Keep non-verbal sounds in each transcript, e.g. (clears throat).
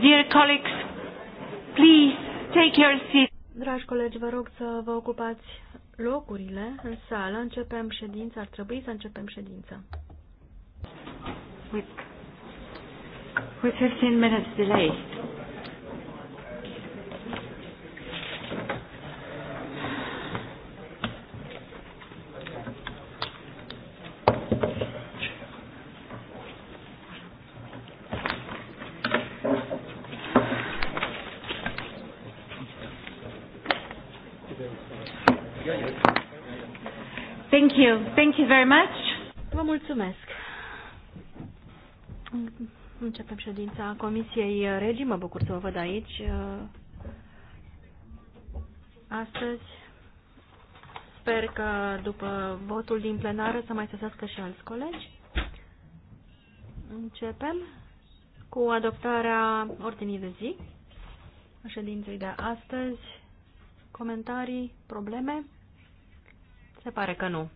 Dear colleagues, please take your seat. Dragi colegi, vă rog să vă ocupați locurile în sală. Începem ședința, ar trebui să începem ședința. With, with 15 minutes delay. you. Thank you very much. Vă mulțumesc. Începem ședința Comisiei Regi, Mă bucur să vă văd aici. Astăzi sper că după votul din plenară să mai săsească și alți colegi. Începem cu adoptarea ordinii de zi a ședinței de astăzi. Comentarii, probleme? Se pare că nu.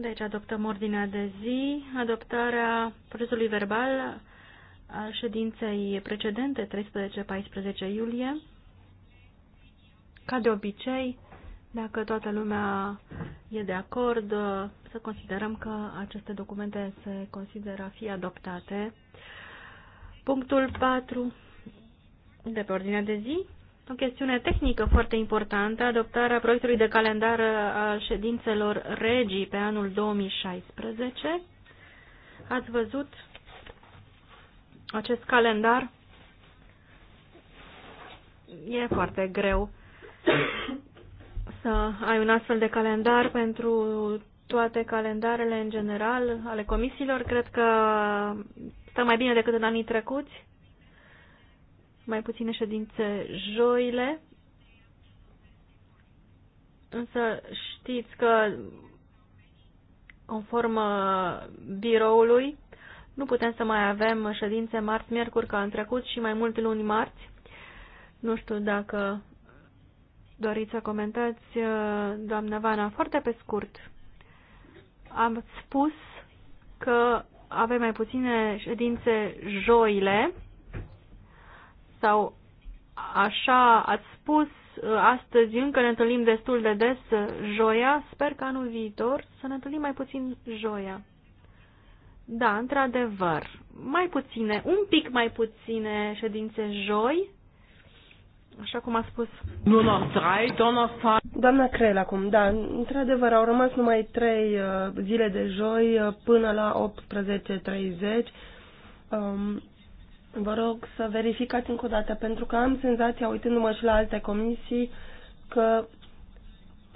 Deci adoptăm ordinea de zi, adoptarea procesului verbal al ședinței precedente, 13-14 iulie. Ca de obicei, dacă toată lumea e de acord, să considerăm că aceste documente se consideră a fi adoptate. Punctul 4 de pe ordinea de zi, o chestiune tehnică foarte importantă, adoptarea proiectului de calendar al ședințelor regii pe anul 2016. Ați văzut acest calendar? E foarte greu să ai un astfel de calendar pentru toate calendarele în general ale comisiilor. Cred că stă mai bine decât în anii trecuți mai puține ședințe joile, însă știți că conform uh, biroului nu putem să mai avem ședințe marți-miercuri ca în trecut și mai mult luni marți. Nu știu dacă doriți să comentați, uh, doamna Vana, foarte pe scurt. Am spus că avem mai puține ședințe joile, sau așa ați spus astăzi, încă ne întâlnim destul de des joia, sper că anul viitor să ne întâlnim mai puțin joia. Da, într-adevăr, mai puține, un pic mai puține ședințe joi, așa cum a spus. Nu, nu, trei, Doamna Crel acum, da, într-adevăr, au rămas numai trei uh, zile de joi uh, până la 18.30. Um, Vă rog să verificați încă o dată, pentru că am senzația, uitându-mă și la alte comisii, că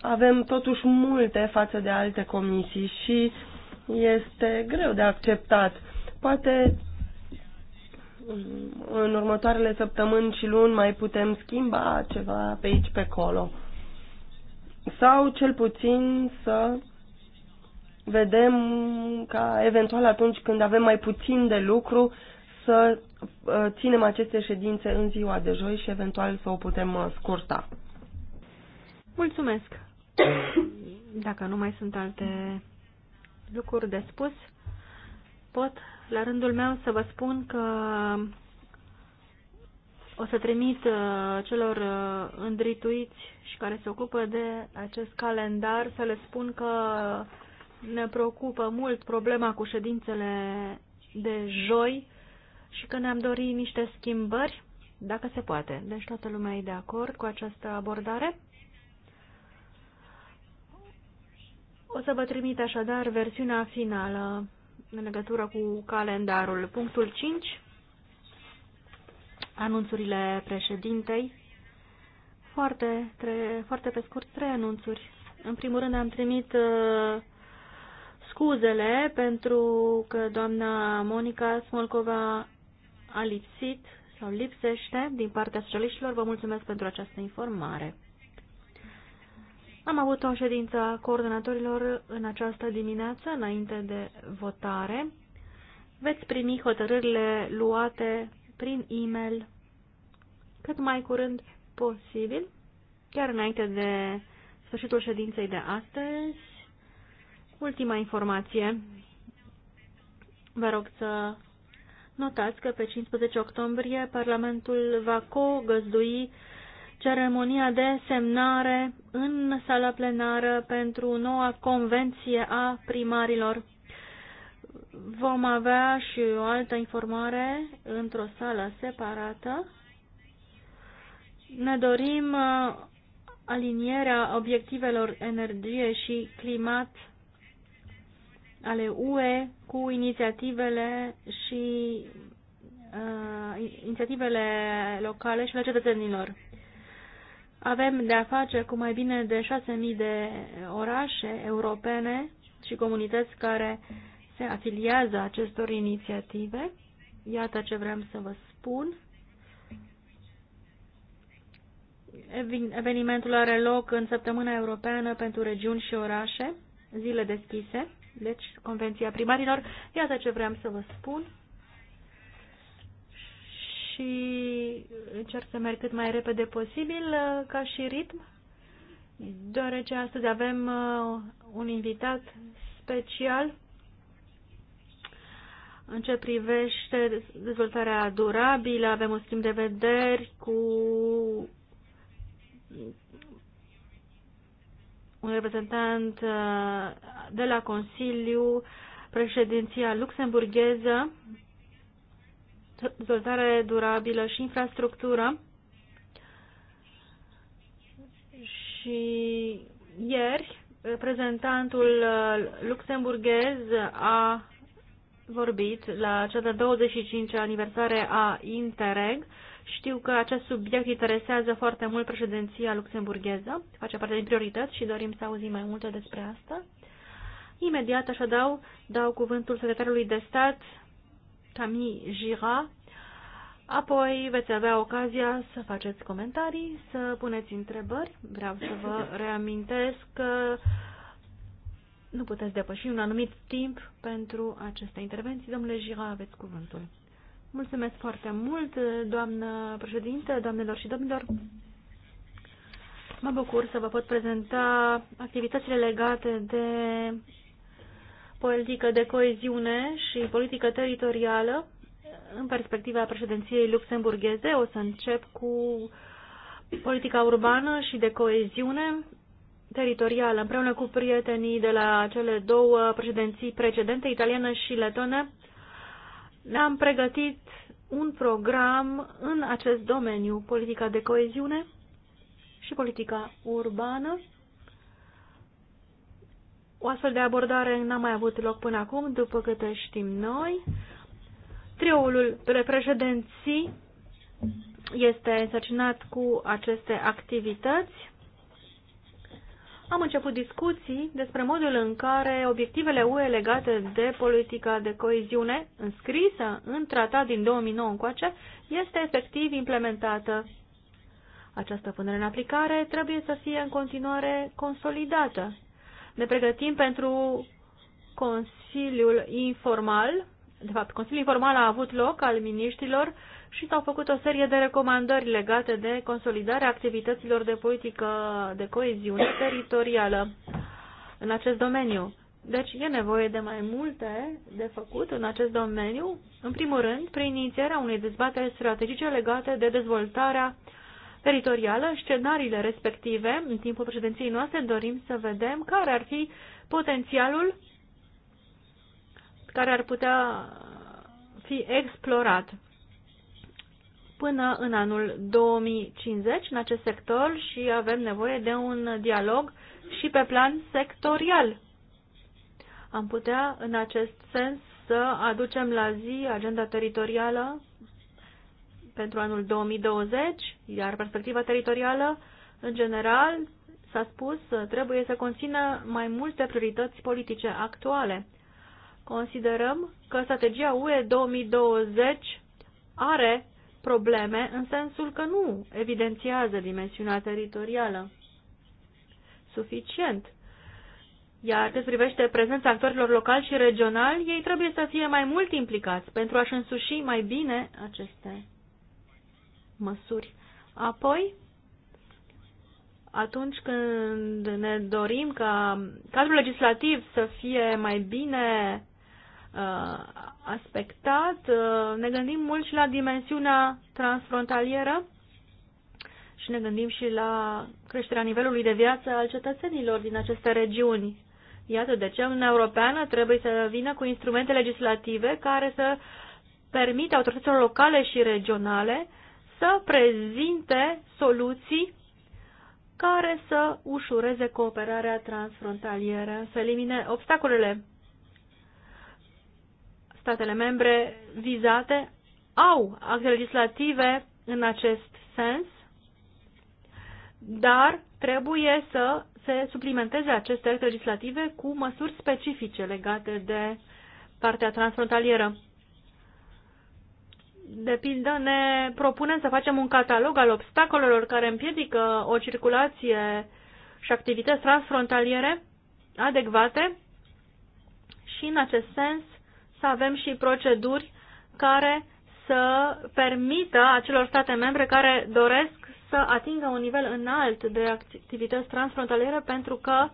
avem totuși multe față de alte comisii și este greu de acceptat. Poate în următoarele săptămâni și luni mai putem schimba ceva pe aici, pe acolo. Sau cel puțin să vedem ca eventual atunci când avem mai puțin de lucru să uh, ținem aceste ședințe în ziua de joi și eventual să o putem uh, scurta. Mulțumesc! Dacă nu mai sunt alte lucruri de spus, pot la rândul meu să vă spun că o să trimit uh, celor îndrituiți și care se ocupă de acest calendar să le spun că ne preocupă mult problema cu ședințele de joi și că ne-am dorit niște schimbări, dacă se poate. Deci toată lumea e de acord cu această abordare. O să vă trimit așadar versiunea finală în legătură cu calendarul. Punctul 5. Anunțurile președintei. Foarte, tre, foarte pe scurt, trei anunțuri. În primul rând am trimit uh, scuzele pentru că doamna Monica Smolcova a lipsit sau lipsește din partea socialiștilor. Vă mulțumesc pentru această informare. Am avut o ședință a coordonatorilor în această dimineață, înainte de votare. Veți primi hotărârile luate prin e-mail cât mai curând posibil, chiar înainte de sfârșitul ședinței de astăzi. Ultima informație. Vă rog să Notați că pe 15 octombrie Parlamentul va co-găzdui ceremonia de semnare în sala plenară pentru noua convenție a primarilor. Vom avea și o altă informare într-o sală separată. Ne dorim uh, alinierea obiectivelor energie și climat ale UE cu inițiativele și uh, inițiativele locale și ale cetățenilor. Avem de a face cu mai bine de 6.000 de orașe europene și comunități care se afiliază acestor inițiative. Iată ce vrem să vă spun. Evenimentul are loc în săptămâna europeană pentru regiuni și orașe, zile deschise. Deci, Convenția Primarilor. Iată ce vreau să vă spun. Și încerc să merg cât mai repede posibil uh, ca și ritm, deoarece astăzi avem uh, un invitat special în ce privește dezvoltarea durabilă, avem un schimb de vederi cu un reprezentant uh, de la Consiliu, președinția luxemburgheză, dezvoltare durabilă și infrastructură. Și ieri, reprezentantul uh, luxemburghez a vorbit la cea de 25-a aniversare a Interreg știu că acest subiect interesează foarte mult președinția luxemburgheză, face parte din priorități și dorim să auzim mai multe despre asta. Imediat așa dau, dau cuvântul secretarului de stat, Camille Gira, apoi veți avea ocazia să faceți comentarii, să puneți întrebări. Vreau să vă reamintesc că nu puteți depăși un anumit timp pentru aceste intervenții. Domnule Gira, aveți cuvântul. Mulțumesc foarte mult, doamnă președintă, doamnelor și domnilor. Mă bucur să vă pot prezenta activitățile legate de politică de coeziune și politică teritorială în perspectiva președinției luxemburgheze. O să încep cu politica urbană și de coeziune teritorială, împreună cu prietenii de la cele două președinții precedente, italiană și letone. Ne-am pregătit un program în acest domeniu, politica de coeziune și politica urbană. O astfel de abordare n-a mai avut loc până acum, după câte știm noi. Trioul de președinții este însărcinat cu aceste activități am început discuții despre modul în care obiectivele UE legate de politica de coeziune, înscrisă în tratat din 2009 încoace, este efectiv implementată. Această punere în aplicare trebuie să fie în continuare consolidată. Ne pregătim pentru Consiliul Informal. De fapt, Consiliul Informal a avut loc al miniștilor și s-au făcut o serie de recomandări legate de consolidarea activităților de politică de coeziune teritorială în acest domeniu. Deci e nevoie de mai multe de făcut în acest domeniu, în primul rând prin inițierea unei dezbateri strategice legate de dezvoltarea teritorială, scenariile respective. În timpul președinției noastre dorim să vedem care ar fi potențialul care ar putea fi explorat până în anul 2050 în acest sector și avem nevoie de un dialog și pe plan sectorial. Am putea, în acest sens, să aducem la zi agenda teritorială pentru anul 2020, iar perspectiva teritorială, în general, s-a spus, trebuie să conțină mai multe priorități politice actuale. Considerăm că strategia UE 2020 are probleme în sensul că nu evidențiază dimensiunea teritorială suficient. Iar cât privește prezența actorilor locali și regionali, ei trebuie să fie mai mult implicați pentru a-și însuși mai bine aceste măsuri. Apoi, atunci când ne dorim ca cadrul legislativ să fie mai bine Uh, aspectat. Uh, ne gândim mult și la dimensiunea transfrontalieră și ne gândim și la creșterea nivelului de viață al cetățenilor din aceste regiuni. Iată de ce Uniunea Europeană trebuie să vină cu instrumente legislative care să permită autorităților locale și regionale să prezinte soluții care să ușureze cooperarea transfrontalieră, să elimine obstacolele statele membre vizate au acte legislative în acest sens, dar trebuie să se suplimenteze aceste acte legislative cu măsuri specifice legate de partea transfrontalieră. De pildă, ne propunem să facem un catalog al obstacolelor care împiedică o circulație și activități transfrontaliere adecvate și, în acest sens, să avem și proceduri care să permită acelor state membre care doresc să atingă un nivel înalt de activități transfrontaliere pentru că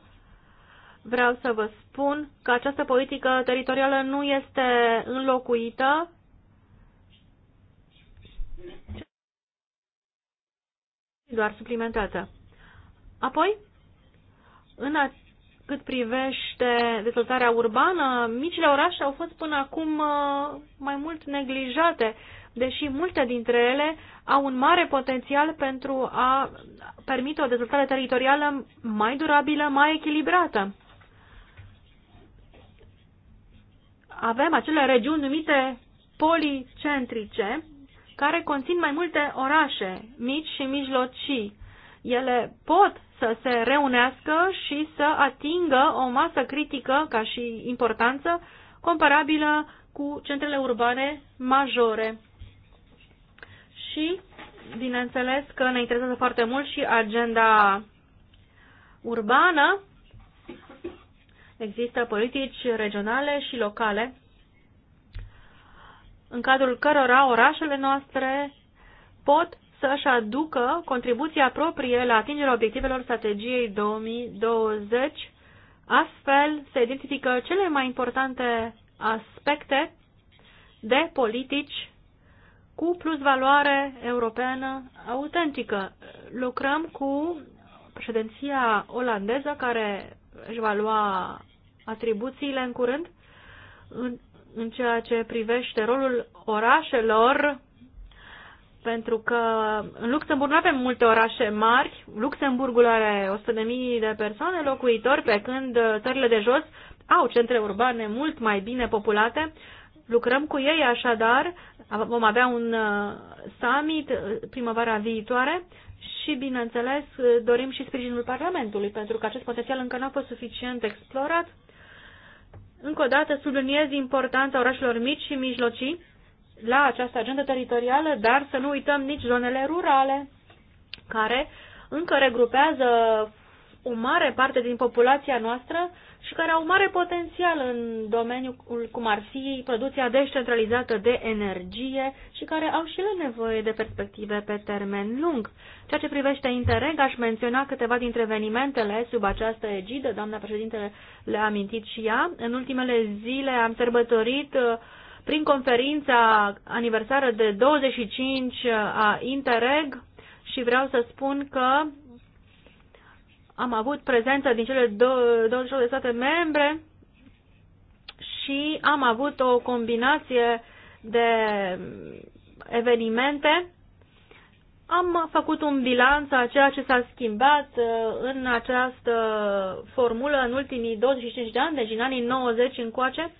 vreau să vă spun că această politică teritorială nu este înlocuită doar suplimentată. Apoi, în cât privește dezvoltarea urbană, micile orașe au fost până acum uh, mai mult neglijate, deși multe dintre ele au un mare potențial pentru a permite o dezvoltare teritorială mai durabilă, mai echilibrată. Avem acele regiuni numite policentrice, care conțin mai multe orașe mici și mijlocii. Ele pot să se reunească și să atingă o masă critică ca și importanță comparabilă cu centrele urbane majore. Și, bineînțeles, că ne interesează foarte mult și agenda urbană. Există politici regionale și locale în cadrul cărora orașele noastre pot să-și aducă contribuția proprie la atingerea obiectivelor strategiei 2020. Astfel se identifică cele mai importante aspecte de politici cu plus valoare europeană autentică. Lucrăm cu președinția olandeză care își va lua atribuțiile în curând în, în ceea ce privește rolul orașelor pentru că în Luxemburg nu avem multe orașe mari, Luxemburgul are 100.000 de persoane locuitori, pe când țările de jos au centre urbane mult mai bine populate. Lucrăm cu ei așadar, vom avea un uh, summit uh, primăvara viitoare și, bineînțeles, uh, dorim și sprijinul Parlamentului, pentru că acest potențial încă nu a fost suficient explorat. Încă o dată subliniez importanța orașelor mici și mijlocii la această agendă teritorială, dar să nu uităm nici zonele rurale, care încă regrupează o mare parte din populația noastră și care au mare potențial în domeniul cum ar fi producția descentralizată de energie și care au și ele nevoie de perspective pe termen lung. Ceea ce privește Interreg, aș menționa câteva dintre evenimentele sub această egidă, doamna președinte le-a amintit și ea. În ultimele zile am sărbătorit uh, prin conferința aniversară de 25 a Interreg și vreau să spun că am avut prezența din cele 28 de state membre și am avut o combinație de evenimente. Am făcut un bilanț a ceea ce s-a schimbat uh, în această formulă în ultimii 25 de ani, deci în anii 90 încoace.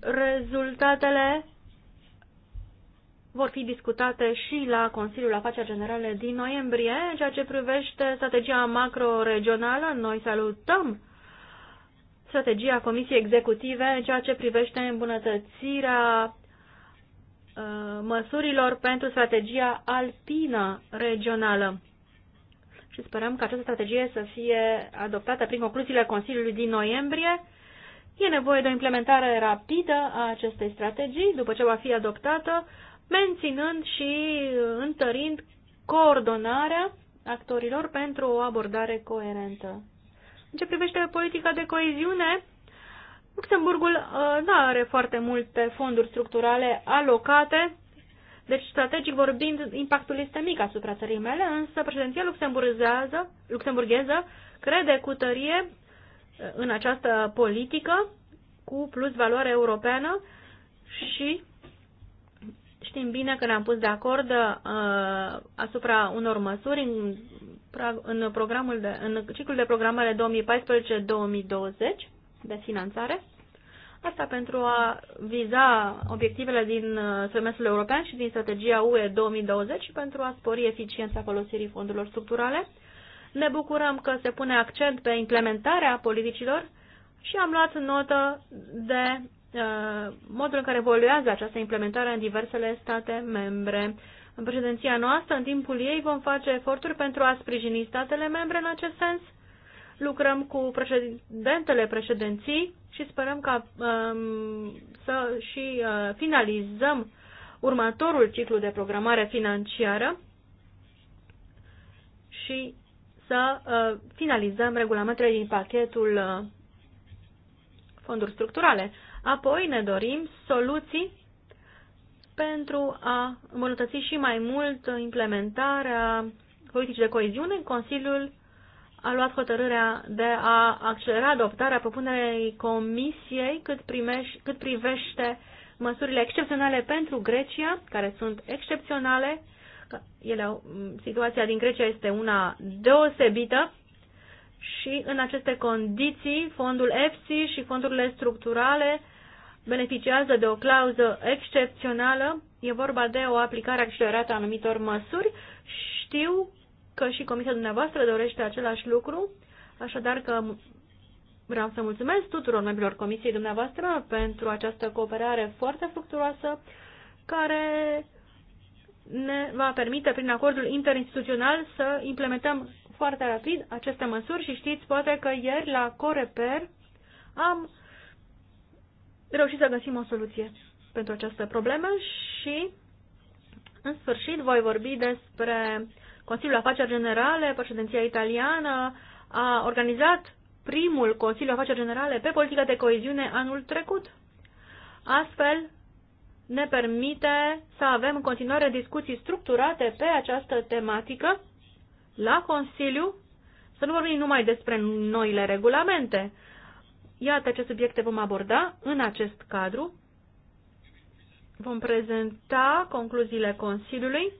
Rezultatele vor fi discutate și la Consiliul Afaceri Generale din noiembrie. În ceea ce privește strategia macro-regională, noi salutăm strategia Comisiei Executive în ceea ce privește îmbunătățirea uh, măsurilor pentru strategia alpină regională. Și sperăm că această strategie să fie adoptată prin concluziile Consiliului din noiembrie E nevoie de o implementare rapidă a acestei strategii, după ce va fi adoptată, menținând și întărind coordonarea actorilor pentru o abordare coerentă. În ce privește politica de coeziune, Luxemburgul uh, nu are foarte multe fonduri structurale alocate, deci strategic vorbind, impactul este mic asupra țării mele, însă președinția luxemburgheză crede cu tărie în această politică cu plus valoare europeană și știm bine că ne-am pus de acord uh, asupra unor măsuri în, în, programul de, în ciclul de programare 2014-2020 de finanțare. Asta pentru a viza obiectivele din uh, semestrul european și din strategia UE 2020 și pentru a spori eficiența folosirii fondurilor structurale. Ne bucurăm că se pune accent pe implementarea politicilor și am luat notă de uh, modul în care evoluează această implementare în diversele state membre. În președinția noastră, în timpul ei, vom face eforturi pentru a sprijini statele membre în acest sens. Lucrăm cu președintele președinții și sperăm ca um, să și uh, finalizăm următorul ciclu de programare financiară și să uh, finalizăm regulamentele din pachetul uh, fonduri structurale. Apoi ne dorim soluții pentru a îmbunătăți și mai mult implementarea politicii de coeziune. Consiliul a luat hotărârea de a accelera adoptarea propunerei Comisiei cât, primeș, cât privește măsurile excepționale pentru Grecia, care sunt excepționale, ele au, situația din Grecia este una deosebită și în aceste condiții fondul EFSI și fondurile structurale beneficiază de o clauză excepțională. E vorba de o aplicare accelerată a anumitor măsuri. Știu că și comisia dumneavoastră dorește același lucru, așadar că vreau să mulțumesc tuturor membrilor comisiei dumneavoastră pentru această cooperare foarte fructuroasă care ne va permite prin acordul interinstituțional să implementăm foarte rapid aceste măsuri și știți poate că ieri la Coreper am reușit să găsim o soluție pentru această problemă și în sfârșit voi vorbi despre Consiliul Afaceri Generale, președinția italiană a organizat primul Consiliu Afaceri Generale pe politică de coeziune anul trecut. Astfel, ne permite să avem în continuare discuții structurate pe această tematică la Consiliu, să nu vorbim numai despre noile regulamente. Iată ce subiecte vom aborda în acest cadru. Vom prezenta concluziile Consiliului,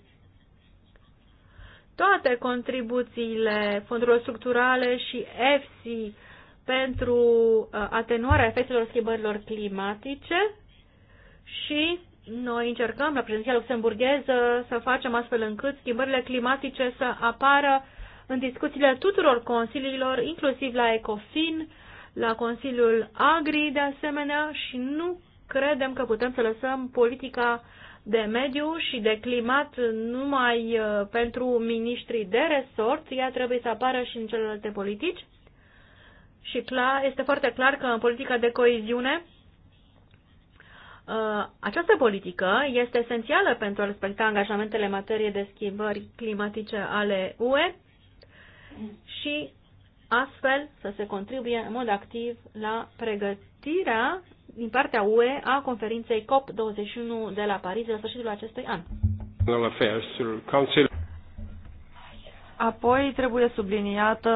toate contribuțiile fondurilor structurale și EFSI pentru uh, atenuarea efectelor schimbărilor climatice, și noi încercăm la președinția luxemburgheză să facem astfel încât schimbările climatice să apară în discuțiile tuturor consiliilor, inclusiv la ECOFIN, la Consiliul Agri de asemenea și nu credem că putem să lăsăm politica de mediu și de climat numai uh, pentru miniștrii de resort, ea trebuie să apară și în celelalte politici. Și clar, este foarte clar că în politica de coeziune Uh, această politică este esențială pentru a respecta angajamentele în materie de schimbări climatice ale UE și astfel să se contribuie în mod activ la pregătirea din partea UE a conferinței COP21 de la Paris la sfârșitul acestui an. Apoi trebuie subliniată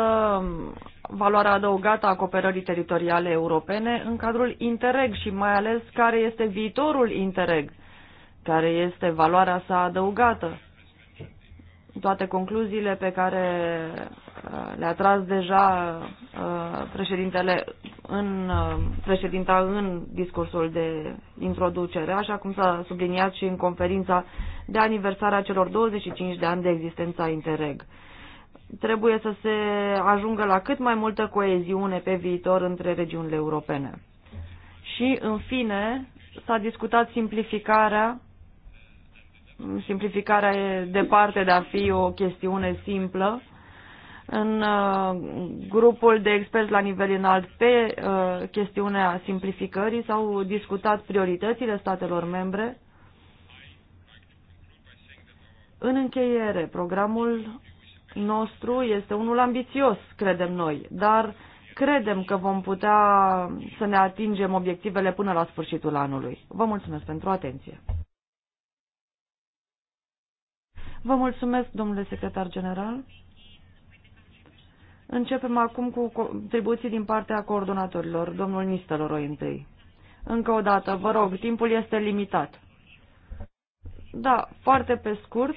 valoarea adăugată a cooperării teritoriale europene în cadrul Interreg și mai ales care este viitorul Interreg, care este valoarea sa adăugată. Toate concluziile pe care uh, le-a tras deja uh, președintele în, uh, președinta în discursul de introducere, așa cum s-a subliniat și în conferința de aniversare a celor 25 de ani de existența Interreg. Trebuie să se ajungă la cât mai multă coeziune pe viitor între regiunile europene. Și, în fine, s-a discutat simplificarea simplificarea e departe de a fi o chestiune simplă. În uh, grupul de experți la nivel înalt pe uh, chestiunea simplificării s-au discutat prioritățile statelor membre. În încheiere, programul nostru este unul ambițios, credem noi, dar credem că vom putea să ne atingem obiectivele până la sfârșitul anului. Vă mulțumesc pentru atenție. Vă mulțumesc, domnule secretar general. Începem acum cu contribuții din partea coordonatorilor, domnul Nisteloroi întâi. Încă o dată, vă rog, timpul este limitat. Da, foarte pe scurt,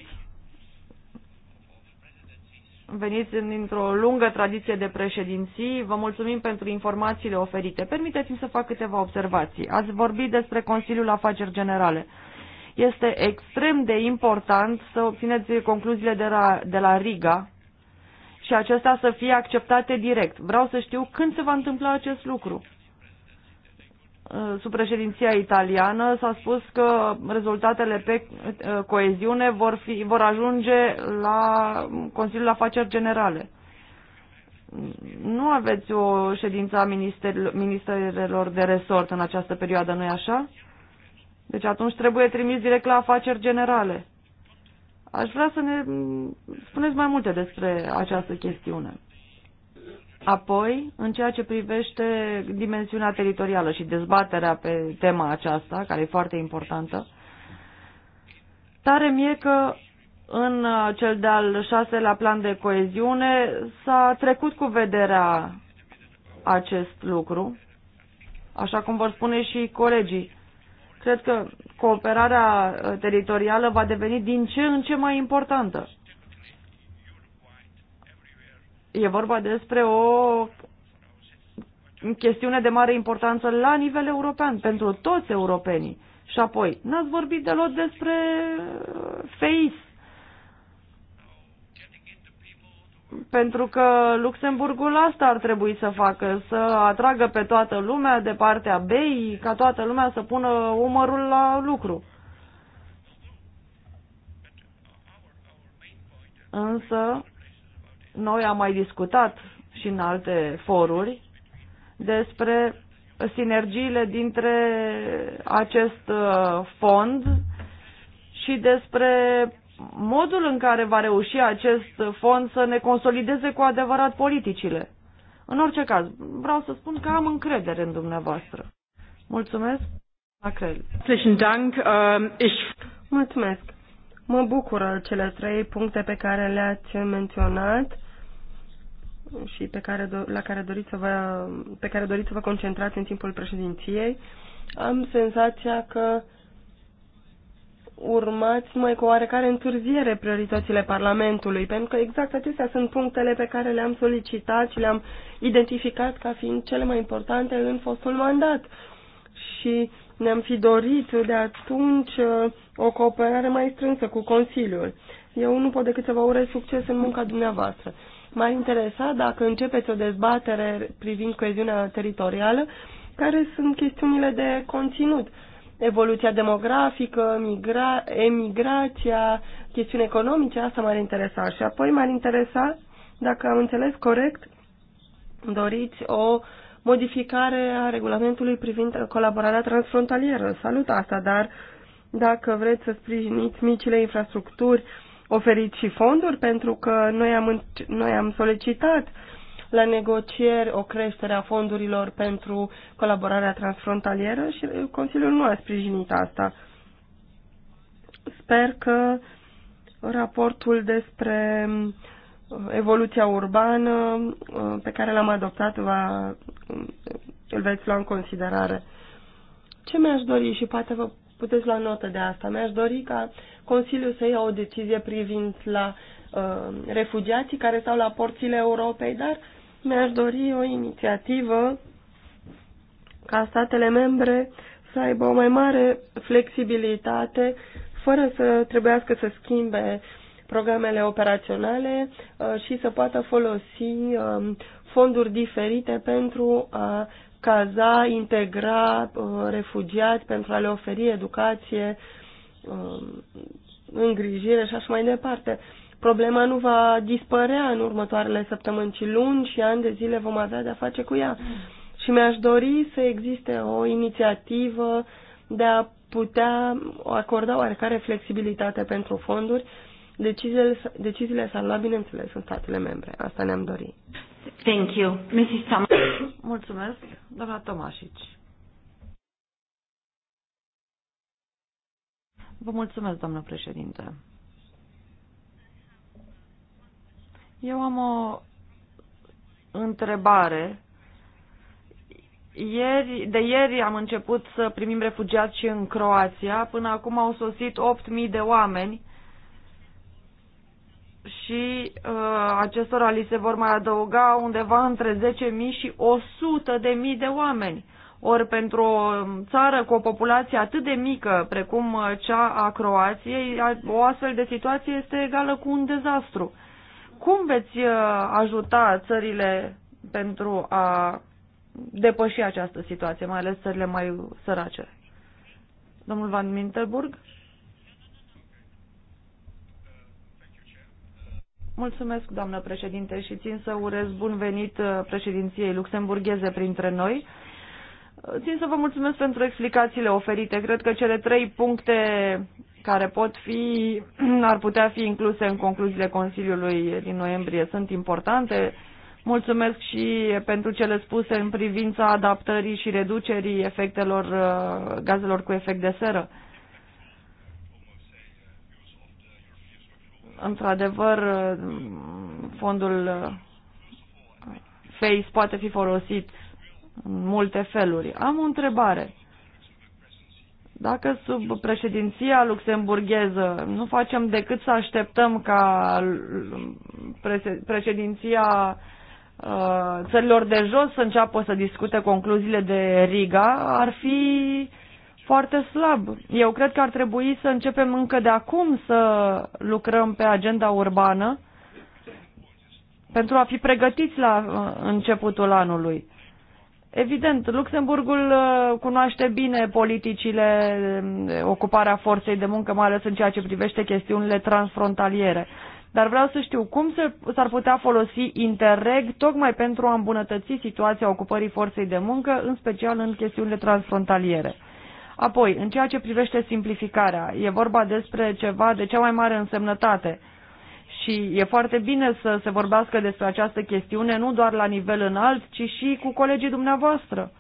veniți dintr-o lungă tradiție de președinții. Vă mulțumim pentru informațiile oferite. Permiteți-mi să fac câteva observații. Ați vorbit despre Consiliul Afaceri Generale. Este extrem de important să obțineți concluziile de la, de la Riga și acestea să fie acceptate direct. Vreau să știu când se va întâmpla acest lucru. Uh, sub președinția italiană s-a spus că rezultatele pe uh, coeziune vor, fi, vor ajunge la Consiliul Afaceri Generale. Nu aveți o ședință a ministerelor de resort în această perioadă, nu-i așa? Deci atunci trebuie trimis direct la afaceri generale. Aș vrea să ne mm, spuneți mai multe despre această chestiune. Apoi, în ceea ce privește dimensiunea teritorială și dezbaterea pe tema aceasta, care e foarte importantă, tare mie că în cel de-al șaselea plan de coeziune s-a trecut cu vederea acest lucru, așa cum vor spune și colegii. Cred că cooperarea teritorială va deveni din ce în ce mai importantă. E vorba despre o chestiune de mare importanță la nivel european, pentru toți europenii. Și apoi, n-ați vorbit deloc despre uh, FACE. Pentru că Luxemburgul asta ar trebui să facă, să atragă pe toată lumea de partea BEI, ca toată lumea să pună umărul la lucru. Însă, noi am mai discutat și în alte foruri despre sinergiile dintre acest uh, fond și despre modul în care va reuși acest fond să ne consolideze cu adevărat politicile. În orice caz, vreau să spun că am încredere în dumneavoastră. Mulțumesc, ähm, Mulțumesc. Mă bucură cele trei puncte pe care le-ați menționat și pe care, la care doriți să vă, pe care doriți să vă concentrați în timpul președinției, am senzația că urmați mai cu oarecare întârziere prioritățile Parlamentului, pentru că exact acestea sunt punctele pe care le-am solicitat și le-am identificat ca fiind cele mai importante în fostul mandat. Și ne-am fi dorit de atunci uh, o cooperare mai strânsă cu Consiliul. Eu nu pot decât să vă urez succes în munca dumneavoastră. M-ar interesa dacă începeți o dezbatere privind coeziunea teritorială, care sunt chestiunile de conținut. Evoluția demografică, migra, emigrația, chestiuni economice, asta m-ar interesa. Și apoi m-ar interesa, dacă am înțeles corect, doriți o modificare a regulamentului privind colaborarea transfrontalieră. Salut asta, dar dacă vreți să sprijiniți micile infrastructuri, uh, oferit și fonduri pentru că noi am, noi am solicitat la negocieri o creștere a fondurilor pentru colaborarea transfrontalieră și Consiliul nu a sprijinit asta. Sper că raportul despre uh, evoluția urbană uh, pe care l-am adoptat va, uh, îl veți lua în considerare. Ce mi-aș dori și poate vă Puteți lua notă de asta. Mi-aș dori ca Consiliul să ia o decizie privind la uh, refugiații care stau la porțile Europei, dar mi-aș dori o inițiativă ca statele membre să aibă o mai mare flexibilitate fără să trebuiască să schimbe programele operaționale uh, și să poată folosi um, fonduri diferite pentru a caza, integra uh, refugiați pentru a le oferi educație, um, îngrijire și așa mai departe. Problema nu va dispărea în următoarele săptămâni, ci luni și ani de zile vom avea de-a face cu ea. Și mi-aș dori să existe o inițiativă de a putea acorda oarecare flexibilitate pentru fonduri. Deciziile, deciziile s-ar lua, bineînțeles, în statele membre. Asta ne-am dorit. Thank you. Mrs. Tom- (coughs) Mulțumesc, doamna Tomașici. Vă mulțumesc, doamnă președinte. Eu am o întrebare. Ieri, de ieri am început să primim refugiați și în Croația. Până acum au sosit 8.000 de oameni și uh, acestora li se vor mai adăuga undeva între 10.000 și 100.000 de oameni. Ori pentru o țară cu o populație atât de mică precum uh, cea a Croației, o astfel de situație este egală cu un dezastru. Cum veți uh, ajuta țările pentru a depăși această situație, mai ales țările mai sărace? Domnul Van Minterburg? Mulțumesc, doamnă președinte, și țin să urez bun venit uh, președinției luxemburgheze printre noi. Uh, țin să vă mulțumesc pentru explicațiile oferite. Cred că cele trei puncte care pot fi, (clears throat) ar putea fi incluse în concluziile Consiliului din noiembrie sunt importante. Mulțumesc și pentru cele spuse în privința adaptării și reducerii efectelor uh, gazelor cu efect de seră. într-adevăr, fondul uh, FACE poate fi folosit în multe feluri. Am o întrebare. Dacă sub președinția luxemburgheză nu facem decât să așteptăm ca uh, președinția uh, țărilor de jos să înceapă să discute concluziile de Riga, ar fi foarte slab. Eu cred că ar trebui să începem încă de acum să lucrăm pe agenda urbană pentru a fi pregătiți la uh, începutul anului. Evident, Luxemburgul uh, cunoaște bine politicile, um, ocuparea forței de muncă, mai ales în ceea ce privește chestiunile transfrontaliere. Dar vreau să știu cum s-ar putea folosi Interreg tocmai pentru a îmbunătăți situația ocupării forței de muncă, în special în chestiunile transfrontaliere. Apoi, în ceea ce privește simplificarea, e vorba despre ceva de cea mai mare însemnătate. Și e foarte bine să se vorbească despre această chestiune nu doar la nivel înalt, ci și cu colegii dumneavoastră,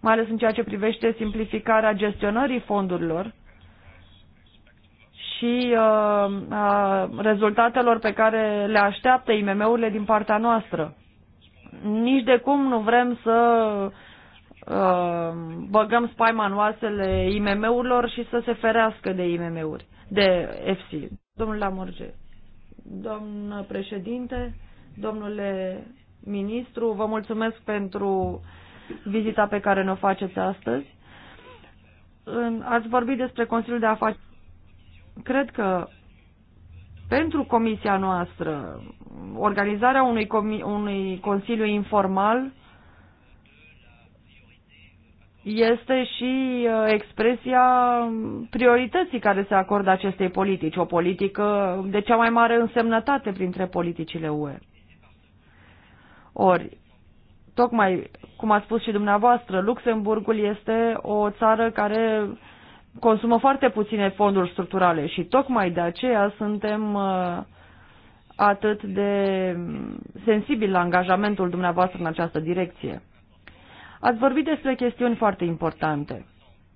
mai ales în ceea ce privește simplificarea gestionării fondurilor și uh, a rezultatelor pe care le așteaptă IMM-urile din partea noastră. Nici de cum nu vrem să Uh, băgăm spai noasele IMM-urilor și să se ferească de IMM-uri, de FC. Domnul Lamorge, domnul președinte, domnule ministru, vă mulțumesc pentru vizita pe care ne-o faceți astăzi. Ați vorbit despre Consiliul de Afaceri. Cred că pentru comisia noastră, organizarea unui, comi- unui consiliu informal este și uh, expresia priorității care se acordă acestei politici, o politică de cea mai mare însemnătate printre politicile UE. Ori, tocmai cum a spus și dumneavoastră, Luxemburgul este o țară care consumă foarte puține fonduri structurale și tocmai de aceea suntem uh, atât de sensibili la angajamentul dumneavoastră în această direcție. Ați vorbit despre chestiuni foarte importante.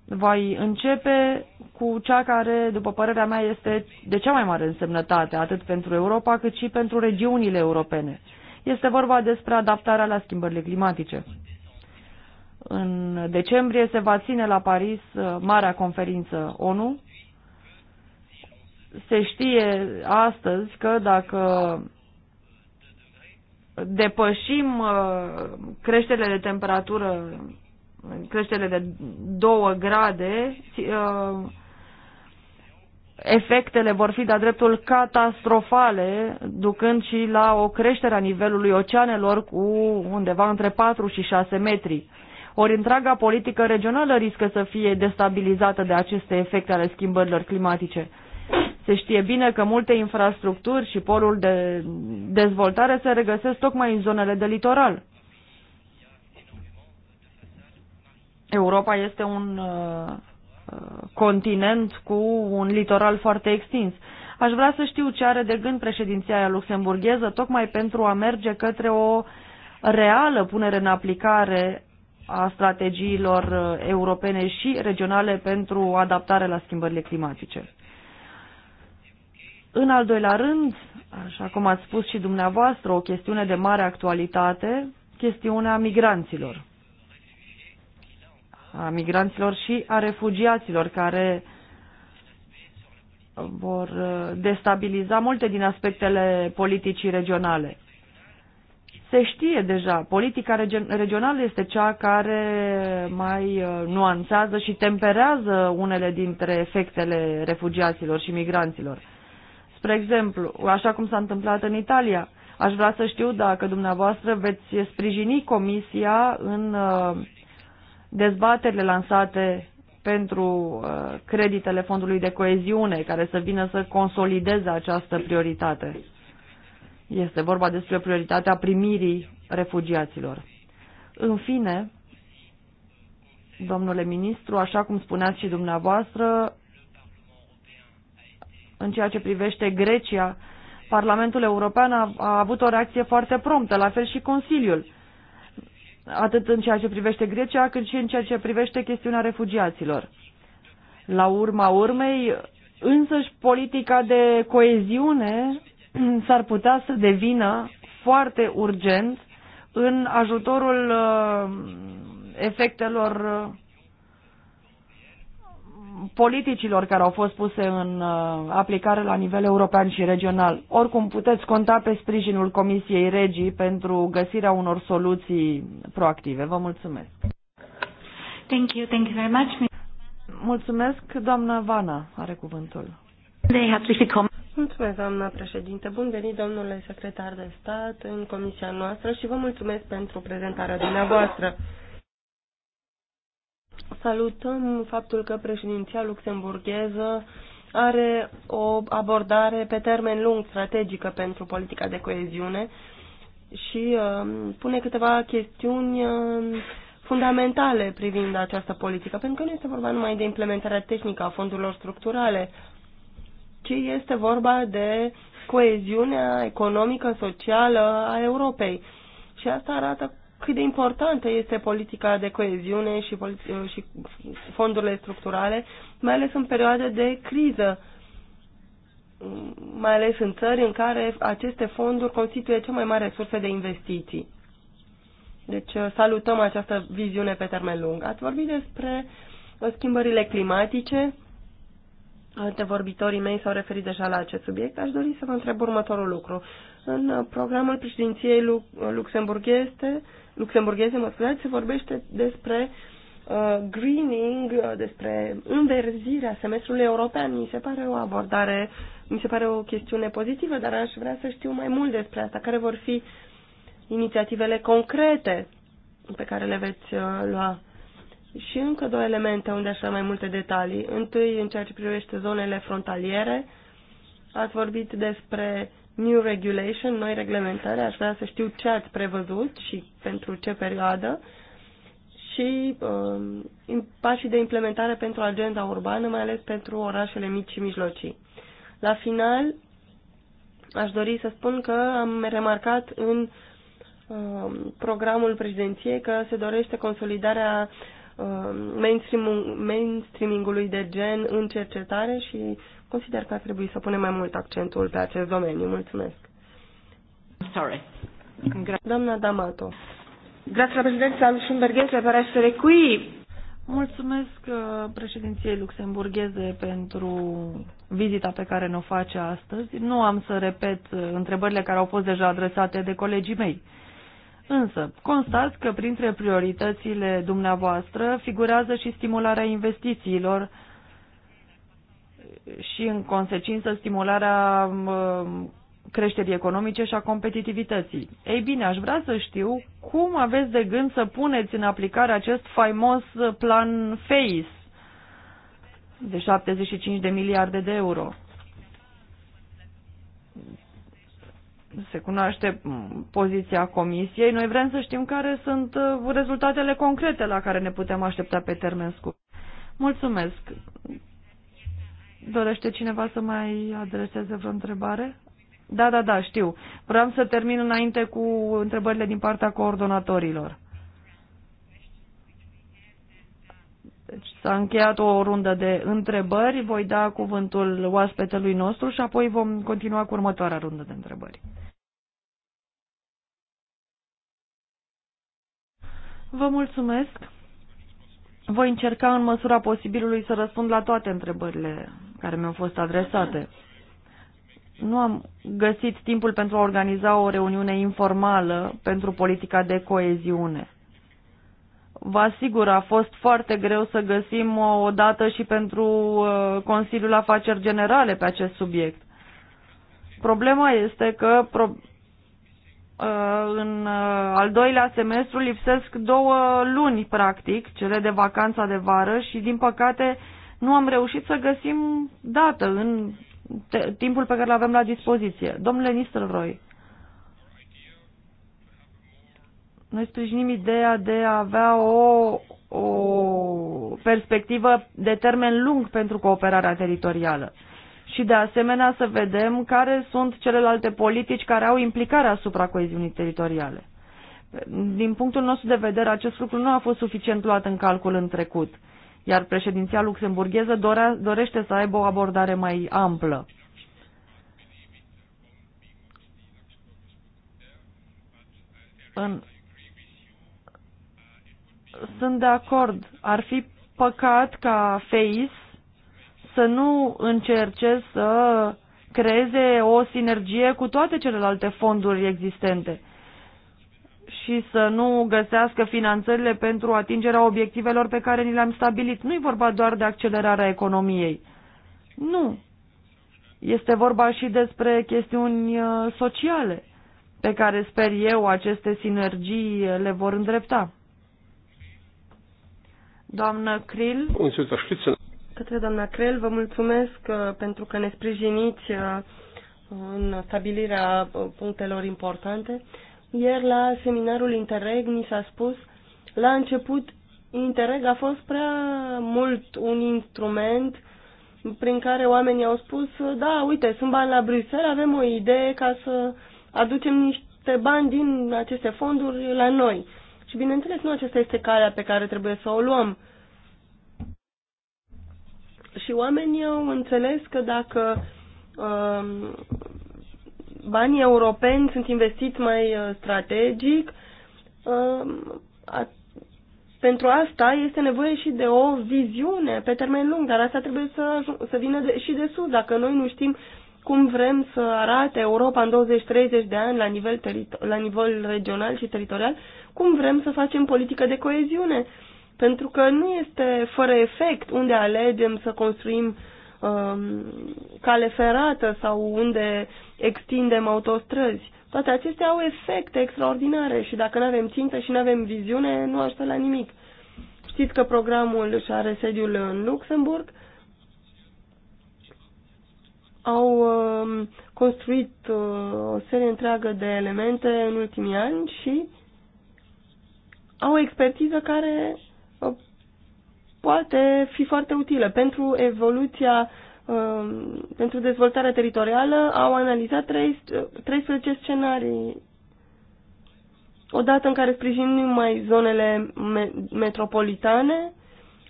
Voi începe cu cea care, după părerea mea, este de cea mai mare însemnătate, atât pentru Europa, cât și pentru regiunile europene. Este vorba despre adaptarea la schimbările climatice. În decembrie se va ține la Paris uh, marea conferință ONU. Se știe astăzi că dacă depășim uh, creșterile de temperatură, creșterile de 2 grade, uh, efectele vor fi de-a dreptul catastrofale, ducând și la o creștere a nivelului oceanelor cu undeva între 4 și 6 metri. Ori întreaga politică regională riscă să fie destabilizată de aceste efecte ale schimbărilor climatice. Se știe bine că multe infrastructuri și porul de dezvoltare se regăsesc tocmai în zonele de litoral. Europa este un uh, uh, continent cu un litoral foarte extins. Aș vrea să știu ce are de gând președinția luxemburgheză, tocmai pentru a merge către o reală punere în aplicare a strategiilor uh, europene și regionale pentru adaptare la schimbările climatice. În al doilea rând, așa cum ați spus și dumneavoastră, o chestiune de mare actualitate, chestiunea migranților. A migranților și a refugiaților care vor uh, destabiliza multe din aspectele politicii regionale. Se știe deja, politica regională este cea care mai uh, nuanțează și temperează unele dintre efectele refugiaților și migranților. Spre exemplu, așa cum s-a întâmplat în Italia, aș vrea să știu dacă dumneavoastră veți sprijini Comisia în uh, dezbaterile lansate pentru uh, creditele Fondului de Coeziune, care să vină să consolideze această prioritate. Este vorba despre prioritatea primirii refugiaților. În fine, domnule ministru, așa cum spuneați și dumneavoastră, în ceea ce privește Grecia, Parlamentul European a, a avut o reacție foarte promptă, la fel și Consiliul, atât în ceea ce privește Grecia, cât și în ceea ce privește chestiunea refugiaților. La urma urmei, însăși politica de coeziune (clears throat) s-ar putea să devină foarte urgent în ajutorul uh, efectelor uh, politicilor care au fost puse în uh, aplicare la nivel european și regional. Oricum, puteți conta pe sprijinul Comisiei Regii pentru găsirea unor soluții proactive. Vă mulțumesc. Thank you, thank you very much. Mulțumesc, doamna Vana are cuvântul. Mulțumesc, doamna președinte. Bun venit, domnule secretar de stat, în comisia noastră și vă mulțumesc pentru prezentarea dumneavoastră. Salutăm faptul că președinția luxemburgheză are o abordare pe termen lung strategică pentru politica de coeziune și uh, um, pune câteva chestiuni uh, fundamentale privind această politică, pentru că nu este vorba numai de implementarea tehnică a fondurilor structurale, ci este vorba de coeziunea economică, socială a Europei. Și asta arată cât de importantă este politica de coeziune și, și fondurile structurale, mai ales în perioade de criză, mai ales în țări în care aceste fonduri constituie cea mai mare sursă de investiții. Deci uh, salutăm această viziune pe termen lung. Ați vorbit despre uh, schimbările climatice. Alte vorbitorii mei s-au referit deja la acest subiect. Aș dori să vă întreb următorul lucru. În programul președinției luxemburgheze, luxemburgheze mă scuzați, se vorbește despre uh, greening, despre înverzirea semestrului european. Mi se pare o abordare, mi se pare o chestiune pozitivă, dar aș vrea să știu mai mult despre asta. Care vor fi inițiativele concrete pe care le veți uh, lua? Și încă două elemente unde aș vrea mai multe detalii. Întâi, în ceea ce privește zonele frontaliere, ați vorbit despre new regulation, noi reglementări, aș vrea să știu ce ați prevăzut și pentru ce perioadă și uh, pașii de implementare pentru agenda urbană, mai ales pentru orașele mici și mijlocii. La final, aș dori să spun că am remarcat în uh, programul președinției că se dorește consolidarea uh, um, mainstream mainstreamingului de gen în cercetare și Consider că ar trebui să punem mai mult accentul pe acest domeniu. Mulțumesc. Sorry. Gra Doamna D'Amato. Grazie la președința luxemburgheză per essere qui. Mulțumesc uh, președinției luxemburgheze pentru vizita pe care ne-o face astăzi. Nu am să repet uh, întrebările care au fost deja adresate de colegii mei. Însă, constați că printre prioritățile dumneavoastră figurează și stimularea investițiilor și, în consecință, stimularea creșterii economice și a competitivității. Ei bine, aș vrea să știu cum aveți de gând să puneți în aplicare acest faimos plan FACE de 75 de miliarde de euro. Se cunoaște poziția comisiei. Noi vrem să știm care sunt uh, rezultatele concrete la care ne putem aștepta pe termen scurt. Mulțumesc. Dorește cineva să mai adreseze vreo întrebare? Da, da, da, știu. Vreau să termin înainte cu întrebările din partea coordonatorilor. Deci s-a încheiat o rundă de întrebări, voi da cuvântul oaspetelui nostru și apoi vom continua cu următoarea rundă de întrebări. Vă mulțumesc! Voi încerca în măsura posibilului să răspund la toate întrebările care mi-au fost adresate. Nu am găsit timpul pentru a organiza o reuniune informală pentru politica de coeziune. Vă asigur, a fost foarte greu să găsim o dată și pentru uh, Consiliul Afaceri Generale pe acest subiect. Problema este că Uh, în uh, al doilea semestru lipsesc două luni, practic, cele de vacanța de vară și, din păcate, nu am reușit să găsim dată în timpul pe care îl avem la dispoziție. Domnule Nistelrooy, noi sprijinim ideea de a avea o, o perspectivă de termen lung pentru cooperarea teritorială și de asemenea să vedem care sunt celelalte politici care au implicare asupra coeziunii teritoriale. Din punctul nostru de vedere, acest lucru nu a fost suficient luat în calcul în trecut, iar președinția luxemburgheză dorea, dorește să aibă o abordare mai amplă. În... Sunt de acord. Ar fi păcat ca FACE să nu încerce să creeze o sinergie cu toate celelalte fonduri existente și să nu găsească finanțările pentru atingerea obiectivelor pe care ni le-am stabilit. Nu e vorba doar de accelerarea economiei. Nu. Este vorba și despre chestiuni uh, sociale pe care sper eu aceste sinergii uh, le vor îndrepta. Doamnă Krill, Către doamna Crel, vă mulțumesc uh, pentru că ne sprijiniți uh, în stabilirea uh, punctelor importante. Ieri la seminarul Interreg ni s-a spus, la început Interreg a fost prea mult un instrument prin care oamenii au spus, da, uite, sunt bani la Bruxelles, avem o idee ca să aducem niște bani din aceste fonduri la noi. Și bineînțeles, nu aceasta este calea pe care trebuie să o luăm și oamenii au înțeles că dacă um, banii europeni sunt investiți mai uh, strategic, um, pentru asta este nevoie și de o viziune pe termen lung, dar asta trebuie să, să vină de, și de sus. Dacă noi nu știm cum vrem să arate Europa în 20-30 de ani la nivel, la nivel regional și teritorial, cum vrem să facem politică de coeziune. Uh, pentru că nu este fără efect unde alegem să construim um, cale ferată sau unde extindem autostrăzi. Toate acestea au efecte extraordinare și dacă nu avem țintă și nu avem viziune, nu ajută la nimic. Știți că programul și are sediul în Luxemburg. Au um, construit uh, o serie întreagă de elemente în ultimii ani și au o expertiză care poate fi foarte utilă. Pentru evoluția, um, pentru dezvoltarea teritorială au analizat 13 scenarii. Odată în care sprijinim mai zonele metropolitane,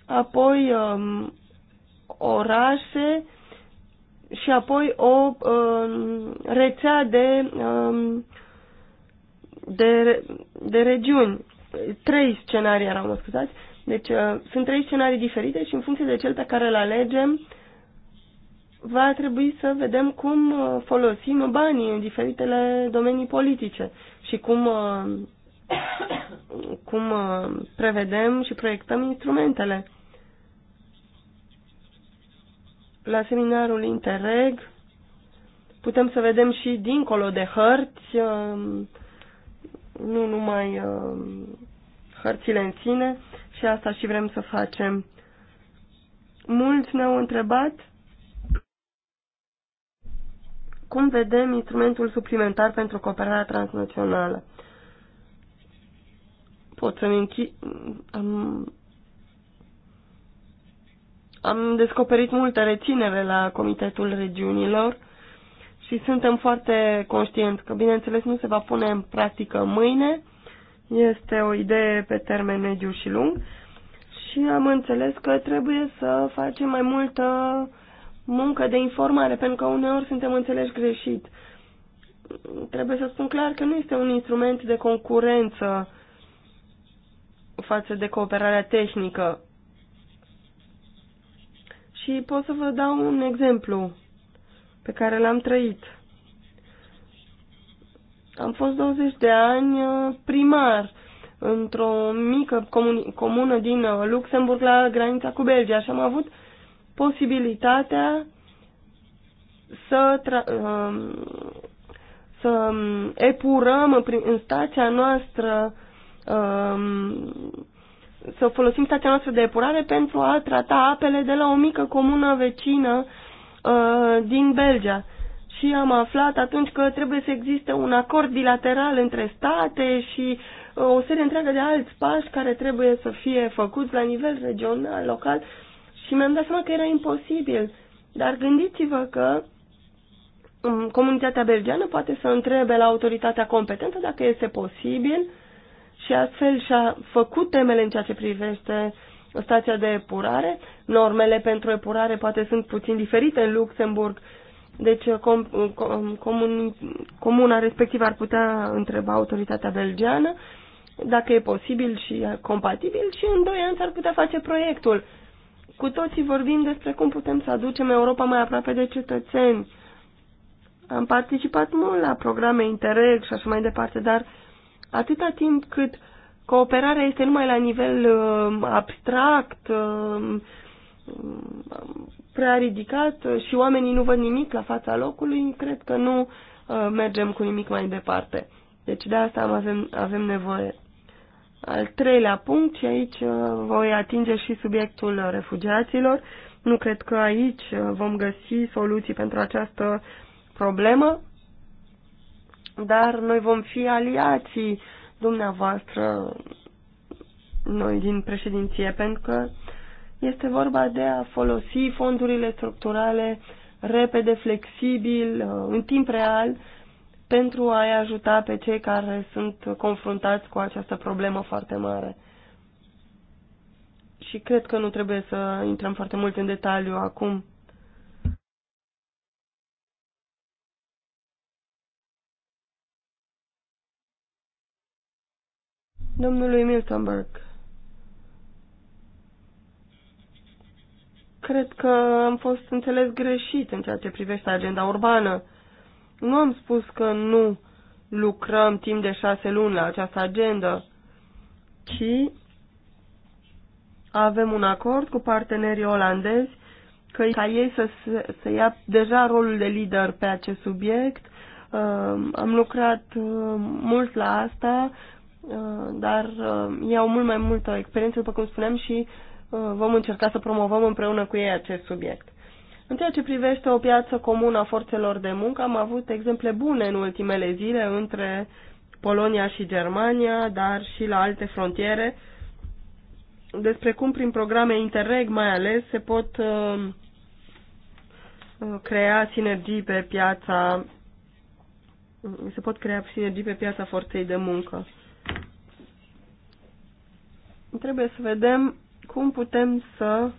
apoi um, orașe și apoi o um, rețea de, de, de regiuni. Trei scenarii erau, mă scuzați, deci uh, sunt trei scenarii diferite și în funcție de cel pe care îl alegem, va trebui să vedem cum uh, folosim banii în diferitele domenii politice și cum, uh, (coughs) cum prevedem și proiectăm instrumentele. La seminarul Interreg putem să vedem și dincolo de hărți, nu numai hărțile în sine, și asta și vrem să facem. Mulți ne-au întrebat cum vedem instrumentul suplimentar pentru cooperarea transnațională. Pot să-mi închid... Am... Am descoperit multă reținere la Comitetul Regiunilor și suntem foarte conștienți că, bineînțeles, nu se va pune în practică mâine, este o idee pe termen mediu și lung și am înțeles că trebuie să facem mai multă muncă de informare, pentru că uneori suntem înțeleși greșit. Trebuie să spun clar că nu este un instrument de concurență față de cooperarea tehnică. Și pot să vă dau un exemplu pe care l-am trăit. Am fost 20 de ani uh, primar într-o mică comună din uh, Luxemburg la granița cu Belgia și am avut posibilitatea să, um, să um, epurăm în stația noastră um, să folosim stația noastră de epurare pentru a trata apele de la o mică comună vecină uh, din Belgia și am aflat atunci că trebuie să existe un acord bilateral între state și uh, o serie întreagă de alți pași care trebuie să fie făcuți la nivel regional, local și mi-am dat seama că era imposibil. Dar gândiți-vă că um, comunitatea belgiană poate să întrebe la autoritatea competentă dacă este posibil și astfel și-a făcut temele în ceea ce privește stația de epurare. Normele pentru epurare poate sunt puțin diferite în Luxemburg deci uh, com, uh, com, comun, comuna respectivă ar putea întreba autoritatea belgeană dacă e posibil și compatibil și în doi ani s-ar putea face proiectul. Cu toții vorbim despre cum putem să aducem Europa mai aproape de cetățeni. Am participat mult la programe Interreg și așa mai departe, dar atâta timp cât cooperarea este numai la nivel uh, abstract, uh, prea ridicat și oamenii nu văd nimic la fața locului, cred că nu uh, mergem cu nimic mai departe. Deci de asta avem, avem nevoie. Al treilea punct, și aici uh, voi atinge și subiectul refugiaților. Nu cred că aici uh, vom găsi soluții pentru această problemă, dar noi vom fi aliații dumneavoastră, noi din președinție, pentru că este vorba de a folosi fondurile structurale repede, flexibil, uh, în timp real, pentru a-i ajuta pe cei care sunt confruntați cu această problemă foarte mare. Și cred că nu trebuie să intrăm foarte mult în detaliu acum. Domnului Miltonberg. Cred că am fost înțeles greșit în ceea ce privește agenda urbană. Nu am spus că nu lucrăm timp de șase luni la această agendă, ci avem un acord cu partenerii olandezi că ca ei să, să ia deja rolul de lider pe acest subiect. Um, am lucrat um, mult la asta, uh, dar um, iau mult mai multă experiență, după cum spuneam, și Uh, vom încerca să promovăm împreună cu ei acest subiect. În ceea ce privește o piață comună a forțelor de muncă, am avut exemple bune în ultimele zile între Polonia și Germania, dar și la alte frontiere, despre cum prin programe Interreg mai ales se pot uh, uh, crea sinergii pe piața se pot crea sinergii pe piața forței de muncă. Trebuie să vedem cum putem să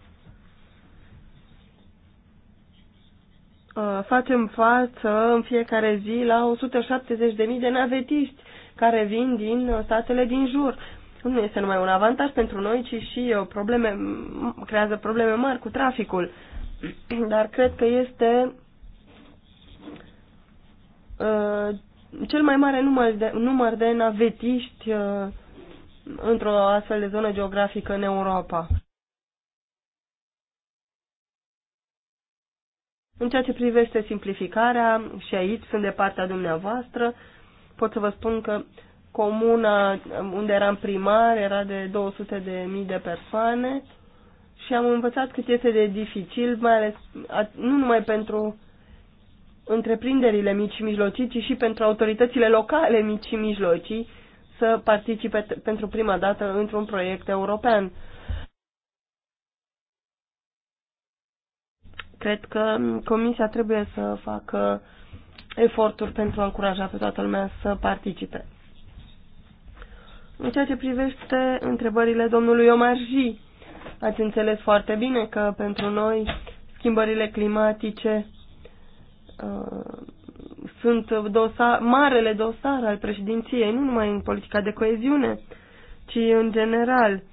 uh, facem față în fiecare zi la 170.000 de navetiști care vin din uh, statele din jur. Nu este numai un avantaj pentru noi, ci și uh, probleme, creează probleme mari cu traficul. (clears throat) Dar cred că este uh, cel mai mare număr de, număr de navetiști uh, într-o astfel de zonă geografică în Europa. În ceea ce privește simplificarea, și aici sunt de partea dumneavoastră, pot să vă spun că comuna unde eram primar era de 200 de mii de persoane și am învățat cât este de dificil, mai ales nu numai pentru întreprinderile mici și mijlocii, ci și pentru autoritățile locale mici și mijlocii, să participe pentru prima dată într-un proiect european. Cred că Comisia trebuie să facă eforturi pentru a încuraja pe toată lumea să participe. În ceea ce privește întrebările domnului Omarji, ați înțeles foarte bine că pentru noi schimbările climatice uh, sunt dosar, marele dosar al președinției, nu numai în politica de coeziune, ci în general.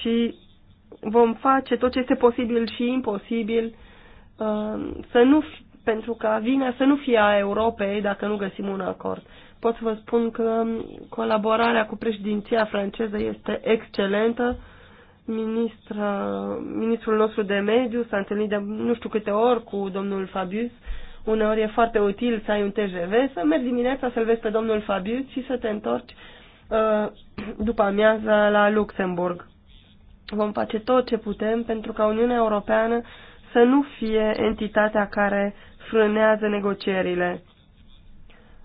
Și vom face tot ce este posibil și imposibil uh, să nu, pentru ca vina să nu fie a Europei dacă nu găsim un acord. Pot să vă spun că colaborarea cu președinția franceză este excelentă. Ministra, ministrul nostru de mediu s-a întâlnit de nu știu câte ori cu domnul Fabius Uneori e foarte util să ai un TGV, să mergi dimineața să-l vezi pe domnul Fabius și să te întorci uh, după amiaza la Luxemburg. Vom face tot ce putem pentru ca Uniunea Europeană să nu fie entitatea care frânează negocierile.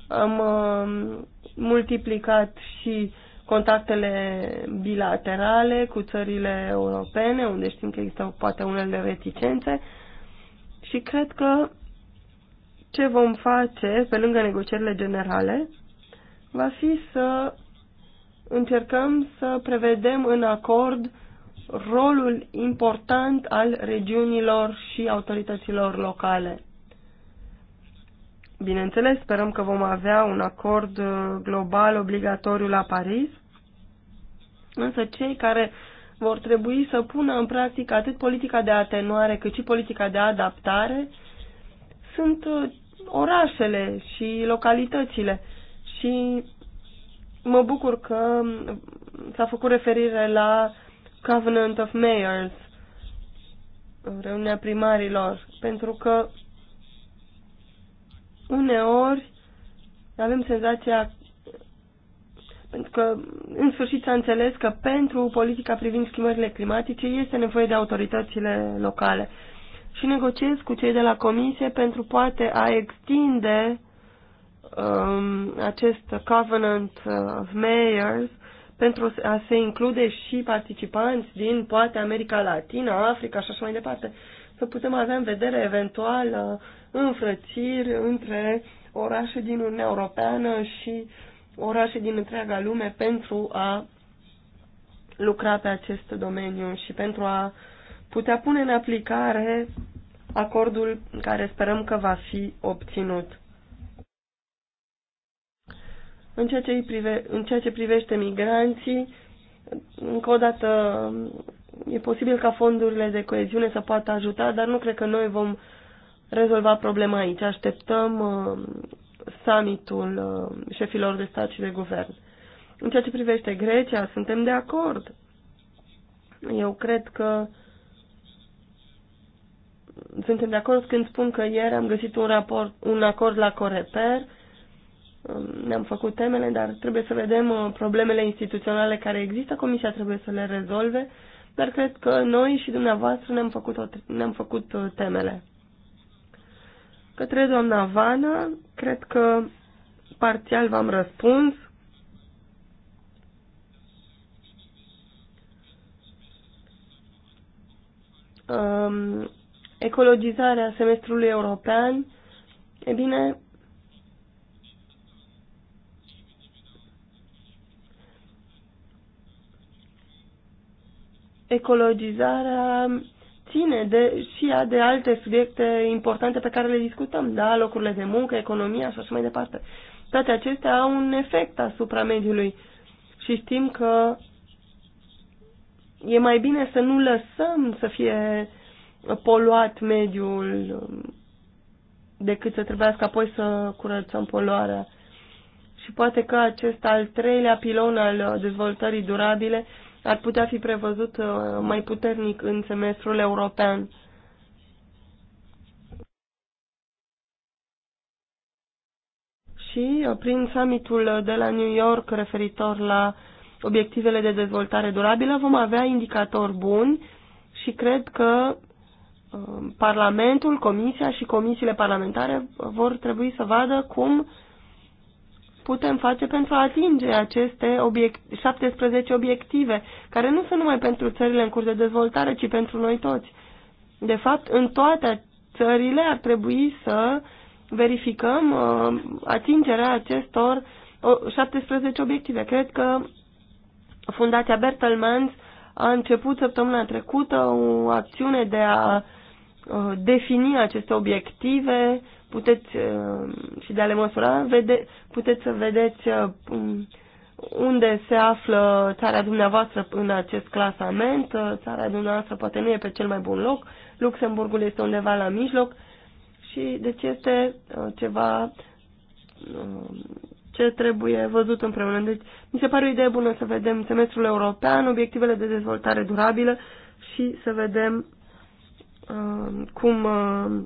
Am uh, multiplicat și contactele bilaterale cu țările europene, unde știm că există poate unele reticențe și cred că ce vom face pe lângă negocierile generale va fi să încercăm să prevedem în acord rolul important al regiunilor și autorităților locale. Bineînțeles, sperăm că vom avea un acord uh, global obligatoriu la Paris, însă cei care vor trebui să pună în practică atât politica de atenuare cât și politica de adaptare sunt uh, orașele și localitățile. Și mă bucur că s-a făcut referire la Covenant of Mayors, reuniunea primarilor, pentru că uneori avem senzația pentru că în sfârșit s-a înțeles că pentru politica privind schimbările climatice este nevoie de autoritățile locale și negociez cu cei de la comisie pentru poate a extinde um, acest covenant of mayors pentru a se include și participanți din poate America Latina, Africa și așa mai departe. Să putem avea în vedere eventual uh, înfrățiri între orașe din Uniunea Europeană și orașe din întreaga lume pentru a lucra pe acest domeniu și pentru a uh, putea pune în aplicare acordul care sperăm că va fi obținut. În ceea ce, prive, în ceea ce privește migranții, încă o dată e posibil ca fondurile de coeziune să poată ajuta, dar nu cred că noi vom rezolva problema aici. Așteptăm uh, summitul uh, șefilor de stat și de guvern. În ceea ce privește Grecia, suntem de acord. Eu cred că uh, suntem de acord când spun că ieri am găsit un, raport, un acord la Coreper, um, ne-am făcut temele, dar trebuie să vedem uh, problemele instituționale care există, Comisia trebuie să le rezolve, dar cred că noi și dumneavoastră ne-am făcut, ne-am făcut uh, temele. Către doamna Vana, cred că parțial v-am răspuns. Um, ecologizarea semestrului european, e bine, ecologizarea ține de, și ea de alte subiecte importante pe care le discutăm, da, locurile de muncă, economia și așa mai departe. Toate acestea au un efect asupra mediului și știm că e mai bine să nu lăsăm să fie poluat mediul um, decât să trebuiască apoi să curățăm poluarea. Și poate că acest al treilea pilon al dezvoltării durabile ar putea fi prevăzut uh, mai puternic în semestrul european. Și uh, prin summitul de la New York referitor la obiectivele de dezvoltare durabilă vom avea indicatori buni și cred că Um, Parlamentul, Comisia și comisiile parlamentare vor trebui să vadă cum putem face pentru a atinge aceste obiect 17 obiective, care nu sunt numai pentru țările în curs de dezvoltare, ci pentru noi toți. De fapt, în toate țările ar trebui să verificăm uh, atingerea acestor 17 obiective. Cred că Fundația Bertelmans a început săptămâna trecută o acțiune de a uh, Uh, defini aceste obiective, puteți uh, și de a le măsura, vede, puteți să vedeți uh, um, unde se află țara dumneavoastră în acest clasament. Țara dumneavoastră poate nu e pe cel mai bun loc, Luxemburgul este undeva la mijloc și deci este ceva um, ce trebuie văzut împreună. Deci mi se pare o idee bună să vedem semestrul european, obiectivele de dezvoltare durabilă și să vedem Uh, cum, uh,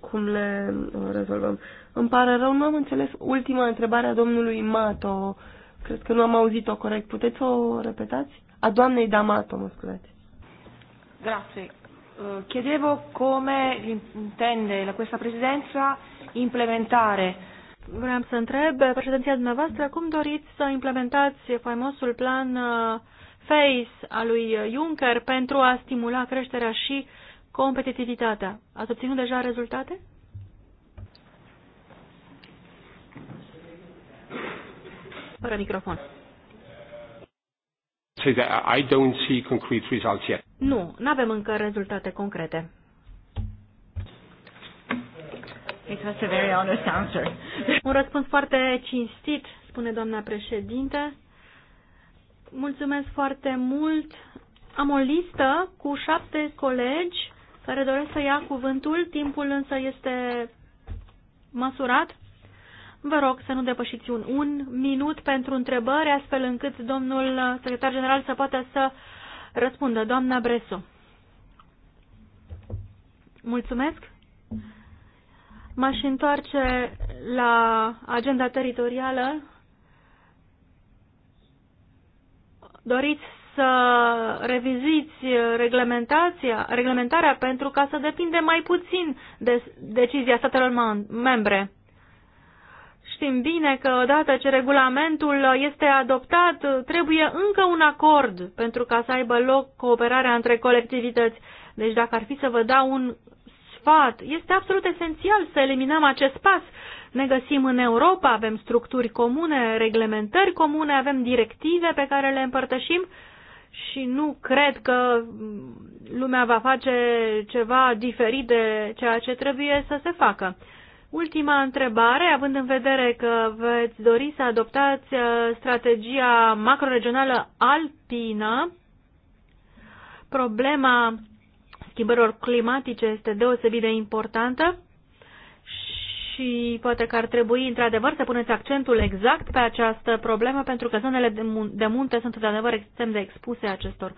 cum le uh, rezolvăm. Îmi pare rău, nu am înțeles ultima întrebare a domnului Mato. Cred că nu am auzit-o corect. Puteți să o repetați? A doamnei Damato, mă scuzați. Grazie. Chiedevo come intende questa presidenza implementare. Vreau să întreb, președinția dumneavoastră, cum doriți să implementați faimosul plan uh, FACE a lui Juncker pentru a stimula creșterea și competitivitatea. Ați obținut deja rezultate? Fără microfon. I don't see concrete results yet. Nu, nu avem încă rezultate concrete. It was a very honest answer. Un răspuns foarte cinstit, spune doamna președinte. Mulțumesc foarte mult. Am o listă cu șapte colegi care doresc să ia cuvântul. Timpul însă este măsurat. Vă rog să nu depășiți un, un minut pentru întrebări, astfel încât domnul secretar general să poată să răspundă. Doamna Bresu. Mulțumesc. M-aș întoarce la agenda teritorială doriți să reviziți reglementația, reglementarea pentru ca să depinde mai puțin de decizia statelor membre. Știm bine că odată ce regulamentul este adoptat, trebuie încă un acord pentru ca să aibă loc cooperarea între colectivități. Deci dacă ar fi să vă dau un sfat, este absolut esențial să eliminăm acest pas ne găsim în Europa, avem structuri comune, reglementări comune, avem directive pe care le împărtășim și nu cred că lumea va face ceva diferit de ceea ce trebuie să se facă. Ultima întrebare, având în vedere că veți dori să adoptați uh, strategia macroregională alpină, problema schimbărilor climatice este deosebit de importantă și poate că ar trebui într-adevăr să puneți accentul exact pe această problemă pentru că zonele de, mun de munte sunt într-adevăr extrem de expuse acestor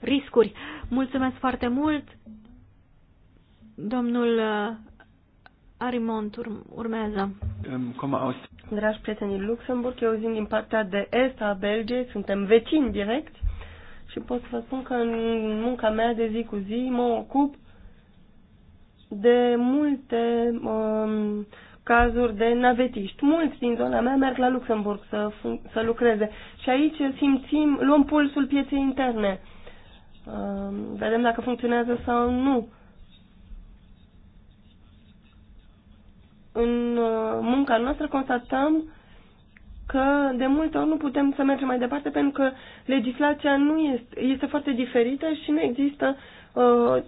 riscuri. Mulțumesc foarte mult! Domnul uh, Arimont urmează. Dragi prieteni, Luxemburg, eu zic din partea de est a Belgiei, suntem vecini direct și pot să vă spun că în munca mea de zi cu zi mă ocup de multe um, cazuri de navetiști. Mulți din zona mea merg la Luxemburg să, să lucreze și aici simțim, luăm pulsul pieței interne. Um, vedem dacă funcționează sau nu. În uh, munca noastră constatăm că de multe ori nu putem să mergem mai departe pentru că legislația nu este, este foarte diferită și nu există uh, Uh,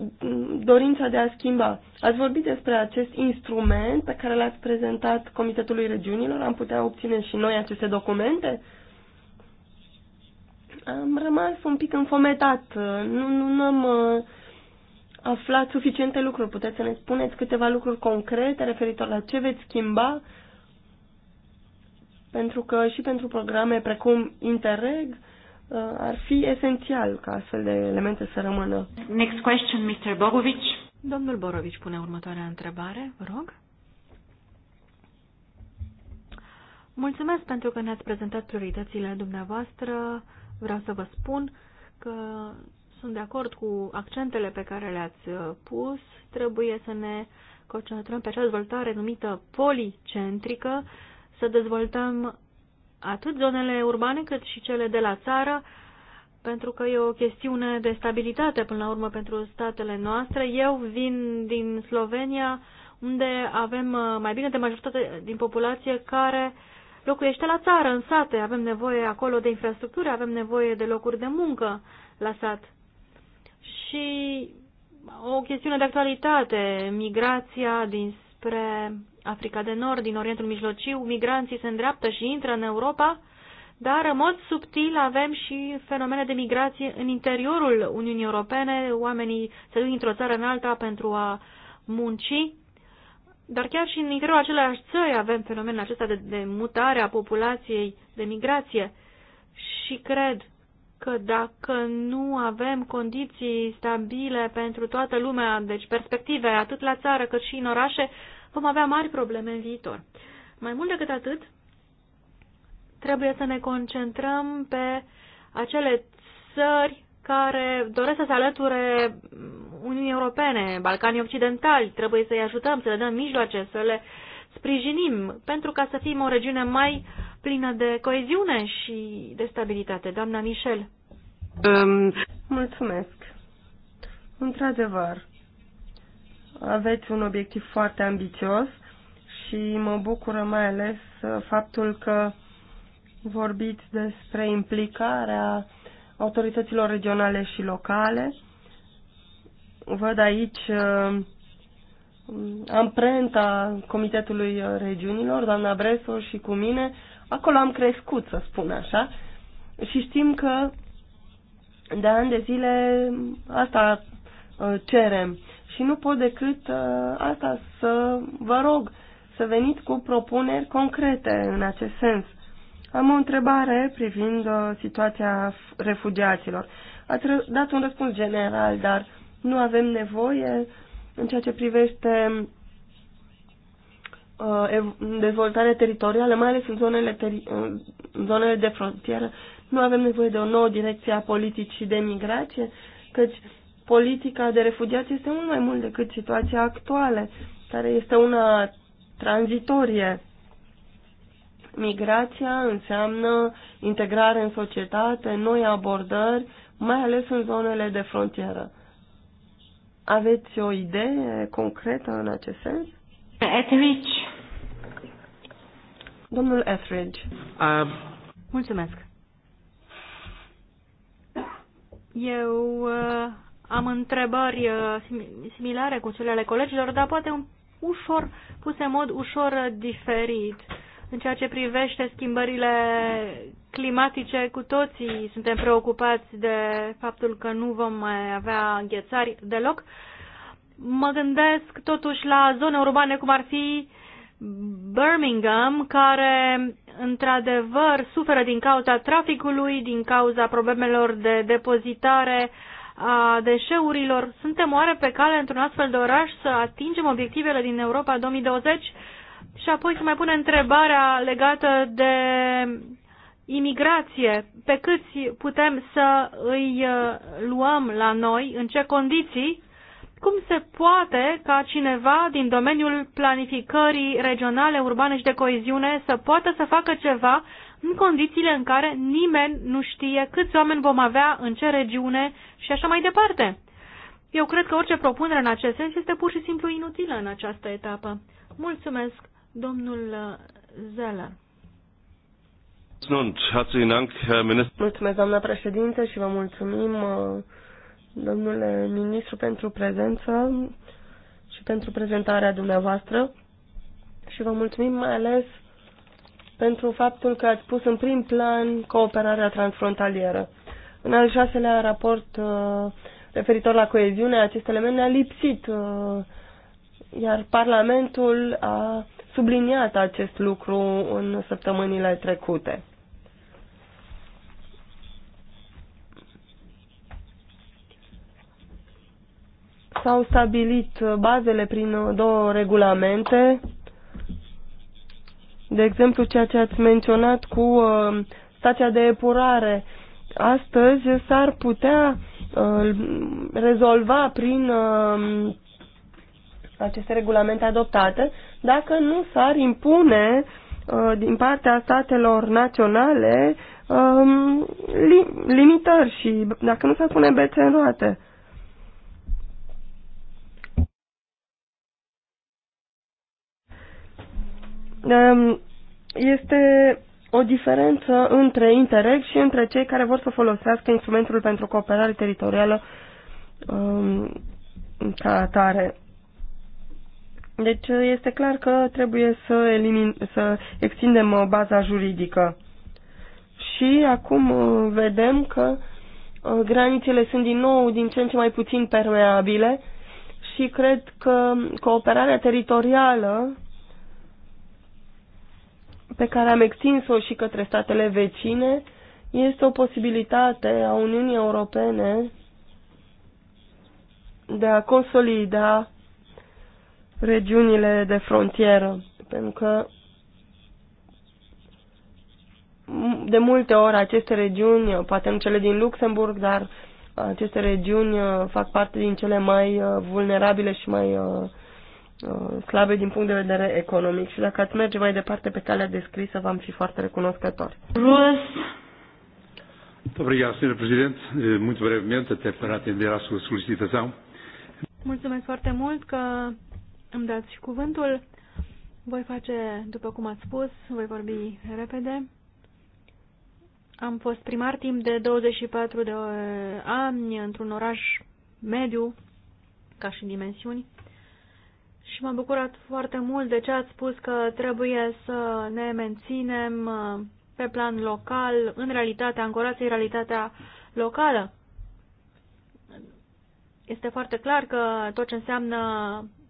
dorința de a schimba. Ați vorbit despre acest instrument pe care l-ați prezentat Comitetului Regiunilor. Am putea obține și noi aceste documente? Am rămas un pic înfometat. Nu, nu, nu am uh, aflat suficiente lucruri. Puteți să ne spuneți câteva lucruri concrete referitor la ce veți schimba? Pentru că și pentru programe precum Interreg, uh, Uh, ar fi esențial ca astfel de elemente să rămână. Next question, Mr. Bogovic. Domnul Borovici pune următoarea întrebare, vă rog. Mulțumesc pentru că ne-ați prezentat prioritățile dumneavoastră. Vreau să vă spun că sunt de acord cu accentele pe care le-ați uh, pus. Trebuie să ne concentrăm pe acea dezvoltare numită policentrică, să dezvoltăm atât zonele urbane cât și cele de la țară, pentru că e o chestiune de stabilitate până la urmă pentru statele noastre. Eu vin din Slovenia, unde avem uh, mai bine de majoritate din populație care locuiește la țară, în sate. Avem nevoie acolo de infrastructură, avem nevoie de locuri de muncă la sat. Și o chestiune de actualitate, migrația dinspre Africa de Nord, din Orientul Mijlociu, migranții se îndreaptă și intră în Europa, dar în mod subtil avem și fenomene de migrație în interiorul Uniunii Europene, oamenii se duc într-o țară în alta pentru a munci, dar chiar și în interiorul aceleași țări avem fenomenul acesta de, de mutare a populației, de migrație. Și cred că dacă nu avem condiții stabile pentru toată lumea, deci perspective atât la țară cât și în orașe, vom avea mari probleme în viitor. Mai mult decât atât, trebuie să ne concentrăm pe acele țări care doresc să se alăture Uniunii Europene, Balcanii Occidentali, trebuie să-i ajutăm, să le dăm mijloace, să le sprijinim, pentru ca să fim o regiune mai plină de coeziune și de stabilitate. Doamna Michel. Um, mulțumesc. Într-adevăr, aveți un obiectiv foarte ambițios și mă bucură mai ales uh, faptul că vorbiți despre implicarea autorităților regionale și locale. Văd aici uh, amprenta Comitetului Regiunilor, doamna Breso și cu mine. Acolo am crescut, să spun așa, și știm că de ani de zile asta uh, cerem. Și nu pot decât uh, asta să vă rog să veniți cu propuneri concrete în acest sens. Am o întrebare privind uh, situația refugiaților. Ați dat un răspuns general, dar nu avem nevoie în ceea ce privește uh, dezvoltarea teritorială, mai ales în zonele, teri în zonele de frontieră. Nu avem nevoie de o nouă direcție a politicii de migrație, căci politica de refugiați este mult mai mult decât situația actuală, care este una tranzitorie. Migrația înseamnă integrare în societate, noi abordări, mai ales în zonele de frontieră. Aveți o idee concretă în acest sens? Etheridge. Domnul Etheridge. Uh. Mulțumesc. Eu uh, am întrebări uh, similare cu cele ale colegilor, dar poate un ușor, puse în mod ușor uh, diferit. În ceea ce privește schimbările climatice, cu toții suntem preocupați de faptul că nu vom mai avea înghețari deloc. Mă gândesc totuși la zone urbane cum ar fi Birmingham, care într-adevăr suferă din cauza traficului, din cauza problemelor de depozitare a deșeurilor. Suntem oare pe cale într-un astfel de oraș să atingem obiectivele din Europa 2020? Și apoi se mai pune întrebarea legată de imigrație. Pe câți putem să îi uh, luăm la noi? În ce condiții? Cum se poate ca cineva din domeniul planificării regionale, urbane și de coeziune să poată să facă ceva în condițiile în care nimeni nu știe câți oameni vom avea, în ce regiune și așa mai departe. Eu cred că orice propunere în acest sens este pur și simplu inutilă în această etapă. Mulțumesc, domnul uh, Zeller. Mulțumesc, doamna președinte, și vă mulțumim, uh, domnule ministru, pentru prezență și pentru prezentarea dumneavoastră. Și vă mulțumim mai ales pentru faptul că ați pus în prim plan cooperarea transfrontalieră. În al șaselea raport uh, referitor la coeziune, acest element ne-a lipsit, uh, iar Parlamentul a subliniat acest lucru în săptămânile trecute. S-au stabilit bazele prin două regulamente de exemplu, ceea ce ați menționat cu uh, stația de epurare. Astăzi s-ar putea uh, rezolva prin uh, aceste regulamente adoptate dacă nu s-ar impune uh, din partea statelor naționale uh, li limitări și dacă nu s-ar pune bețe în roate. Uh, Ehm, este o diferență între Interreg și între cei care vor să folosească instrumentul pentru cooperare teritorială ehm, ca atare. Deci este clar că trebuie să, elimin, să extindem uh, baza juridică. Și acum uh, vedem că uh, granițele sunt din nou din ce în ce mai puțin permeabile și cred că cooperarea teritorială pe care am extins-o și către statele vecine este o posibilitate a Uniunii Europene de a consolida regiunile de frontieră, pentru că de multe ori aceste regiuni, poate nu cele din Luxemburg, dar aceste regiuni uh, fac parte din cele mai uh, vulnerabile și mai uh, Uh, slabe din punct de vedere economic și dacă ați merge mai departe pe calea descrisă, v-am fi foarte recunoscători. Rus. Obrigado, Sr. Presidente. Eh, muito brevemente, até para atender à sua solicitação. Mulțumesc foarte mult că îmi dați cuvântul. Voi face, după cum ați spus, voi vorbi repede. Am fost primar timp de 24 de ani într-un oraș mediu, ca și dimensiuni, și m-am bucurat foarte mult de ce ați spus că trebuie să ne menținem uh, pe plan local, în realitatea, ancorați în realitatea locală. Este foarte clar că tot ce înseamnă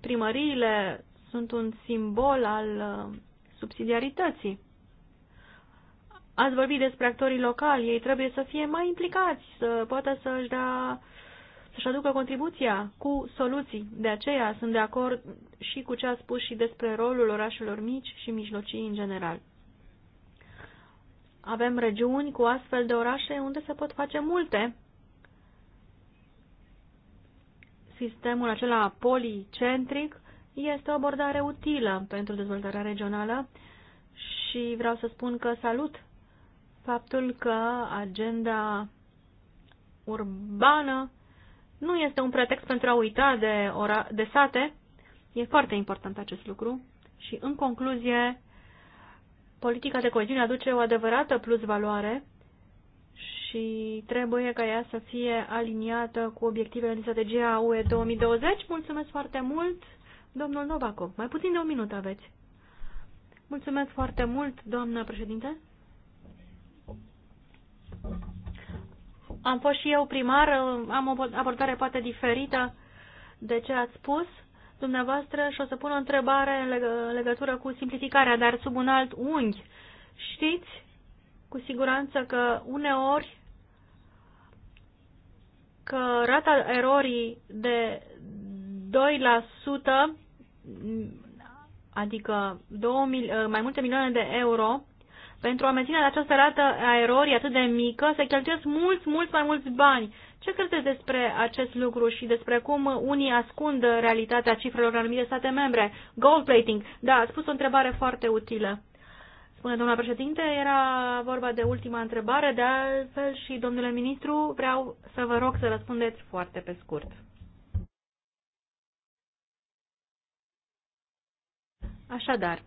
primăriile sunt un simbol al uh, subsidiarității. Ați vorbit despre actorii locali, ei trebuie să fie mai implicați, să poată să-și dea să-și aducă contribuția cu soluții. De aceea sunt de acord și cu ce a spus și despre rolul orașelor mici și mijlocii în general. Avem regiuni cu astfel de orașe unde se pot face multe. Sistemul acela policentric este o abordare utilă pentru dezvoltarea regională și vreau să spun că salut faptul că agenda urbană nu este un pretext pentru a uita de, ora, de sate, E foarte important acest lucru și, în concluzie, politica de coeziune aduce o adevărată plus valoare și trebuie ca ea să fie aliniată cu obiectivele din strategia UE 2020. Mulțumesc foarte mult, domnul Novakov. Mai puțin de un minut aveți. Mulțumesc foarte mult, doamnă președinte. Am fost și eu primar, am o abordare poate diferită de ce ați spus dumneavoastră și o să pun o întrebare în, legătură cu simplificarea, dar sub un alt unghi. Știți cu siguranță că uneori că rata erorii de 2%, adică 2, mai multe milioane de euro, pentru a menține această rată a erorii atât de mică, se cheltuiesc mulți, mulți mai mulți bani. Ce credeți despre acest lucru și despre cum unii ascund realitatea cifrelor în anumite state membre? Gold plating. Da, ați spus o întrebare foarte utilă. Spune doamna președinte, era vorba de ultima întrebare, de altfel și domnule ministru, vreau să vă rog să răspundeți foarte pe scurt. Așadar,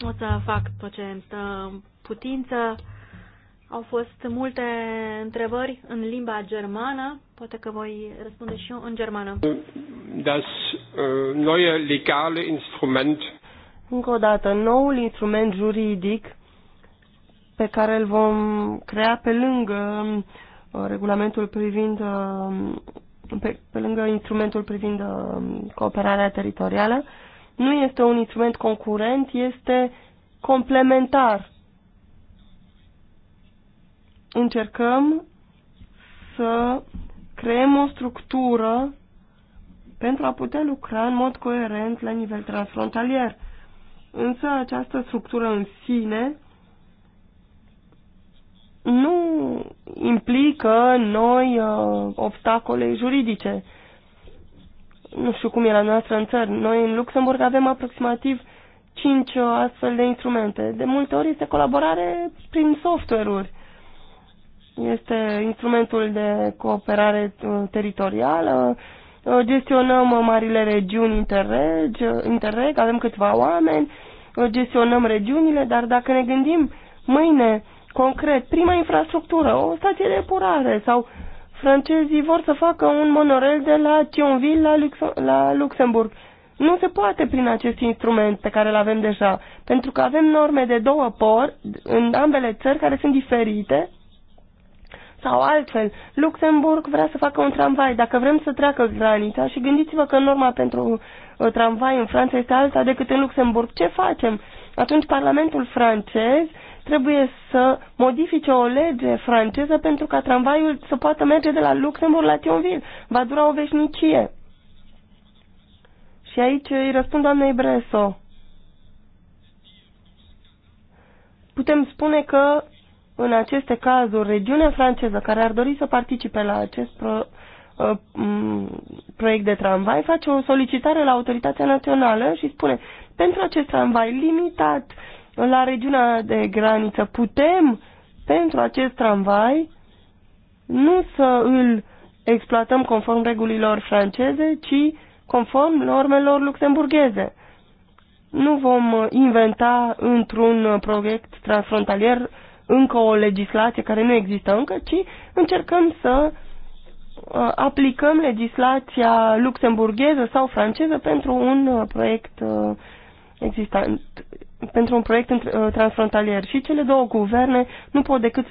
o să fac tot ce îmi stă în putință. Au fost multe întrebări în limba germană, poate că voi răspunde și eu în germană. Das uh, neue legale Instrument. Încă o dată, noul instrument juridic pe care îl vom crea pe lângă um, uh, regulamentul privind um, pe, pe lângă instrumentul privind um, cooperarea teritorială, nu este un instrument concurent, este complementar încercăm să creăm o structură pentru a putea lucra în mod coerent la nivel transfrontalier. Însă această structură în sine nu implică noi uh, obstacole juridice. Nu știu cum e la noastră în țări. Noi în Luxemburg avem aproximativ 5 uh, astfel de instrumente. De multe ori este colaborare prin software-uri. Este instrumentul de cooperare uh, teritorială. Uh, gestionăm marile regiuni interreg, interreg, avem câțiva oameni, uh, gestionăm regiunile, dar dacă ne gândim mâine, concret, prima infrastructură, o stație de purare sau francezii vor să facă un monorel de la Thionville la, Lux- la Luxemburg. Nu se poate prin acest instrument pe care îl avem deja, pentru că avem norme de două por în ambele țări care sunt diferite sau altfel, Luxemburg vrea să facă un tramvai. Dacă vrem să treacă granița și gândiți-vă că norma pentru uh, tramvai în Franța este alta decât în Luxemburg, ce facem? Atunci Parlamentul francez trebuie să modifice o lege franceză pentru ca tramvaiul să poată merge de la Luxemburg la Thionville. Va dura o veșnicie. Și aici îi răspund doamnei Bresso. Putem spune că în aceste cazuri, regiunea franceză care ar dori să participe la acest pro, uh, proiect de tramvai face o solicitare la autoritatea națională și spune pentru acest tramvai limitat la regiunea de graniță putem pentru acest tramvai nu să îl exploatăm conform regulilor franceze, ci conform normelor luxemburgheze. Nu vom inventa într-un proiect transfrontalier încă o legislație care nu există încă, ci încercăm să uh, aplicăm legislația luxemburgheză sau franceză pentru un uh, proiect uh, existant pentru un proiect transfrontalier și cele două guverne nu pot decât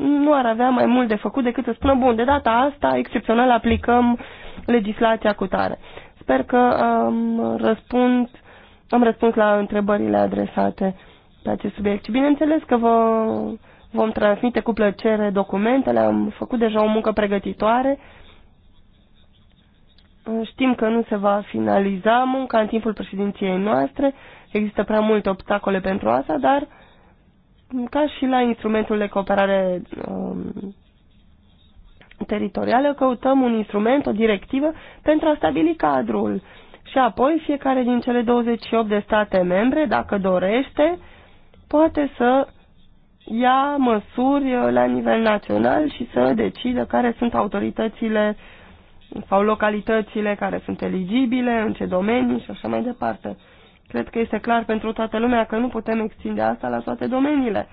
nu ar avea mai mult de făcut decât să spună bun, de data asta excepțional aplicăm legislația cu tare. Sper că um, răspund, am răspuns la întrebările adresate pe acest subiect. bineînțeles că vă, vom transmite cu plăcere documentele, am făcut deja o muncă pregătitoare. Știm că nu se va finaliza munca în timpul președinției noastre, există prea multe obstacole pentru asta, dar ca și la instrumentul de cooperare um, teritorială, căutăm un instrument, o directivă pentru a stabili cadrul. Și apoi fiecare din cele 28 de state membre, dacă dorește, poate să ia măsuri la nivel național și să decidă care sunt autoritățile sau localitățile care sunt eligibile, în ce domenii și așa mai departe. Cred că este clar pentru toată lumea că nu putem extinde asta la toate domeniile.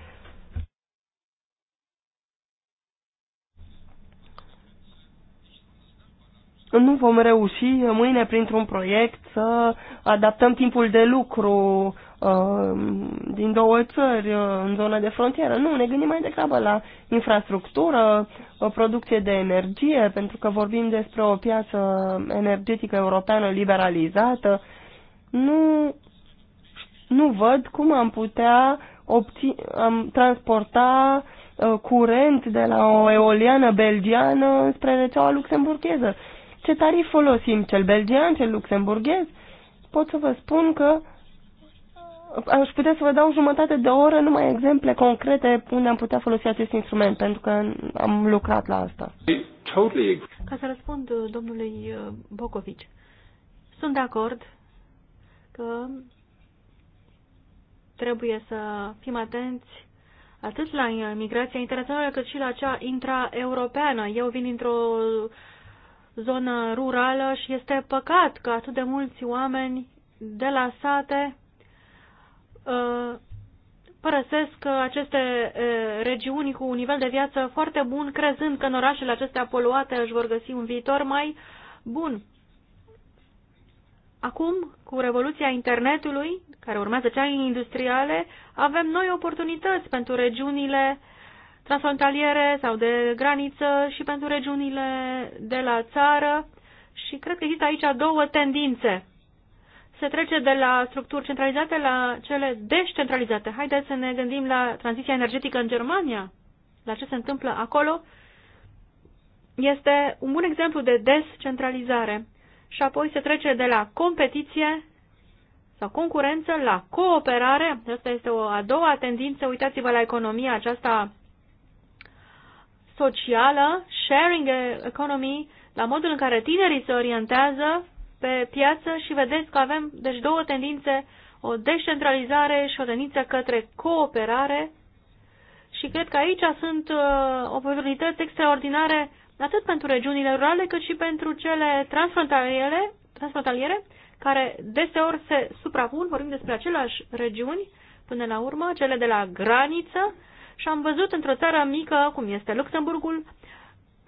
nu vom reuși mâine printr-un proiect să adaptăm timpul de lucru Uh, din două țări uh, în zona de frontieră. Nu, ne gândim mai degrabă la infrastructură, o uh, producție de energie, pentru că vorbim despre o piață energetică europeană liberalizată. Nu, nu văd cum am putea am, transporta curent de la o eoliană belgiană spre rețeaua luxemburgheză. Ce tarif folosim, cel belgian, cel luxemburghez? Pot să vă spun că aș putea să vă dau jumătate de oră numai exemple concrete unde am putea folosi acest instrument, pentru că am lucrat la asta. Ca să răspund uh, domnului uh, Bocovici, sunt de acord că trebuie să fim atenți atât la migrația internațională cât și la cea intraeuropeană. Eu vin dintr-o zonă rurală și este păcat că atât de mulți oameni de la sate Uh, părăsesc aceste uh, regiuni cu un nivel de viață foarte bun, crezând că în orașele acestea poluate își vor găsi un viitor mai bun. Acum, cu revoluția internetului, care urmează cea industriale, avem noi oportunități pentru regiunile transfrontaliere sau de graniță și pentru regiunile de la țară și cred că există aici două tendințe se trece de la structuri centralizate la cele descentralizate. Haideți să ne gândim la tranziția energetică în Germania, la ce se întâmplă acolo. Este un bun exemplu de descentralizare. Și apoi se trece de la competiție sau concurență la cooperare. Asta este o a doua tendință. Uitați-vă la economia aceasta socială, sharing economy, la modul în care tinerii se orientează pe piață și vedeți că avem deci două tendințe, o descentralizare și o tendință către cooperare și cred că aici sunt uh, oportunități extraordinare atât pentru regiunile rurale cât și pentru cele transfrontaliere, transfrontaliere care deseori se suprapun, vorbim despre aceleași regiuni până la urmă, cele de la graniță și am văzut într-o țară mică, cum este Luxemburgul,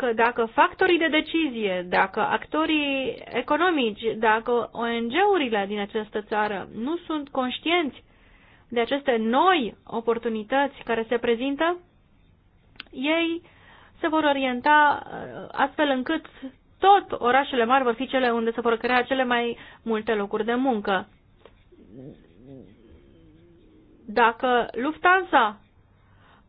că dacă factorii de decizie, dacă actorii economici, dacă ONG-urile din această țară nu sunt conștienți de aceste noi oportunități care se prezintă, ei se vor orienta uh, astfel încât tot orașele mari vor fi cele unde se vor crea cele mai multe locuri de muncă. Dacă Lufthansa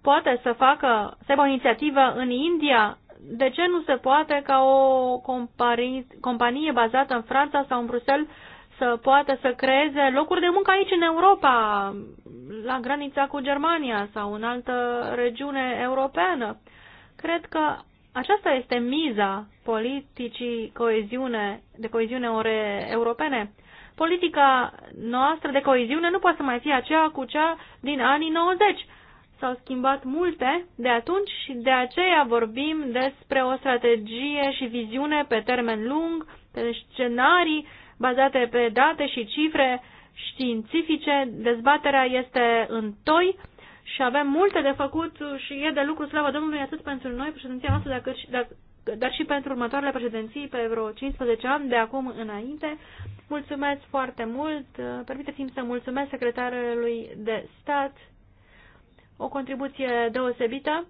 poate să facă, să aibă o inițiativă în India de ce nu se poate ca o companie, companie bazată în Franța sau în Bruxelles să poată să creeze locuri de muncă aici în Europa, la granița cu Germania sau în altă regiune europeană? Cred că aceasta este miza politicii coeziune, de coeziune ore europene. Politica noastră de coeziune nu poate să mai fie aceea cu cea din anii 90 S-au schimbat multe de atunci și de aceea vorbim despre o strategie și viziune pe termen lung, pe scenarii bazate pe date și cifre științifice. Dezbaterea este în toi și avem multe de făcut și e de lucru, slavă Domnului, atât pentru noi, președinția noastră, dar, dar, dar și pentru următoarele președinții pe vreo 15 ani de acum înainte. Mulțumesc foarte mult. Permiteți-mi să mulțumesc secretarului de stat o contribuție deosebită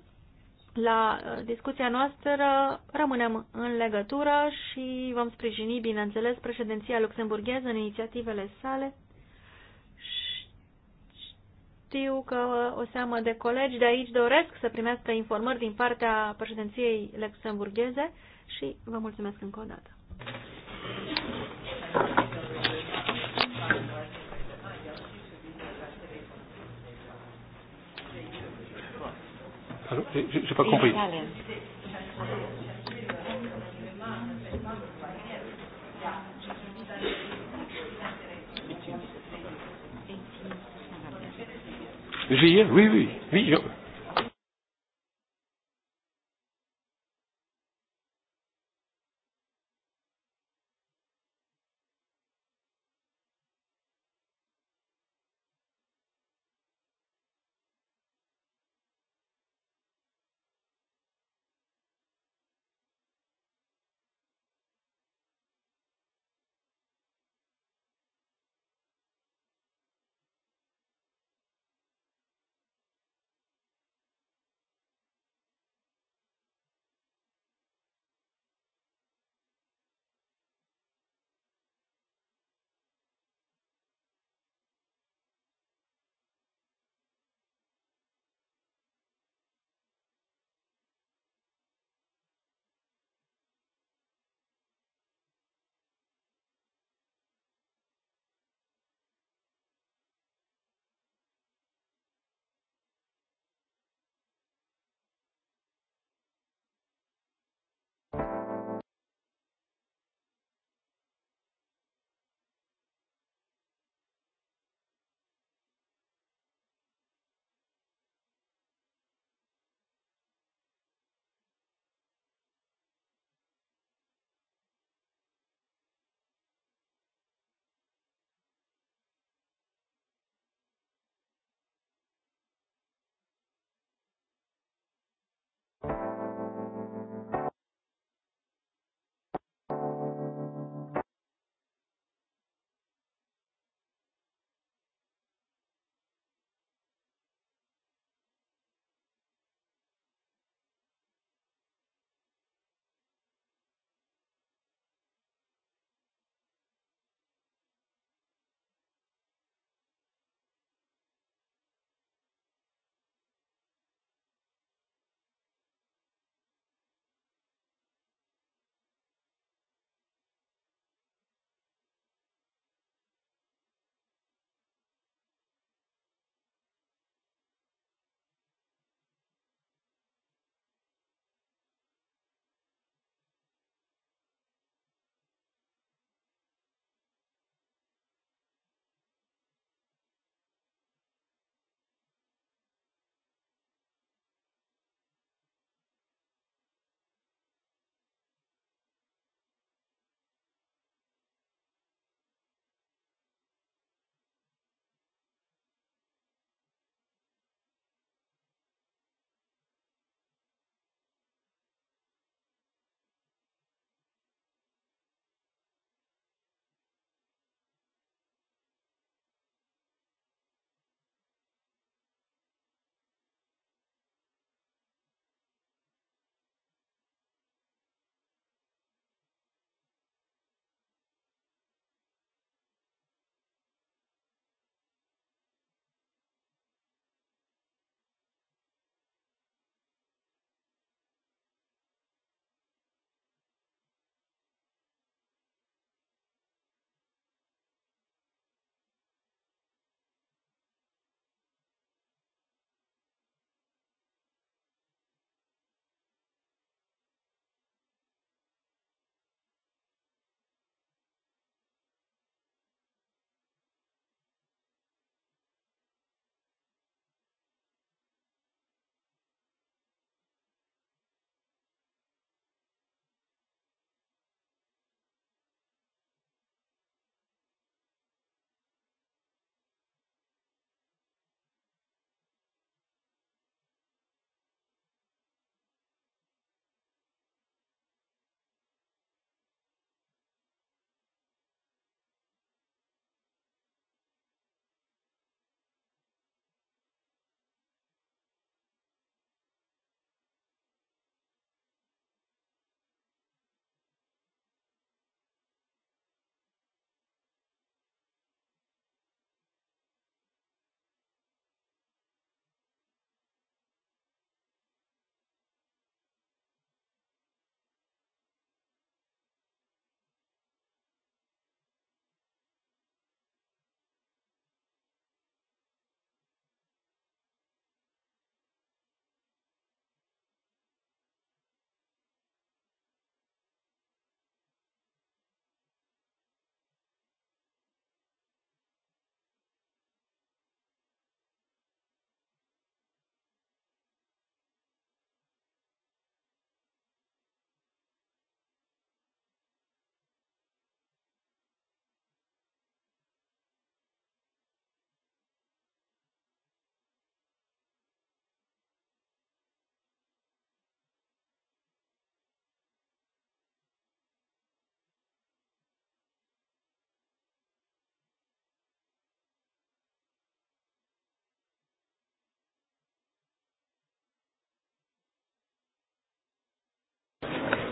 la uh, discuția noastră. Rămânem în legătură și vom sprijini, bineînțeles, președinția luxemburgheză în inițiativele sale. Știu că o seamă de colegi de aici doresc să primească informări din partea președinției luxemburgheze și vă mulțumesc încă o dată. Je n'ai pas compris. Oui, oui, oui, oui. Je...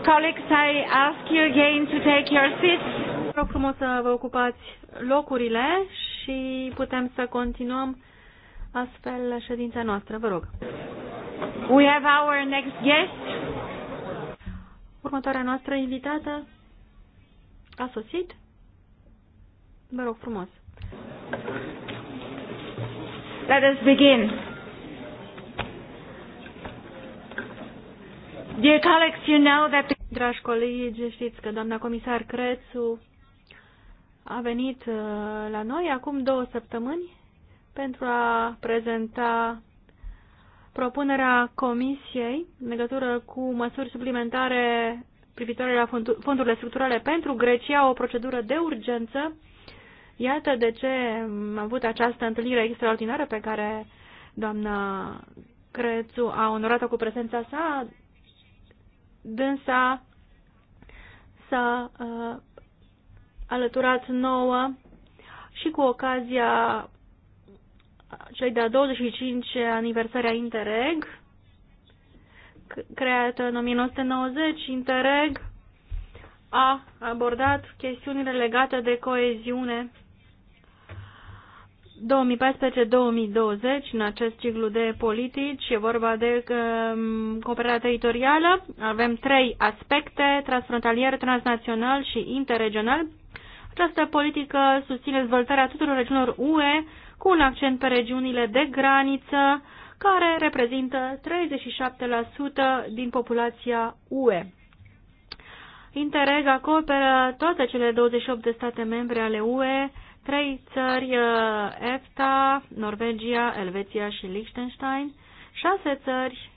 Colleagues, I ask you again to take your seats. Rog frumos să vă ocupați locurile și putem să continuăm astfel ședința noastră. Vă rog. We have our next guest. Următoarea noastră invitată a sosit. Vă rog frumos. Let us begin. Dear colleagues, you know that... Dragi colegi, știți că doamna comisar Crețu a venit uh, la noi acum două săptămâni pentru a prezenta propunerea Comisiei în legătură cu măsuri suplimentare privitoare la fondurile structurale pentru Grecia, o procedură de urgență. Iată de ce am avut această întâlnire extraordinară pe care doamna Crețu a onorat-o cu prezența sa dânsa s-a uh, alăturat nouă și cu ocazia cei de-a 25 aniversare a Interreg, creată în 1990, Interreg a abordat chestiunile legate de coeziune 2014-2020, în acest ciclu de politici, e vorba de um, cooperarea teritorială. Avem trei aspecte, transfrontalier, transnațional și interregional. Această politică susține dezvoltarea tuturor regiunilor UE, cu un accent pe regiunile de graniță, care reprezintă 37% din populația UE. Interreg acoperă toate cele 28 de state membre ale UE, Trei țări uh, EFTA, Norvegia, Elveția și Liechtenstein, șase țări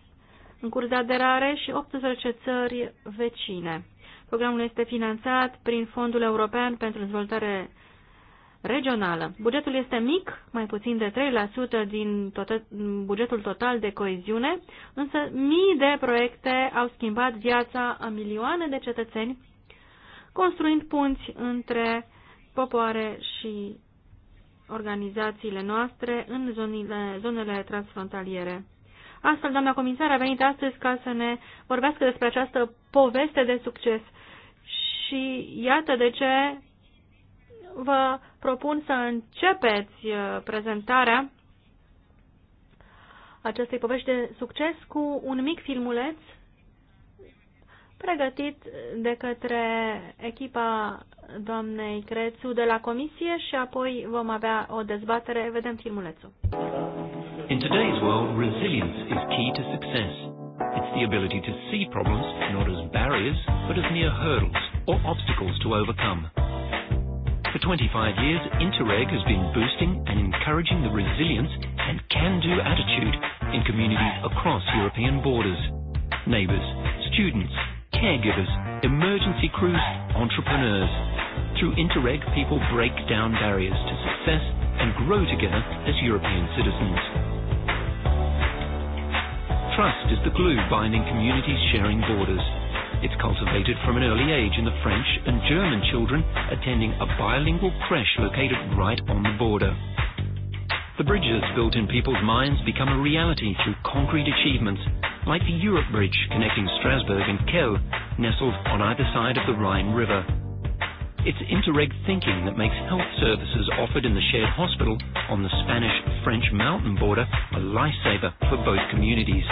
în curs de aderare și 18 țări vecine. Programul este finanțat prin Fondul European pentru Dezvoltare regională. Bugetul este mic, mai puțin de 3% din tot, bugetul total de coeziune, însă mii de proiecte au schimbat viața a milioane de cetățeni, construind punți între popoare și organizațiile noastre în zonile, zonele transfrontaliere. Astfel, doamna comisar a venit astăzi ca să ne vorbească despre această poveste de succes. Și iată de ce vă propun să începeți uh, prezentarea acestei povești de succes cu un mic filmuleț pregătit de către echipa doamnei Crețu de la comisie și apoi vom avea o dezbatere. Vedem filmulețul. In today's world, resilience is key to success. It's the ability to see problems not as barriers, but as mere hurdles or obstacles to overcome. For 25 years, Interreg has been boosting and encouraging the resilience and can-do attitude in communities across European borders. Neighbours, students, caregivers, emergency crews, entrepreneurs. Through Interreg, people break down barriers to success and grow together as European citizens. Trust is the glue binding communities sharing borders. It's cultivated from an early age in the French and German children attending a bilingual creche located right on the border. The bridges built in people's minds become a reality through concrete achievements like the Europe Bridge connecting Strasbourg and Kiel, nestled on either side of the Rhine River. It's Interreg thinking that makes health services offered in the shared hospital on the Spanish-French mountain border a lifesaver for both communities.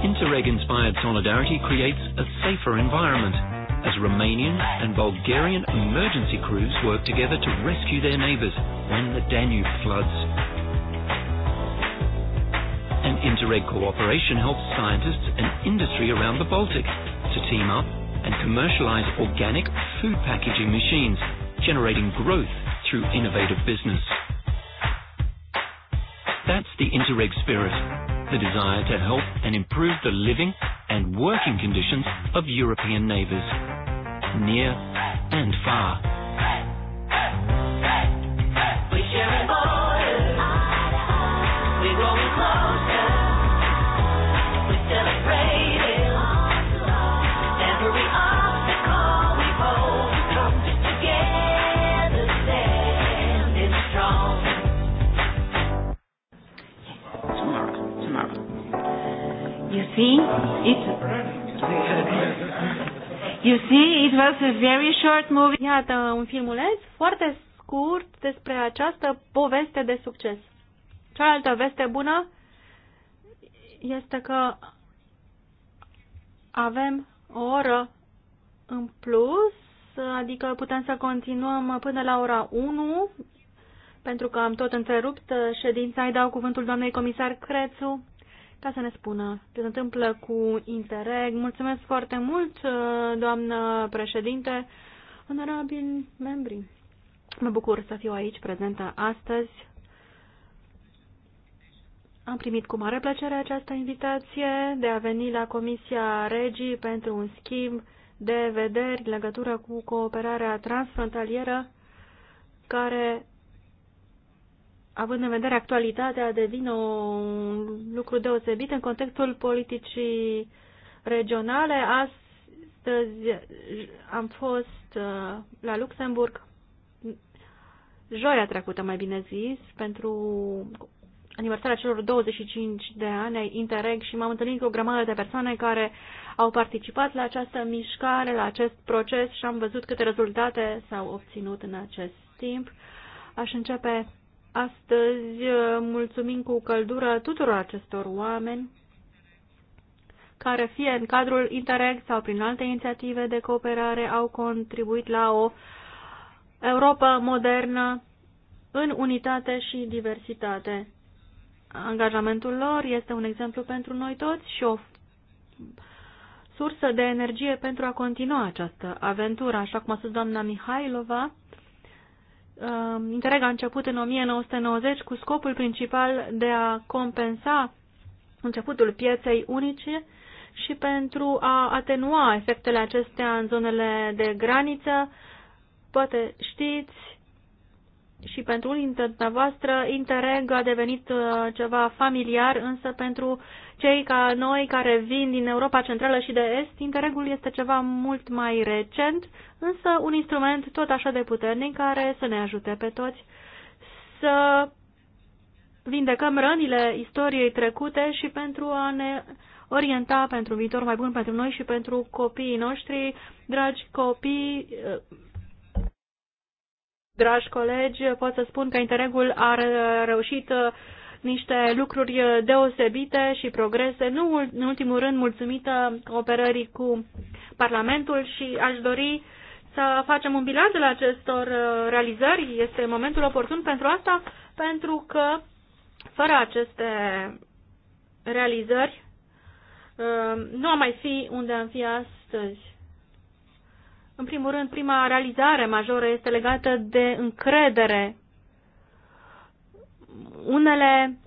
Interreg-inspired solidarity creates a safer environment as Romanian and Bulgarian emergency crews work together to rescue their neighbors when the Danube floods and Interreg cooperation helps scientists and industry around the Baltic to team up and commercialize organic food packaging machines, generating growth through innovative business. That's the Interreg spirit, the desire to help and improve the living and working conditions of European neighbors, near and far. see, it, you see, it was a very short movie. Iată, un filmuleț foarte scurt despre această poveste de succes. Cealaltă veste bună este că avem o oră în plus, adică putem să continuăm până la ora 1, pentru că am tot întrerupt ședința. Îi dau cuvântul doamnei comisar Crețu ca să ne spună ce se întâmplă cu Interreg. Mulțumesc foarte mult, uh, doamnă președinte, onorabili membri. Mă bucur să fiu aici prezentă astăzi. Am primit cu mare plăcere această invitație de a veni la Comisia Regii pentru un schimb de vederi în legătură cu cooperarea transfrontalieră care având în vedere actualitatea, devine un lucru deosebit în contextul politicii regionale. Astăzi am fost uh, la Luxemburg, joia trecută, mai bine zis, pentru aniversarea celor 25 de ani ai Interreg și m-am întâlnit cu o grămadă de persoane care au participat la această mișcare, la acest proces și am văzut câte rezultate s-au obținut în acest timp. Aș începe Astăzi uh, mulțumim cu căldură tuturor acestor oameni care fie în cadrul Interreg sau prin alte inițiative de cooperare au contribuit la o Europa modernă în unitate și diversitate. Angajamentul lor este un exemplu pentru noi toți și o sursă de energie pentru a continua această aventură, așa cum a spus doamna Mihailova Um, Interreg a început în 1990 cu scopul principal de a compensa începutul pieței unice și pentru a atenua efectele acestea în zonele de graniță. Poate știți, și pentru unii dintre dumneavoastră, Interreg a devenit uh, ceva familiar, însă pentru cei ca noi care vin din Europa Centrală și de Est, interregul este ceva mult mai recent, însă un instrument tot așa de puternic care să ne ajute pe toți să vindecăm rănile istoriei trecute și pentru a ne orienta pentru un viitor mai bun pentru noi și pentru copiii noștri, dragi copii, dragi colegi, pot să spun că Interregul a reușit niște lucruri deosebite și progrese, nu în ultimul rând mulțumită cooperării cu Parlamentul și aș dori să facem un bilanț la acestor uh, realizări. Este momentul oportun pentru asta, pentru că fără aceste realizări uh, nu am mai fi unde am fi astăzi. În primul rând, prima realizare majoră este legată de încredere unele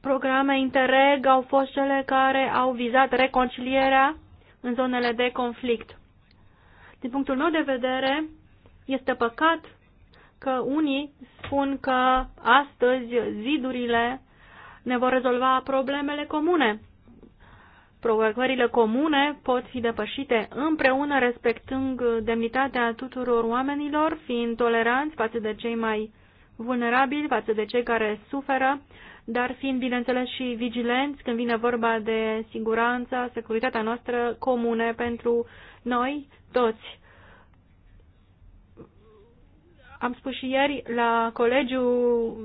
programe Interreg au fost cele care au vizat reconcilierea în zonele de conflict. Din punctul meu de vedere, este păcat că unii spun că astăzi zidurile ne vor rezolva problemele comune. Provocările comune pot fi depășite împreună respectând demnitatea tuturor oamenilor, fiind toleranți față de cei mai vulnerabili față de cei care suferă, dar fiind, bineînțeles, și vigilenți când vine vorba de siguranța, securitatea noastră comune pentru noi toți. Am spus și ieri la colegiu,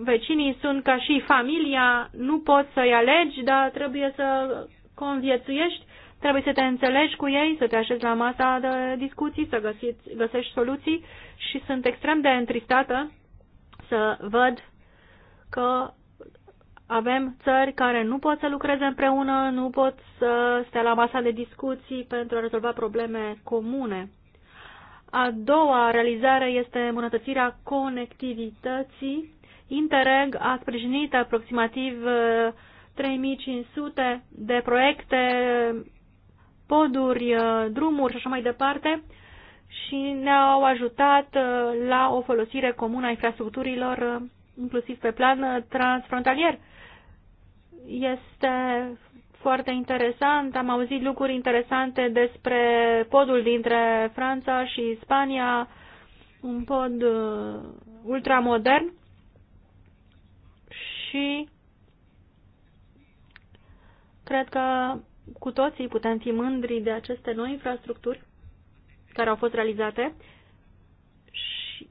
vecinii sunt ca și familia, nu poți să-i alegi, dar trebuie să conviețuiești, trebuie să te înțelegi cu ei, să te așezi la masa de discuții, să găsiți, găsești soluții și sunt extrem de întristată să văd că avem țări care nu pot să lucreze împreună, nu pot să stea la masa de discuții pentru a rezolva probleme comune. A doua realizare este îmbunătățirea conectivității. Interreg a sprijinit aproximativ 3500 uh, de proiecte, poduri, uh, drumuri și așa mai departe, și ne-au ajutat uh, la o folosire comună a infrastructurilor, uh, inclusiv pe plan uh, transfrontalier. Este foarte interesant, am auzit lucruri interesante despre podul dintre Franța și Spania, un pod ultramodern și cred că cu toții putem fi mândri de aceste noi infrastructuri care au fost realizate și,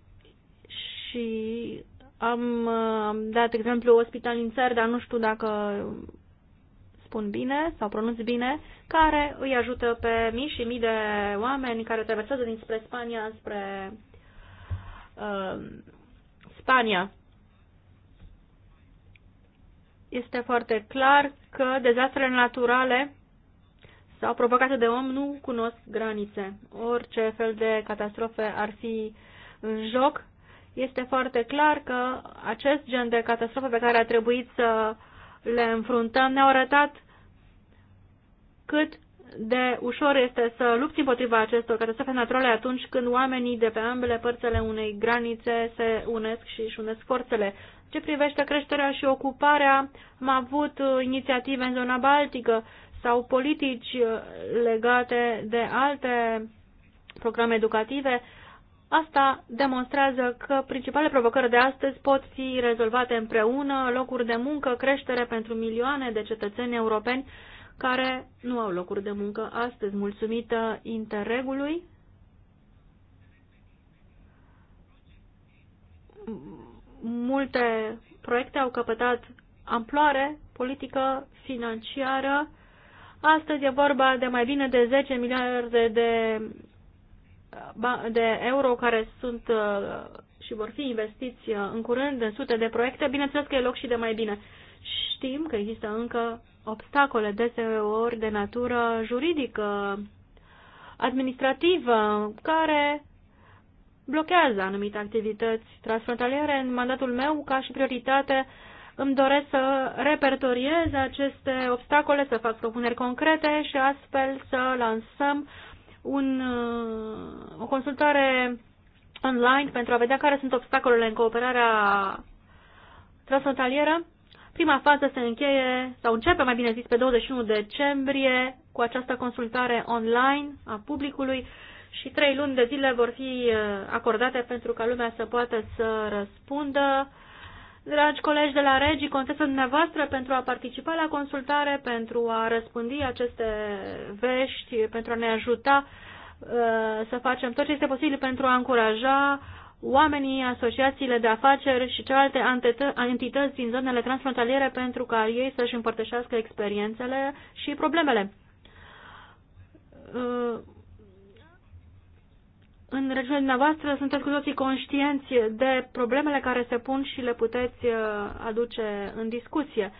și am, am dat exemplu ospital în țări, dar nu știu dacă spun bine sau pronunț bine, care îi ajută pe mii și mii de oameni care traversează dinspre Spania spre uh, Spania. Este foarte clar că dezastrele naturale sau provocate de om nu cunosc granițe. Orice fel de catastrofe ar fi în joc, este foarte clar că acest gen de catastrofe pe care a trebuit să le înfruntăm ne-au arătat cât de ușor este să lupți împotriva acestor catastrofe naturale atunci când oamenii de pe ambele părțile unei granițe se unesc și își unesc forțele. Ce privește creșterea și ocuparea, am avut inițiative în zona Baltică sau politici uh, legate de alte programe educative, asta demonstrează că principalele provocări de astăzi pot fi rezolvate împreună, locuri de muncă, creștere pentru milioane de cetățeni europeni care nu au locuri de muncă astăzi, mulțumită interregului. Multe proiecte au căpătat amploare politică, financiară, Astăzi e vorba de mai bine de 10 miliarde de, de euro care sunt uh, și vor fi investiți uh, în curând în sute de proiecte. Bineînțeles că e loc și de mai bine. Știm că există încă obstacole deseori de natură juridică, administrativă, care blochează anumite activități transfrontaliere. În mandatul meu, ca și prioritate, îmi doresc să repertoriez aceste obstacole, să fac propuneri concrete și astfel să lansăm un, uh, o consultare online pentru a vedea care sunt obstacolele în cooperarea transfrontalieră. Prima fază se încheie, sau începe mai bine zis, pe 21 decembrie cu această consultare online a publicului și trei luni de zile vor fi uh, acordate pentru ca lumea să poată să răspundă Dragi colegi de la Regi, contează dumneavoastră pentru a participa la consultare, pentru a răspândi aceste vești, pentru a ne ajuta uh, să facem tot ce este posibil pentru a încuraja oamenii, asociațiile de afaceri și celelalte entități din zonele transfrontaliere pentru ca ei să-și împărtășească experiențele și problemele uh, în regiunea dumneavoastră sunteți cu toții conștienți de problemele care se pun și le puteți uh, aduce în discuție.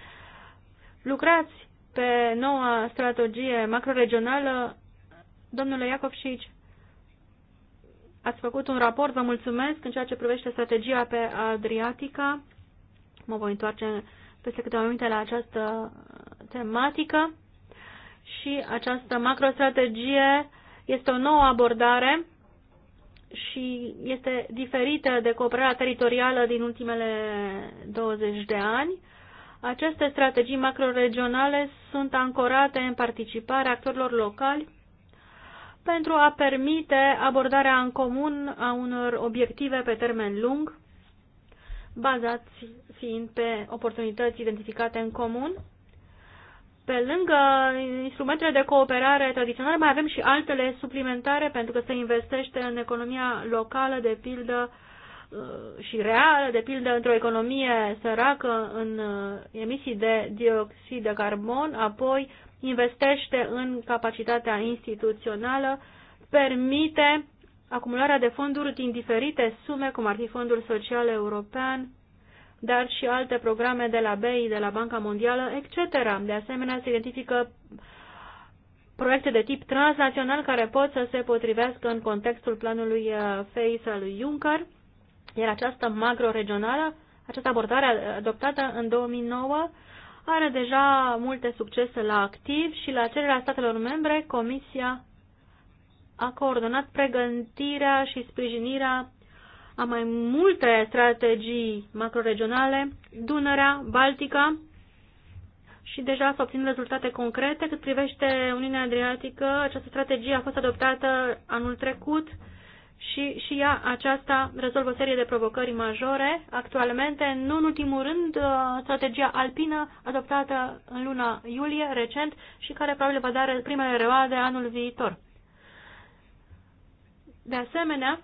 Lucrați pe noua strategie macroregională. Domnule Iacovșici, ați făcut un raport, vă mulțumesc, în ceea ce privește strategia pe Adriatica. Mă voi întoarce peste câteva minute la această tematică. Și această macrostrategie este o nouă abordare și este diferită de cooperarea teritorială din ultimele 20 de ani. Aceste strategii macroregionale sunt ancorate în participarea actorilor locali pentru a permite abordarea în comun a unor obiective pe termen lung, bazați fiind pe oportunități identificate în comun pe lângă instrumentele de cooperare tradiționale, mai avem și altele suplimentare pentru că se investește în economia locală, de pildă, uh, și reală, de pildă într-o economie săracă în uh, emisii de dioxid de carbon, apoi investește în capacitatea instituțională, permite acumularea de fonduri din diferite sume, cum ar fi Fondul Social European, dar și alte programe de la BEI, de la Banca Mondială, etc. De asemenea, se identifică proiecte de tip transnațional care pot să se potrivească în contextul planului uh, FACE al lui Juncker, iar această macro-regională, această abordare adoptată în 2009, are deja multe succese la activ și la cererea statelor membre, Comisia a coordonat pregătirea și sprijinirea a mai multe strategii macroregionale, Dunărea, Baltica, și deja s-au obținut rezultate concrete. Cât privește Uniunea Adriatică, această strategie a fost adoptată anul trecut și, și ea aceasta rezolvă o serie de provocări majore actualmente, nu în ultimul rând uh, strategia alpină adoptată în luna iulie recent și care probabil va da primele reoade anul viitor. De asemenea,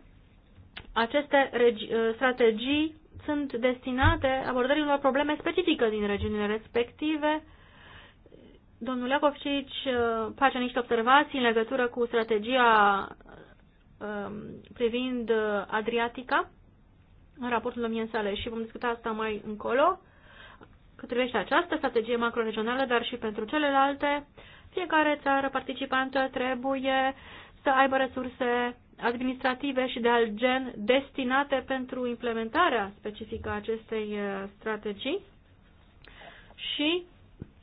aceste ă, strategii sunt destinate abordării unor probleme specifice din regiunile respective. Domnul Iacovcic ă, face niște observații în legătură cu strategia ă, privind Adriatica în raportul domniei sale și vom discuta asta mai încolo cât privește această strategie macroregională, dar și pentru celelalte. Fiecare țară participantă trebuie să aibă resurse administrative și de alt gen destinate pentru implementarea specifică a acestei uh, strategii și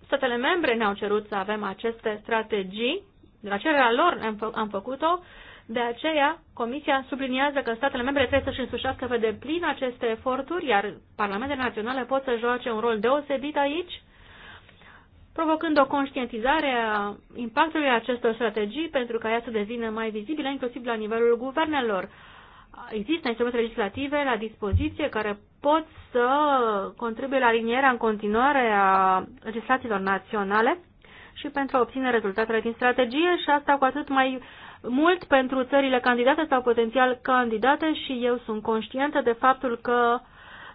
statele membre ne-au cerut să avem aceste strategii, de la cererea lor am, făcut-o, de aceea Comisia subliniază că statele membre trebuie să-și însușească pe deplin aceste eforturi, iar parlamentele naționale pot să joace un rol deosebit aici, provocând o conștientizare a impactului acestor strategii pentru ca ea să devină mai vizibilă, inclusiv la nivelul guvernelor. Există instrumente legislative la dispoziție care pot să contribuie la alinierea în continuare a legislațiilor naționale și pentru a obține rezultatele din strategie și asta cu atât mai mult pentru țările candidate sau potențial candidate și eu sunt conștientă de faptul că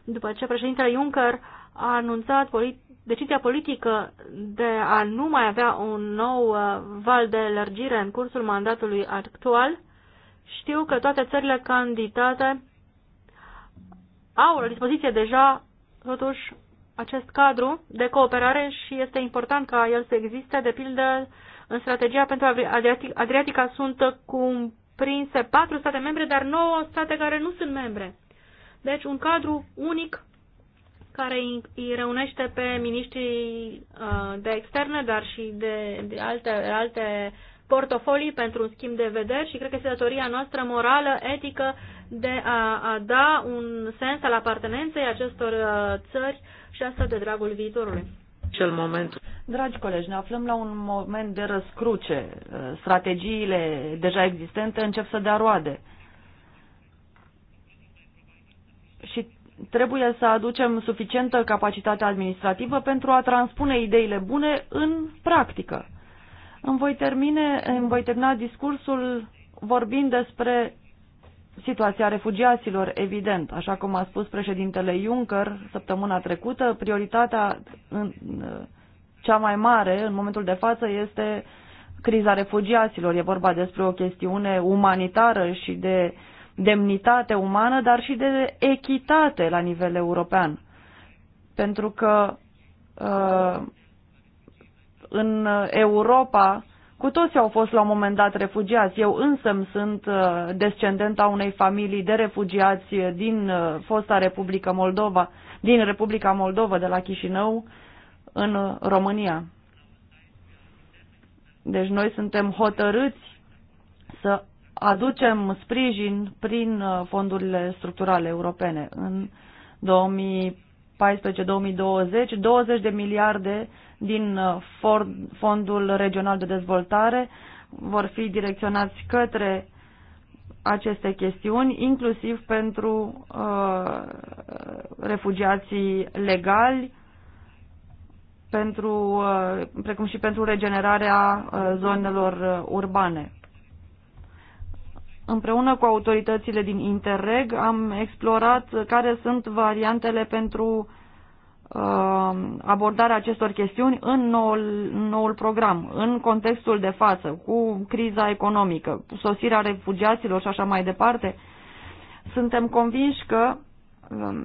după ce președintele Juncker a anunțat polit decizia politică de a nu mai avea un nou uh, val de lărgire în cursul mandatului actual, știu că toate țările candidate au la dispoziție deja, totuși, acest cadru de cooperare și este important ca el să existe. De pildă, în strategia pentru Adriatic, Adriatica sunt cumprinse patru state membre, dar nouă state care nu sunt membre. Deci, un cadru unic care îi reunește pe miniștrii uh, de externe, dar și de, de alte, alte portofolii pentru un schimb de vederi și cred că este datoria noastră morală, etică, de a, a da un sens al apartenenței acestor uh, țări și asta de dragul viitorului. Cel moment. Dragi colegi, ne aflăm la un moment de răscruce. Uh, strategiile deja existente încep să dea roade. Și trebuie să aducem suficientă capacitate administrativă pentru a transpune ideile bune în practică. Îmi voi, termine, îmi voi termina discursul vorbind despre situația refugiaților, evident, așa cum a spus președintele Juncker săptămâna trecută, prioritatea în, cea mai mare în momentul de față este criza refugiaților. E vorba despre o chestiune umanitară și de uh, demnitate umană, dar și de echitate la nivel european. Pentru că uh, în Europa cu toții au fost la un moment dat refugiați. Eu însă sunt uh, descendent a unei familii de refugiați din uh, fosta Republică Moldova, din Republica Moldova de la Chișinău în România. Deci noi suntem hotărâți să aducem sprijin prin uh, fondurile structurale europene. În 2014-2020, 20 de miliarde din uh, Fondul Regional de Dezvoltare vor fi direcționați către aceste chestiuni, inclusiv pentru uh, refugiații legali, pentru, uh, precum și pentru regenerarea uh, zonelor uh, urbane. Împreună cu autoritățile din Interreg am explorat care sunt variantele pentru uh, abordarea acestor chestiuni în noul, noul program, în contextul de față, cu criza economică, cu sosirea refugiaților și așa mai departe. Suntem convinși că um,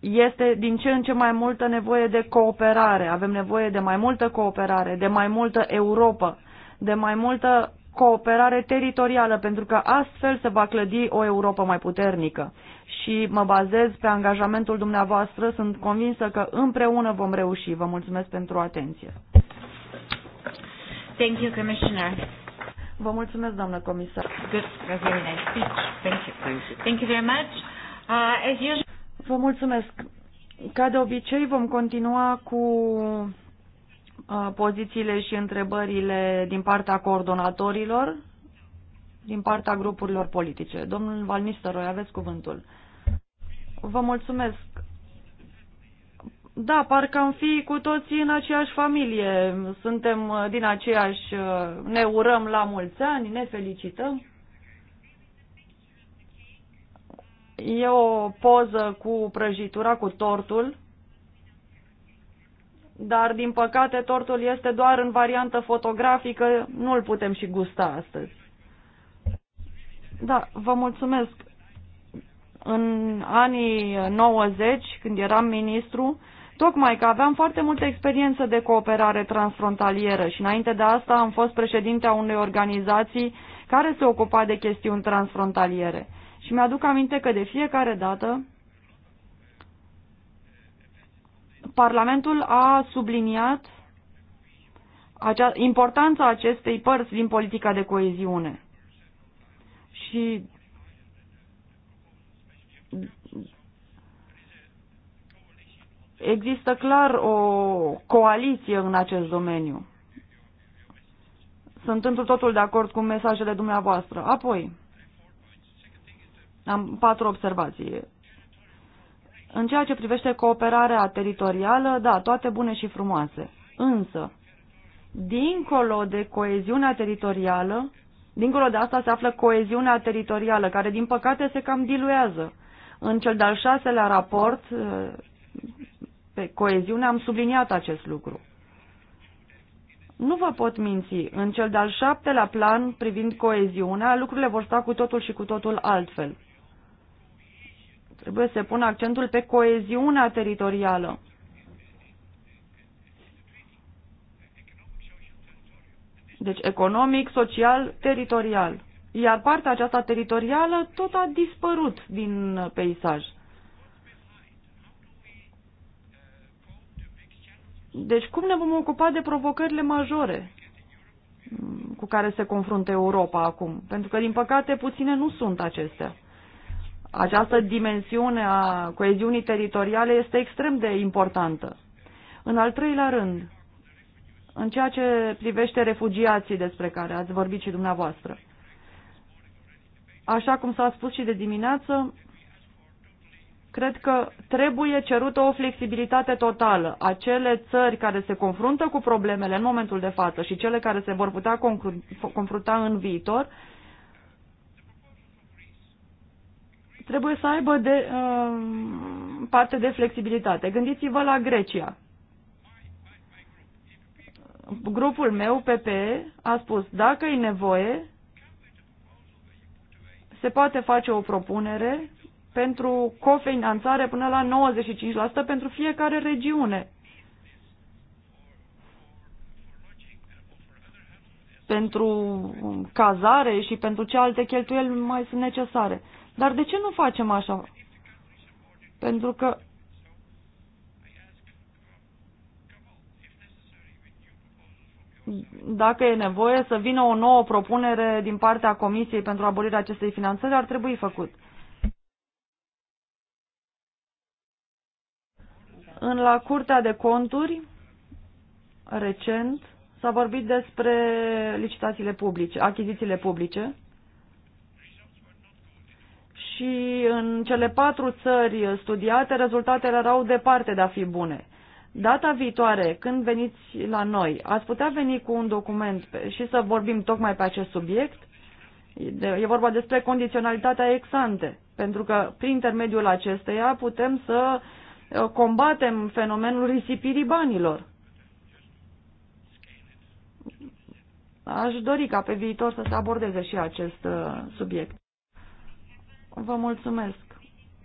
este din ce în ce mai multă nevoie de cooperare. Avem nevoie de mai multă cooperare, de mai multă Europa, de mai multă cooperare teritorială, pentru că astfel se va clădi o Europa mai puternică. Și mă bazez pe angajamentul dumneavoastră, sunt convinsă că împreună vom reuși. Vă mulțumesc pentru atenție. Thank you, Commissioner. Vă mulțumesc, doamnă comisar. Good, very nice speech. Thank you. Thank you, Thank you very much. Uh, as usual... Vă mulțumesc. Ca de obicei, vom continua cu Uh, pozițiile și întrebările din partea coordonatorilor, din partea grupurilor politice. Domnul Valnisteroi, aveți cuvântul. Vă mulțumesc. Da, parcă am fi cu toții în aceeași familie. Suntem uh, din aceeași... Uh, ne urăm la mulți ani, ne felicităm. E o poză cu prăjitura, cu tortul dar din păcate tortul este doar în variantă fotografică, nu îl putem și gusta astăzi. Da, vă mulțumesc. În anii 90, când eram ministru, tocmai că aveam foarte multă experiență de cooperare transfrontalieră și înainte de asta am fost președinte a unei organizații care se ocupa de chestiuni transfrontaliere. Și mi-aduc aminte că de fiecare dată Parlamentul a subliniat acea, importanța acestei părți din politica de coeziune. Și există clar o coaliție în acest domeniu. Sunt întru totul de acord cu mesajele dumneavoastră. Apoi, am patru observații. În ceea ce privește cooperarea teritorială, da, toate bune și frumoase. Însă, dincolo de coeziunea teritorială, dincolo de asta se află coeziunea teritorială, care din păcate se cam diluează. În cel de-al șaselea raport eh, pe coeziune am subliniat acest lucru. Nu vă pot minți, în cel de-al șaptelea plan privind coeziunea, lucrurile vor sta cu totul și cu totul altfel. Trebuie să pună accentul pe coeziunea teritorială. Deci economic, social, teritorial. Iar partea aceasta teritorială tot a dispărut din peisaj. Deci cum ne vom ocupa de provocările majore cu care se confruntă Europa acum? Pentru că, din păcate, puține nu sunt acestea. Această dimensiune a coeziunii teritoriale este extrem de importantă. În al treilea rând, în ceea ce privește refugiații despre care ați vorbit și dumneavoastră. Așa cum s-a spus și de dimineață, cred că trebuie cerută o flexibilitate totală. Acele țări care se confruntă cu problemele în momentul de față și cele care se vor putea confrunta în viitor, trebuie să aibă de, uh, parte de flexibilitate. Gândiți-vă la Grecia. Grupul meu, PPE, a spus, dacă e nevoie, se poate face o propunere pentru cofinanțare până la 95% pentru fiecare regiune. Pentru cazare și pentru ce alte cheltuieli mai sunt necesare. Dar de ce nu facem așa? Pentru că dacă e nevoie să vină o nouă propunere din partea Comisiei pentru abolirea acestei finanțări, ar trebui făcut. În la Curtea de Conturi, recent, s-a vorbit despre licitațiile publice, achizițiile publice și în cele patru țări studiate rezultatele erau departe de a fi bune. Data viitoare, când veniți la noi, ați putea veni cu un document și să vorbim tocmai pe acest subiect? E vorba despre condiționalitatea exante, pentru că prin intermediul acesteia putem să uh, combatem fenomenul risipirii banilor. Aș dori ca pe viitor să se abordeze și acest uh, subiect. Vă mulțumesc.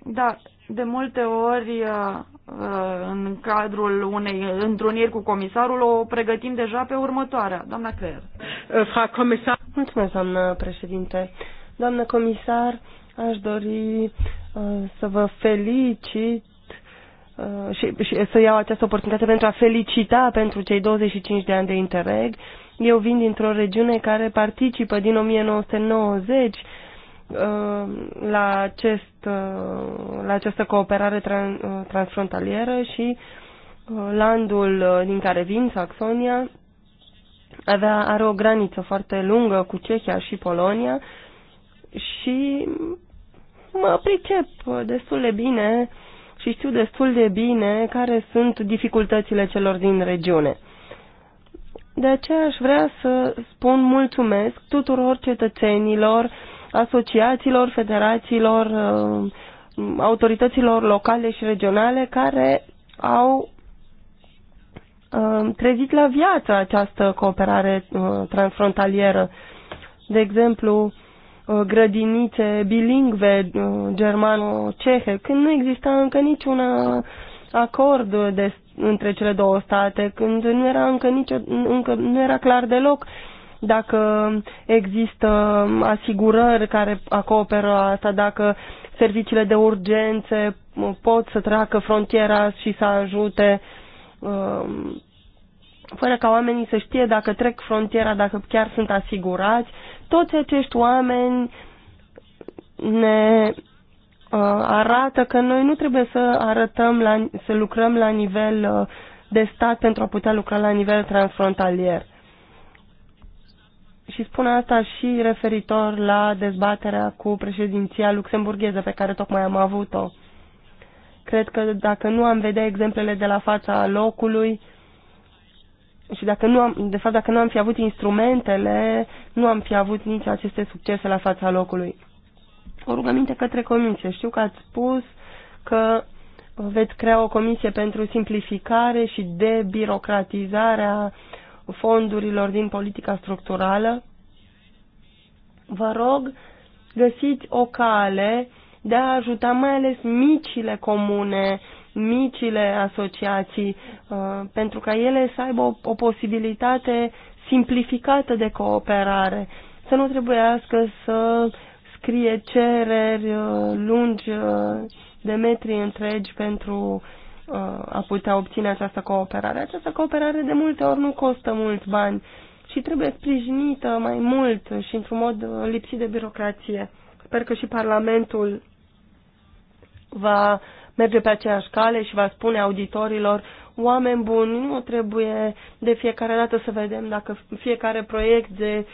Da, de multe ori uh, uh, în cadrul unei întruniri cu comisarul o pregătim deja pe următoarea. Doamna Creier. Uh, Fra comisar. Mulțumesc, doamnă președinte. Doamnă comisar, aș dori să vă felicit și, și să iau această oportunitate pentru a felicita pentru cei 25 de ani de Interreg. Eu vin dintr-o regiune care participă din 1990 la, acest, uh, la această cooperare uh, transfrontalieră și uh, landul din care vin, Saxonia, avea, are o graniță foarte lungă cu Cehia și Polonia și mă pricep destul de bine și știu destul de bine care sunt dificultățile celor din regiune. De aceea aș vrea să spun mulțumesc tuturor cetățenilor asociațiilor, federațiilor, uh, autorităților locale și regionale care au uh, trezit la viață această cooperare uh, transfrontalieră. De exemplu, grădinițe bilingve germano-cehe, când nu exista încă niciun acord de, între cele două state, când nu era încă, nicio, încă nu era clar deloc dacă există asigurări care acoperă asta, dacă serviciile de urgențe pot să treacă frontiera și să ajute um, fără ca oamenii să știe dacă trec frontiera, dacă chiar sunt asigurați. Toți acești oameni ne uh, arată că noi nu trebuie să arătăm la, să lucrăm la nivel uh, de stat pentru a putea lucra la nivel transfrontalier și spun asta și referitor la dezbaterea cu președinția luxemburgheză pe care tocmai am avut-o. Cred că dacă nu am vedea exemplele de la fața locului și dacă nu am, de fapt dacă nu am fi avut instrumentele, nu am fi avut nici aceste succese la fața locului. O rugăminte către comisie. Știu că ați spus că veți crea o comisie pentru simplificare și debirocratizarea uh, fondurilor din politica structurală, vă rog, găsiți o cale de a ajuta mai ales micile comune, micile asociații, uh, pentru ca ele să aibă o, o posibilitate simplificată de cooperare, să nu trebuiască să scrie cereri uh, lungi uh, de metri întregi pentru Uh, a putea obține această cooperare. Această cooperare de multe ori nu costă mulți bani și trebuie sprijinită mai mult și într-un mod uh, lipsit de birocrație. Sper că și Parlamentul va merge pe aceeași cale și va spune auditorilor, oameni buni, nu trebuie de fiecare dată să vedem dacă fiecare proiect de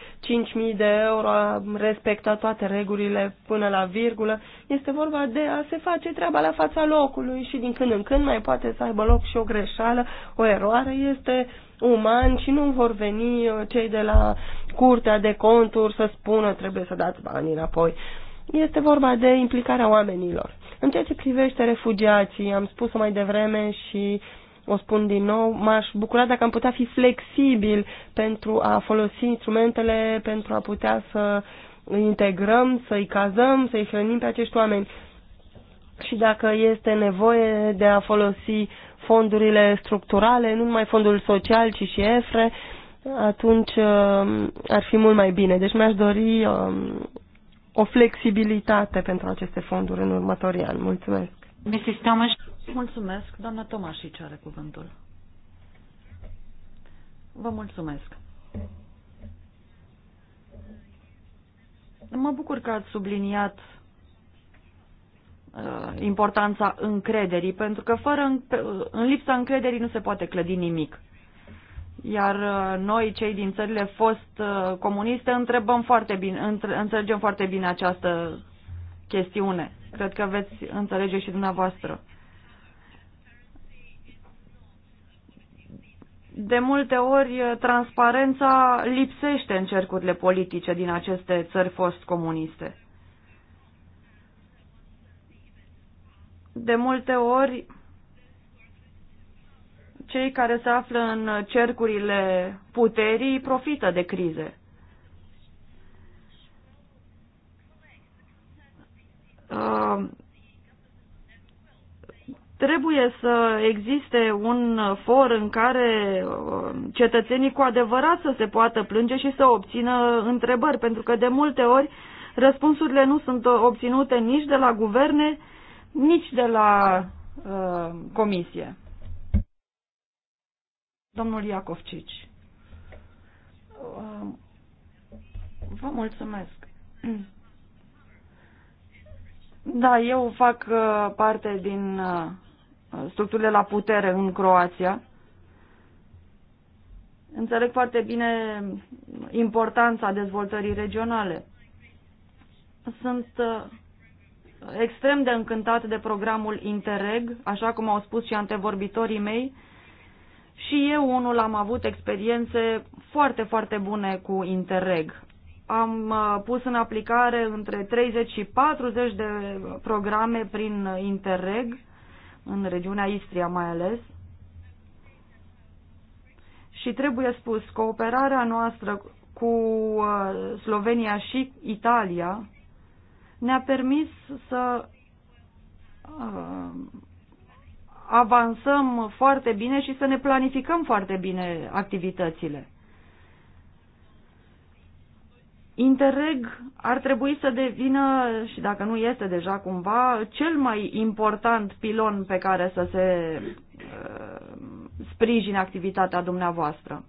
5.000 de euro a respectat toate regulile până la virgulă. Este vorba de a se face treaba la fața locului și din când în când mai poate să aibă loc și o greșeală, o eroare. Este uman și nu vor veni uh, cei de la curtea de conturi să spună trebuie să dați banii înapoi. Este vorba de implicarea oamenilor. În ceea ce privește refugiații, am spus-o mai devreme și o spun din nou, m-aș bucura dacă am putea fi flexibil pentru a folosi instrumentele, pentru a putea să îi integrăm, să-i cazăm, să-i hrănim pe acești oameni. Și dacă este nevoie de a folosi fondurile structurale, nu numai fondul social, ci și EFRE, atunci uh, ar fi mult mai bine. Deci mi-aș dori uh, o flexibilitate pentru aceste fonduri în următorii ani. Mulțumesc. Mrs. Thomas. Mulțumesc. Doamna și are cuvântul. Vă mulțumesc. Mă bucur că ați subliniat uh, importanța încrederii, pentru că fără în, în lipsa încrederii nu se poate clădi nimic. Iar uh, noi, cei din țările fost uh, comuniste, întrebăm foarte bine, înțelegem foarte bine această chestiune. Cred că veți înțelege și dumneavoastră. De multe ori, uh, transparența lipsește în cercurile politice din aceste țări fost comuniste. De multe ori, cei care se află în cercurile puterii profită de crize. Uh, trebuie să existe un for în care uh, cetățenii cu adevărat să se poată plânge și să obțină întrebări, pentru că de multe ori răspunsurile nu sunt obținute nici de la guverne, nici de la uh, comisie. Domnul Cici. Uh, vă mulțumesc. (clears throat) Da, eu fac uh, parte din uh, structurile la putere în Croația. Înțeleg foarte bine importanța dezvoltării regionale. Sunt extrem de încântat de programul Interreg, așa cum au spus și antevorbitorii mei, și eu unul am avut experiențe foarte, foarte bune cu Interreg. Am uh, pus în aplicare între 30 și 40 de programe prin Interreg, în regiunea Istria mai ales. Și trebuie spus, cooperarea noastră cu uh, Slovenia și Italia ne-a permis să uh, avansăm foarte bine și să ne planificăm foarte bine activitățile. Interreg ar trebui să devină, și dacă nu este deja cumva, cel mai important pilon pe care să se uh, sprijine activitatea dumneavoastră.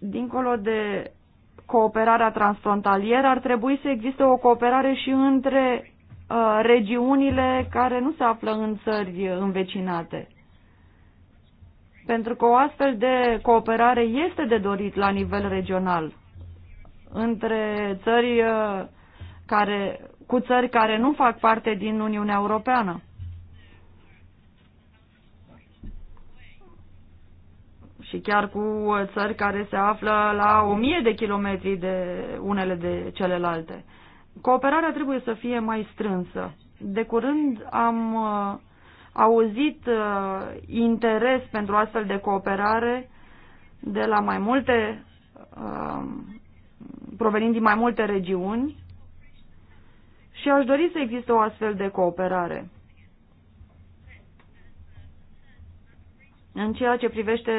Dincolo de cooperarea transfrontalieră, ar trebui să existe o cooperare și între Uh, regiunile care nu se află în țări învecinate. Pentru că o astfel de cooperare este de dorit la nivel regional între țări uh, care, cu țări care nu fac parte din Uniunea Europeană. Și chiar cu țări care se află la o mie de kilometri de unele de celelalte. Cooperarea trebuie să fie mai strânsă. De curând am uh, auzit uh, interes pentru astfel de cooperare de la mai multe, uh, provenind din mai multe regiuni și aș dori să existe o astfel de cooperare. În ceea ce privește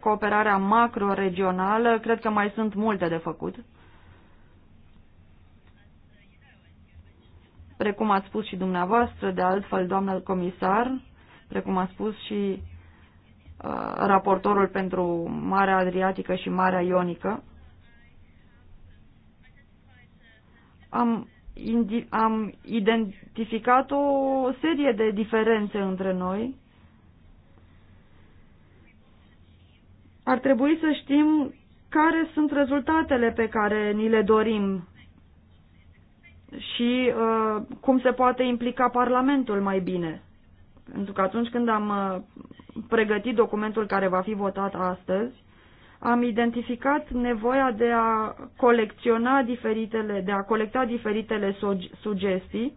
cooperarea macro-regională, cred că mai sunt multe de făcut. precum ați spus și dumneavoastră, de altfel, doamnă comisar, precum a spus și uh, raportorul pentru Marea Adriatică și Marea Ionică, am, am identificat o serie de diferențe între noi. Ar trebui să știm care sunt rezultatele pe care ni le dorim și uh, cum se poate implica Parlamentul mai bine. Pentru că atunci când am uh, pregătit documentul care va fi votat astăzi, am identificat nevoia de a colecționa diferitele, de a colecta diferitele sugestii,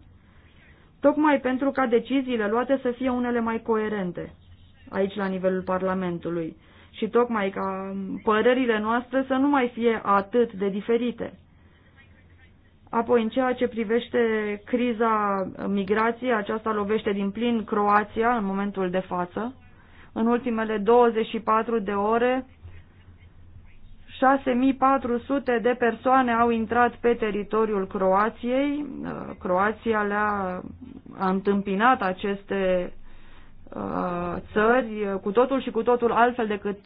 tocmai pentru ca deciziile luate să fie unele mai coerente aici la nivelul Parlamentului și tocmai ca părerile noastre să nu mai fie atât de diferite. Apoi, în ceea ce privește criza migrației, aceasta lovește din plin Croația în momentul de față. În ultimele 24 de ore, 6400 de persoane au intrat pe teritoriul Croației. Uh, Croația le-a întâmpinat aceste uh, țări uh, cu totul și cu totul altfel decât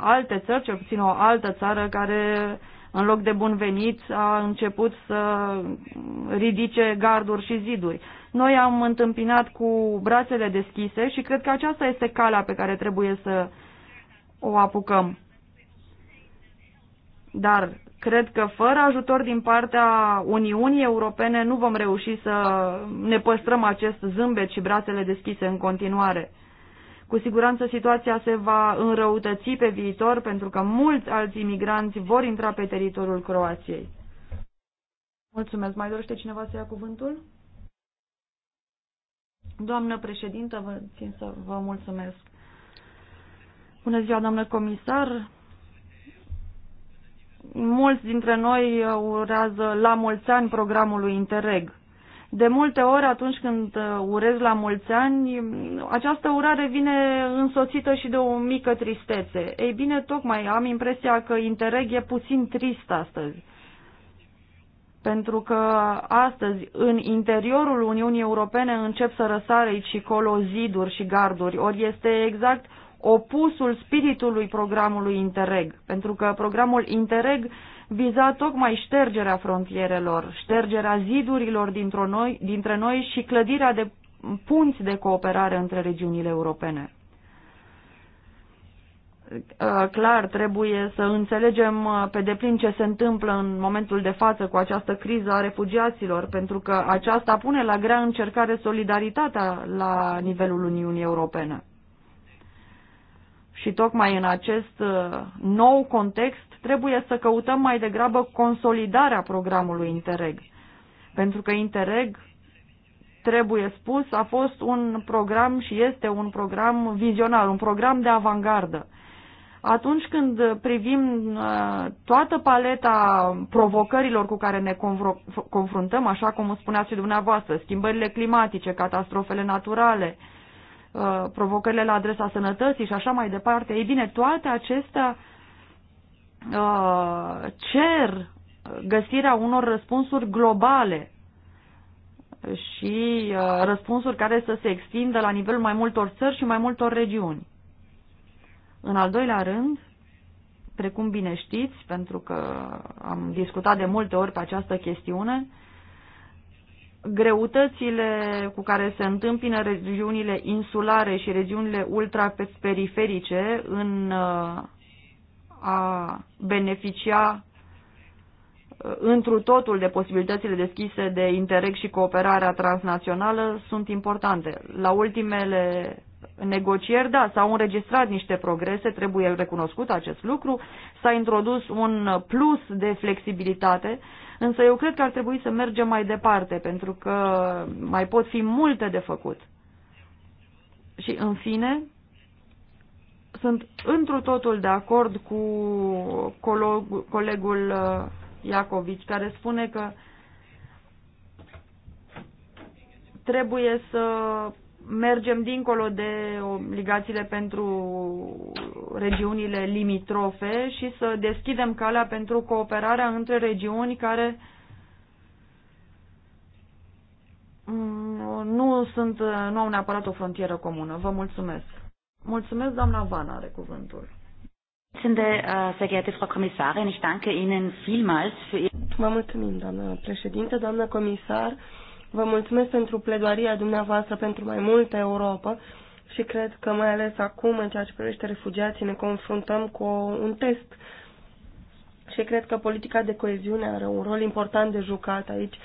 alte țări, cel puțin o altă țară care în loc de bun venit, a început să ridice garduri și ziduri. Noi am întâmpinat cu brațele deschise și cred că aceasta este calea pe care trebuie să o apucăm. Dar cred că fără ajutor din partea Uniunii Europene nu vom reuși să ne păstrăm acest zâmbet și brațele deschise în continuare. Cu siguranță situația se va înrăutăți pe viitor pentru că mulți alți imigranți vor intra pe teritoriul Croației. Mulțumesc. Mai dorește cineva să ia cuvântul? Doamnă președintă, vă țin să vă mulțumesc. Bună ziua, doamnă comisar. Mulți dintre noi urează la mulți ani programului Interreg. De multe ori, atunci când uh, urez la mulți ani, această urare vine însoțită și de o mică tristețe. Ei bine, tocmai am impresia că Interreg e puțin trist astăzi pentru că astăzi în interiorul Uniunii Europene încep să răsare și colo ziduri și garduri, ori este exact opusul spiritului programului Interreg, pentru că programul Interreg viza tocmai ștergerea frontierelor, ștergerea zidurilor noi, dintre noi și clădirea de punți de cooperare între regiunile europene. Ă, clar, trebuie să înțelegem ă, pe deplin ce se întâmplă în momentul de față cu această criză a refugiaților, pentru că aceasta pune la grea încercare solidaritatea la nivelul Uniunii Europene. Și tocmai în acest ă, nou context trebuie să căutăm mai degrabă consolidarea programului Interreg. Pentru că Interreg, trebuie spus, a fost un program și este un program vizionar, un program de avangardă. Atunci când privim uh, toată paleta provocărilor cu care ne confruntăm, așa cum spuneați și dumneavoastră, schimbările climatice, catastrofele naturale, uh, provocările la adresa sănătății și așa mai departe, ei bine, toate acestea Uh, cer găsirea unor răspunsuri globale și uh, răspunsuri care să se extindă la nivelul mai multor țări și mai multor regiuni. În al doilea rând, precum bine știți, pentru că am discutat de multe ori pe această chestiune, greutățile cu care se întâmpină regiunile insulare și regiunile ultraperiferice în uh, a beneficia uh, întru totul de posibilitățile deschise de interreg și cooperarea transnațională sunt importante. La ultimele negocieri, da, s-au înregistrat niște progrese, trebuie recunoscut acest lucru, s-a introdus un plus de flexibilitate, însă eu cred că ar trebui să mergem mai departe, pentru că mai pot fi multe de făcut. Și, în fine, sunt întru totul de acord cu colegul uh, Iacovici, care spune că trebuie să mergem dincolo de obligațiile pentru regiunile limitrofe și să deschidem calea pentru cooperarea între regiuni care mm, nu sunt, nu au neapărat o frontieră comună. Vă mulțumesc. Mulțumesc, doamna Van are cuvântul. Uh, sehr geehrte Frau Kommissarin, ich danke Ihnen vielmals für Vă mulțumim, doamnă președinte, doamna comisar. Vă mulțumesc pentru pledoaria dumneavoastră pentru mai multă Europa și cred că mai ales acum, în ceea ce privește refugiații, ne confruntăm cu un test. Și cred că politica de coeziune are un rol important de jucat aici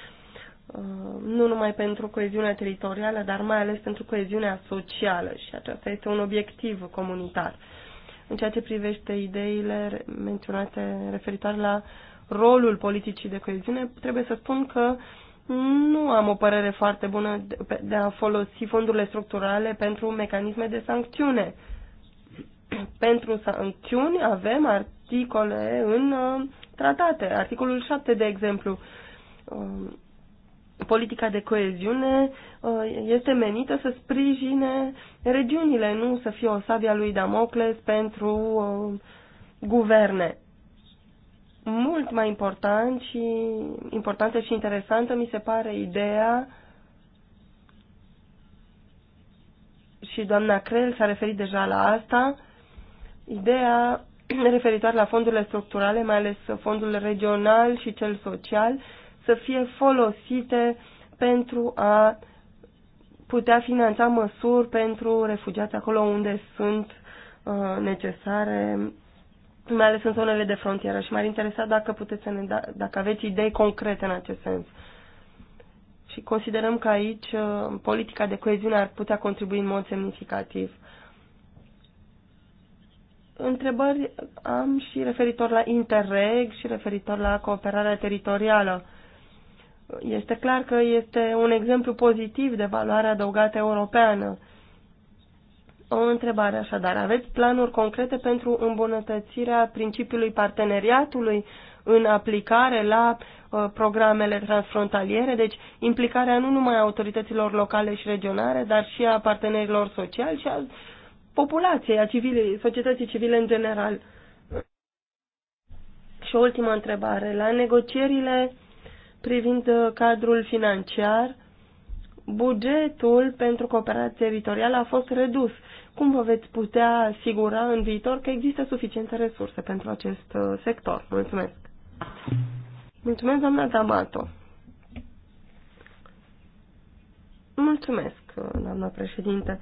Uh, nu numai pentru coeziunea teritorială, dar mai ales pentru coeziunea socială și aceasta este un obiectiv comunitar. În ceea ce privește ideile menționate referitoare la rolul politicii de coeziune, trebuie să spun că nu am o părere foarte bună de a folosi fondurile structurale pentru mecanisme de sancțiune. (clears throat) Pentru sancțiuni avem articole în uh, tratate, articolul 7 de exemplu um, politica de coeziune uh, este menită să sprijine regiunile, nu să fie o sabia lui Damocles pentru uh, guverne. Mult mai important și importantă și interesantă mi se pare ideea și doamna Crel s-a referit deja la asta, ideea (clears throat) referitoare la fondurile structurale, mai ales fondul regional și cel social, să fie folosite pentru a putea finanța măsuri pentru refugiați acolo unde sunt uh, necesare, mai ales în zonele de frontieră și m-ar interesa dacă puteți să ne da, dacă aveți idei concrete în acest sens. Și considerăm că aici uh, politica de coeziune ar putea contribui în mod semnificativ. Întrebări am și referitor la Interreg și referitor la cooperarea teritorială. Este clar că este un exemplu pozitiv de valoare adăugată europeană. O întrebare așadar, aveți planuri concrete pentru îmbunătățirea principiului parteneriatului în aplicare la uh, programele transfrontaliere, deci implicarea nu numai a autorităților locale și regionale, dar și a partenerilor sociali și a populației, a civilii, societății civile în general. Și o ultimă întrebare. La negocierile privind uh, cadrul financiar, bugetul pentru cooperare teritorială a fost redus. Cum vă veți putea asigura în viitor că există suficiente resurse pentru acest uh, sector? Mulțumesc! Mulțumesc, doamna D'Amato! Mulțumesc, uh, doamna președinte!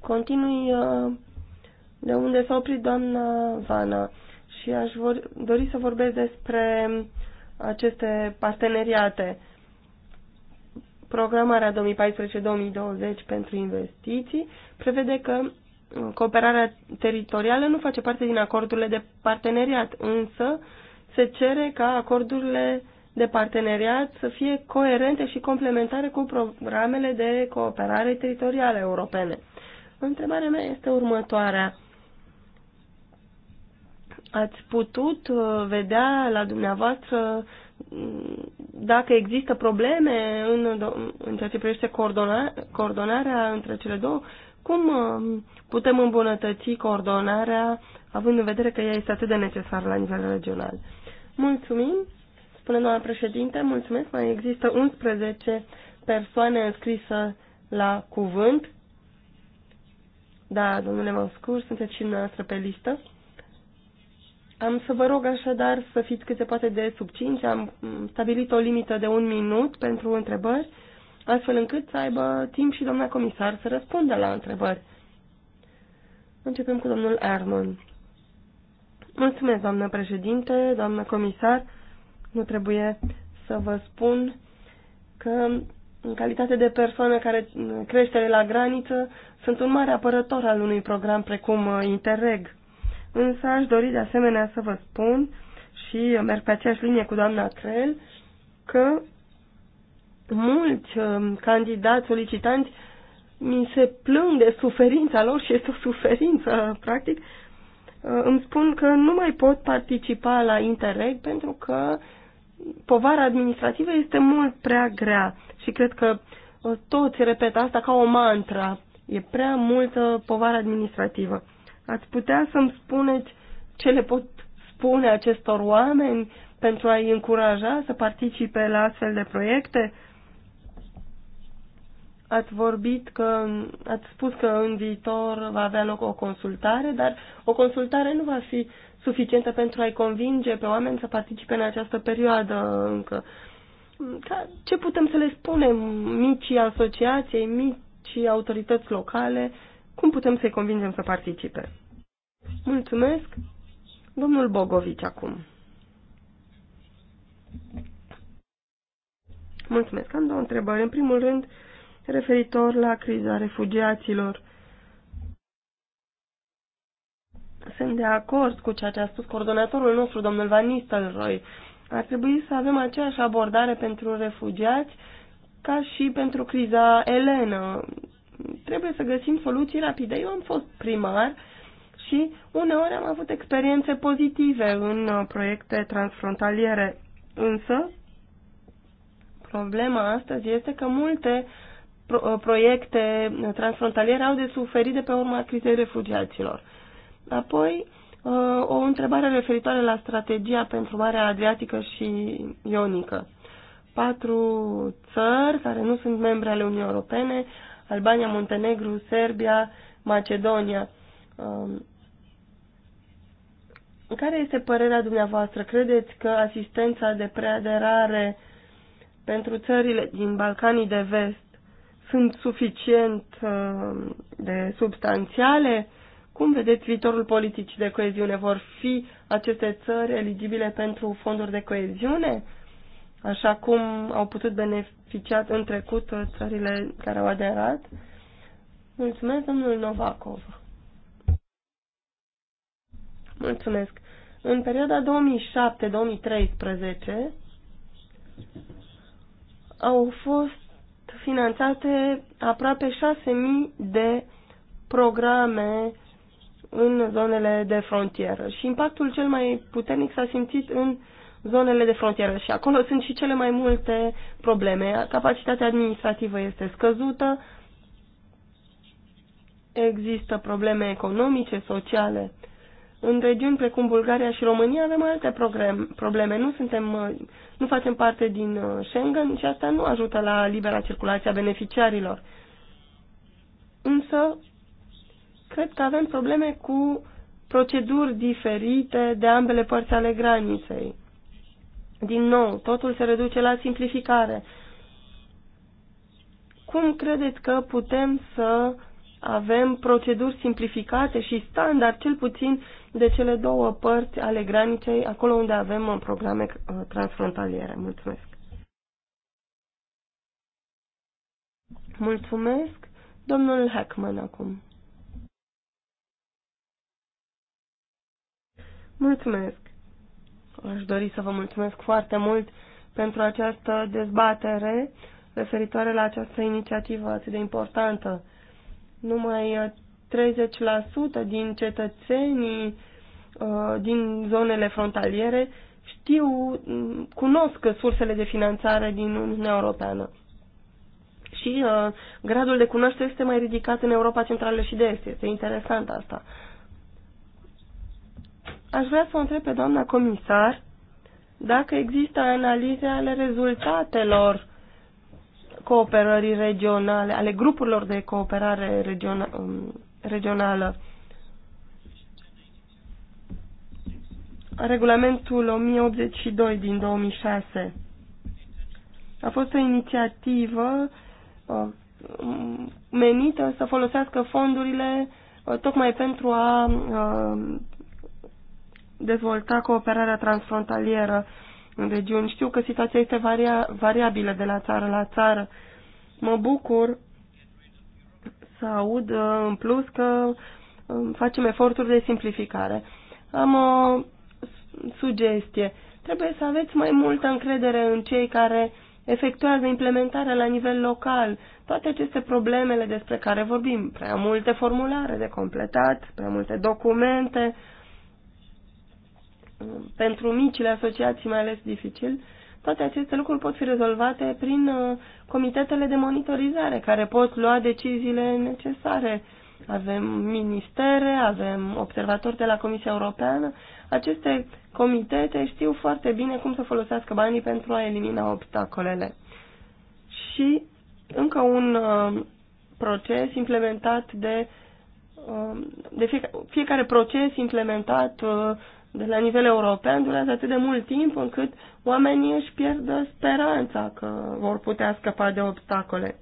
Continui de unde s-a oprit doamna Vana și aș vor, dori să vorbesc despre aceste parteneriate. Programarea 2014-2020 pentru investiții prevede că cooperarea teritorială nu face parte din acordurile de parteneriat, însă se cere ca acordurile de parteneriat să fie coerente și complementare cu programele de cooperare teritorială europene. Întrebarea mea este următoarea ați putut uh, vedea la dumneavoastră mm, dacă există probleme în, în ceea ce privește coordonarea, coordonarea între cele două, cum um, putem îmbunătăți coordonarea, având în vedere că ea este atât de necesară la nivel regional. Mulțumim, spune doamna președinte, mulțumesc, mai există 11 persoane înscrisă la cuvânt. Da, domnule Măscur, sunteți și noastră pe listă. Am să vă rog așadar să fiți cât se poate de sub 5. Am stabilit o limită de un minut pentru întrebări, astfel încât să aibă timp și doamna comisar să răspundă la întrebări. Începem cu domnul Erman. Mulțumesc, doamnă președinte, doamnă comisar. Nu trebuie să vă spun că în calitate de persoană care crește la graniță, sunt un mare apărător al unui program precum Interreg. Însă aș dori de asemenea să vă spun și merg pe aceeași linie cu doamna Crel că mulți um, candidați solicitanți mi se plâng de suferința lor și este o suferință, practic, uh, îmi spun că nu mai pot participa la Interreg pentru că povara administrativă este mult prea grea și cred că uh, toți repetă asta ca o mantra. E prea multă povară administrativă. Ați putea să-mi spuneți ce le pot spune acestor oameni pentru a-i încuraja să participe la astfel de proiecte? Ați vorbit că, ați spus că în viitor va avea loc o consultare, dar o consultare nu va fi suficientă pentru a-i convinge pe oameni să participe în această perioadă încă. Ce putem să le spunem micii asociații, micii autorități locale? Cum putem să-i convingem să participe? Mulțumesc. Domnul Bogovici acum. Mulțumesc. Am două întrebări. În primul rând, referitor la criza refugiaților. Sunt de acord cu ceea ce a spus coordonatorul nostru, domnul Van Nistelrooy. Ar trebui să avem aceeași abordare pentru refugiați ca și pentru criza Elena. Trebuie să găsim soluții rapide. Eu am fost primar și uneori am avut experiențe pozitive în uh, proiecte transfrontaliere. Însă, problema astăzi este că multe uh, proiecte transfrontaliere au de suferit de pe urma crizei refugiaților. Apoi, uh, o întrebare referitoare la strategia pentru Marea Adriatică și Ionică. Patru țări care nu sunt membre ale Uniunii Europene, Albania, Muntenegru, Serbia, Macedonia. Um, care este părerea dumneavoastră? Credeți că asistența de preaderare pentru țările din Balcanii de Vest sunt suficient uh, de substanțiale? Cum vedeți viitorul politicii de coeziune? Vor fi aceste țări eligibile pentru fonduri de coeziune? Așa cum au putut beneficia în trecut uh, țările care au aderat? Mulțumesc, domnul Novakov. Mulțumesc. În perioada 2007-2013 au fost finanțate aproape 6.000 de programe în zonele de frontieră și impactul cel mai puternic s-a simțit în zonele de frontieră și acolo sunt și cele mai multe probleme. Capacitatea administrativă este scăzută, există probleme economice, sociale. În regiuni precum Bulgaria și România avem alte probleme. Nu, suntem, uh, nu facem parte din uh, Schengen și asta nu ajută la libera circulație a beneficiarilor. Însă, cred că avem probleme cu proceduri diferite de ambele părți ale graniței. Din nou, totul se reduce la simplificare. Cum credeți că putem să avem proceduri simplificate și standard, cel puțin de cele două părți ale graniței, acolo unde avem uh, programe uh, transfrontaliere. Mulțumesc! Mulțumesc! Domnul Hackman acum. Mulțumesc! Aș dori să vă mulțumesc foarte mult pentru această dezbatere referitoare la această inițiativă atât de importantă numai 30% uh, din cetățenii uh, din zonele frontaliere știu, mm, cunosc sursele de finanțare din Uniunea Europeană. Și uh, gradul de cunoaștere este mai ridicat în Europa Centrală și de Est. Este interesant asta. Aș vrea să o întreb pe doamna comisar dacă există analize ale rezultatelor cooperării regionale, ale grupurilor de cooperare regiona, um, regională. Regulamentul 1082 din 2006 a fost o inițiativă uh, menită să folosească fondurile uh, tocmai pentru a uh, dezvolta cooperarea transfrontalieră în regiuni. Știu că situația este varia, variabilă de la țară la țară. Mă bucur să aud uh, în plus că um, facem eforturi de simplificare. Am o sugestie. Trebuie să aveți mai multă încredere în cei care efectuează implementarea la nivel local. Toate aceste problemele despre care vorbim, prea multe formulare de completat, prea multe documente, pentru micile asociații mai ales dificil, toate aceste lucruri pot fi rezolvate prin uh, comitetele de monitorizare care pot lua deciziile necesare. Avem ministere, avem observatori de la Comisia Europeană. Aceste comitete știu foarte bine cum să folosească banii pentru a elimina obstacolele. Și încă un uh, proces implementat de uh, de fiecare, fiecare proces implementat de la nivel european durează atât de mult timp încât oamenii își pierd speranța că vor putea scăpa de obstacole.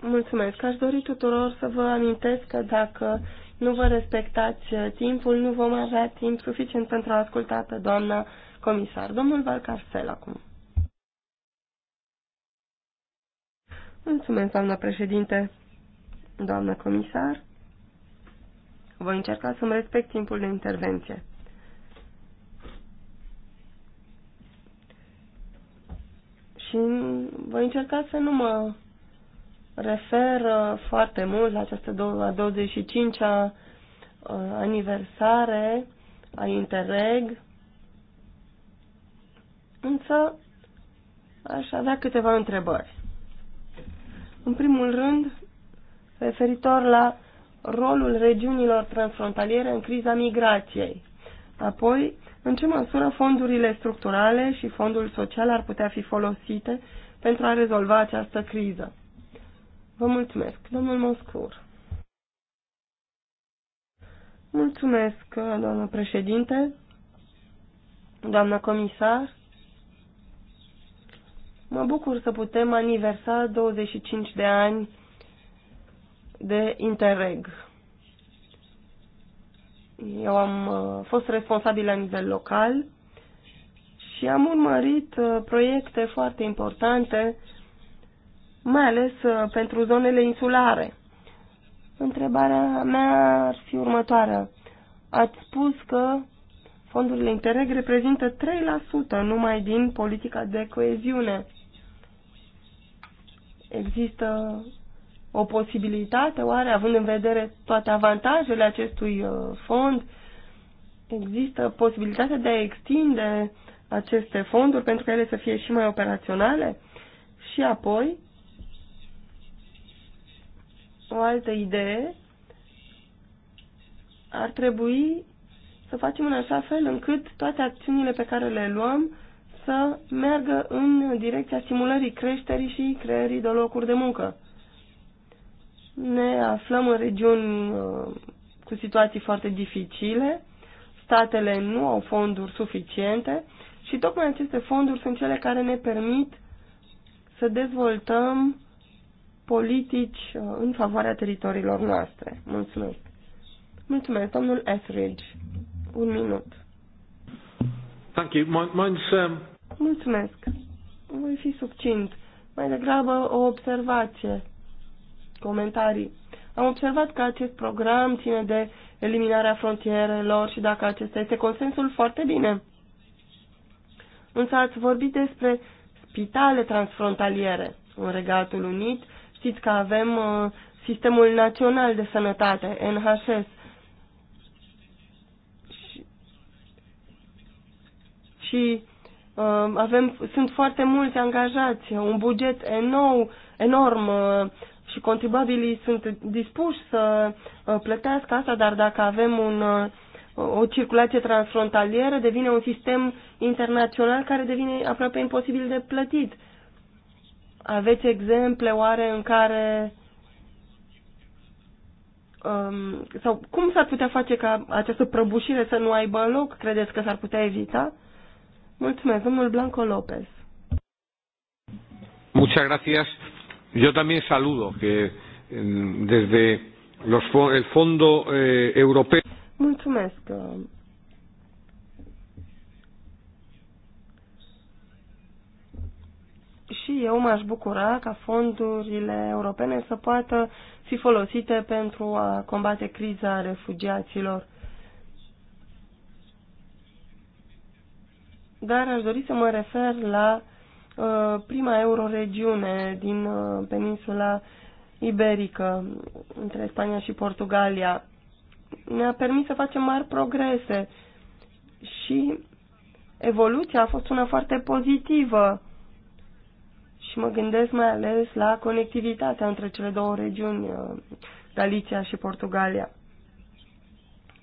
Mulțumesc. Aș dori tuturor să vă amintesc că dacă nu vă respectați eh, timpul, nu vom avea timp suficient pentru a asculta pe doamna comisar. Domnul Valcarcel acum. Mulțumesc, doamna președinte, doamnă comisar. Voi încerca să-mi respect timpul de intervenție. Și voi încerca să nu mă refer uh, foarte mult la această a 25-a uh, aniversare a Interreg, însă aș avea câteva întrebări. În primul rând, referitor la rolul regiunilor transfrontaliere în criza migrației. Apoi, în ce măsură fondurile structurale și fondul social ar putea fi folosite pentru a rezolva această criză. Vă mulțumesc, domnul Moscur. Mulțumesc, doamnă președinte, doamnă comisar. Mă bucur să putem aniversa 25 de ani de Interreg. Eu am uh, fost responsabil la nivel local și am urmărit uh, proiecte foarte importante, mai ales uh, pentru zonele insulare. Întrebarea mea ar fi următoarea. Ați spus că fondurile Interreg reprezintă 3% numai din politica de coeziune. Există o posibilitate, oare, având în vedere toate avantajele acestui uh, fond? Există posibilitatea de a extinde aceste fonduri pentru că ele să fie și mai operaționale? Și apoi, o altă idee, ar trebui să facem în așa fel încât toate acțiunile pe care le luăm să meargă în direcția stimulării creșterii și creării de locuri de muncă. Ne aflăm în regiuni uh, cu situații foarte dificile, statele nu au fonduri suficiente și tocmai aceste fonduri sunt cele care ne permit să dezvoltăm politici uh, în favoarea teritoriilor noastre. Mulțumesc. Mulțumesc, domnul Etheridge. Un minut. Thank you. um... Mulțumesc. Voi fi subțint. Mai degrabă o observație comentarii. Am observat că acest program ține de eliminarea frontierelor și dacă acesta este consensul, foarte bine. Însă ați vorbit despre spitale transfrontaliere în Regatul Unit. Știți că avem uh, Sistemul Național de Sănătate, NHS. Și, și uh, avem, sunt foarte mulți angajați, un buget enorm, enorm uh, și contribuabilii sunt dispuși să uh, plătească asta, dar dacă avem un, uh, o circulație transfrontalieră, devine un sistem internațional care devine aproape imposibil de plătit. Aveți exemple oare în care um, sau cum s-ar putea face ca această prăbușire să nu aibă loc? Credeți că s-ar putea evita? Mulțumesc, domnul Blanco Lopez. Muchas gracias yo también saludo que desde los, el Fondo eh, Europeo. Mulțumesc. Și eu m-aș bucura ca fondurile europene să poată fi folosite pentru a combate criza refugiaților. Dar aș dori să mă refer la uh, Uh, prima euroregiune din uh, peninsula iberică între Spania și Portugalia. Ne-a permis să facem mari progrese și evoluția a fost una foarte pozitivă și mă gândesc mai ales la conectivitatea între cele două regiuni, uh, Galicia și Portugalia.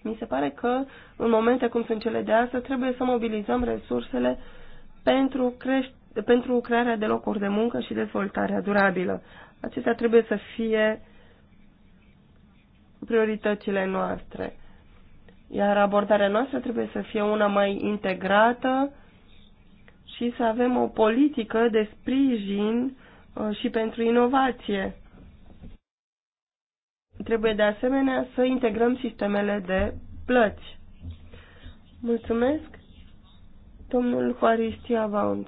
Mi se pare că în momente cum sunt cele de astăzi trebuie să mobilizăm resursele pentru creștere pentru crearea de locuri de muncă și dezvoltarea durabilă. Acestea trebuie să fie prioritățile noastre. Iar abordarea noastră trebuie să fie una mai integrată și să avem o politică de sprijin uh, și pentru inovație. Trebuie de asemenea să integrăm sistemele de plăți. Mulțumesc, domnul Juaristia Vaunț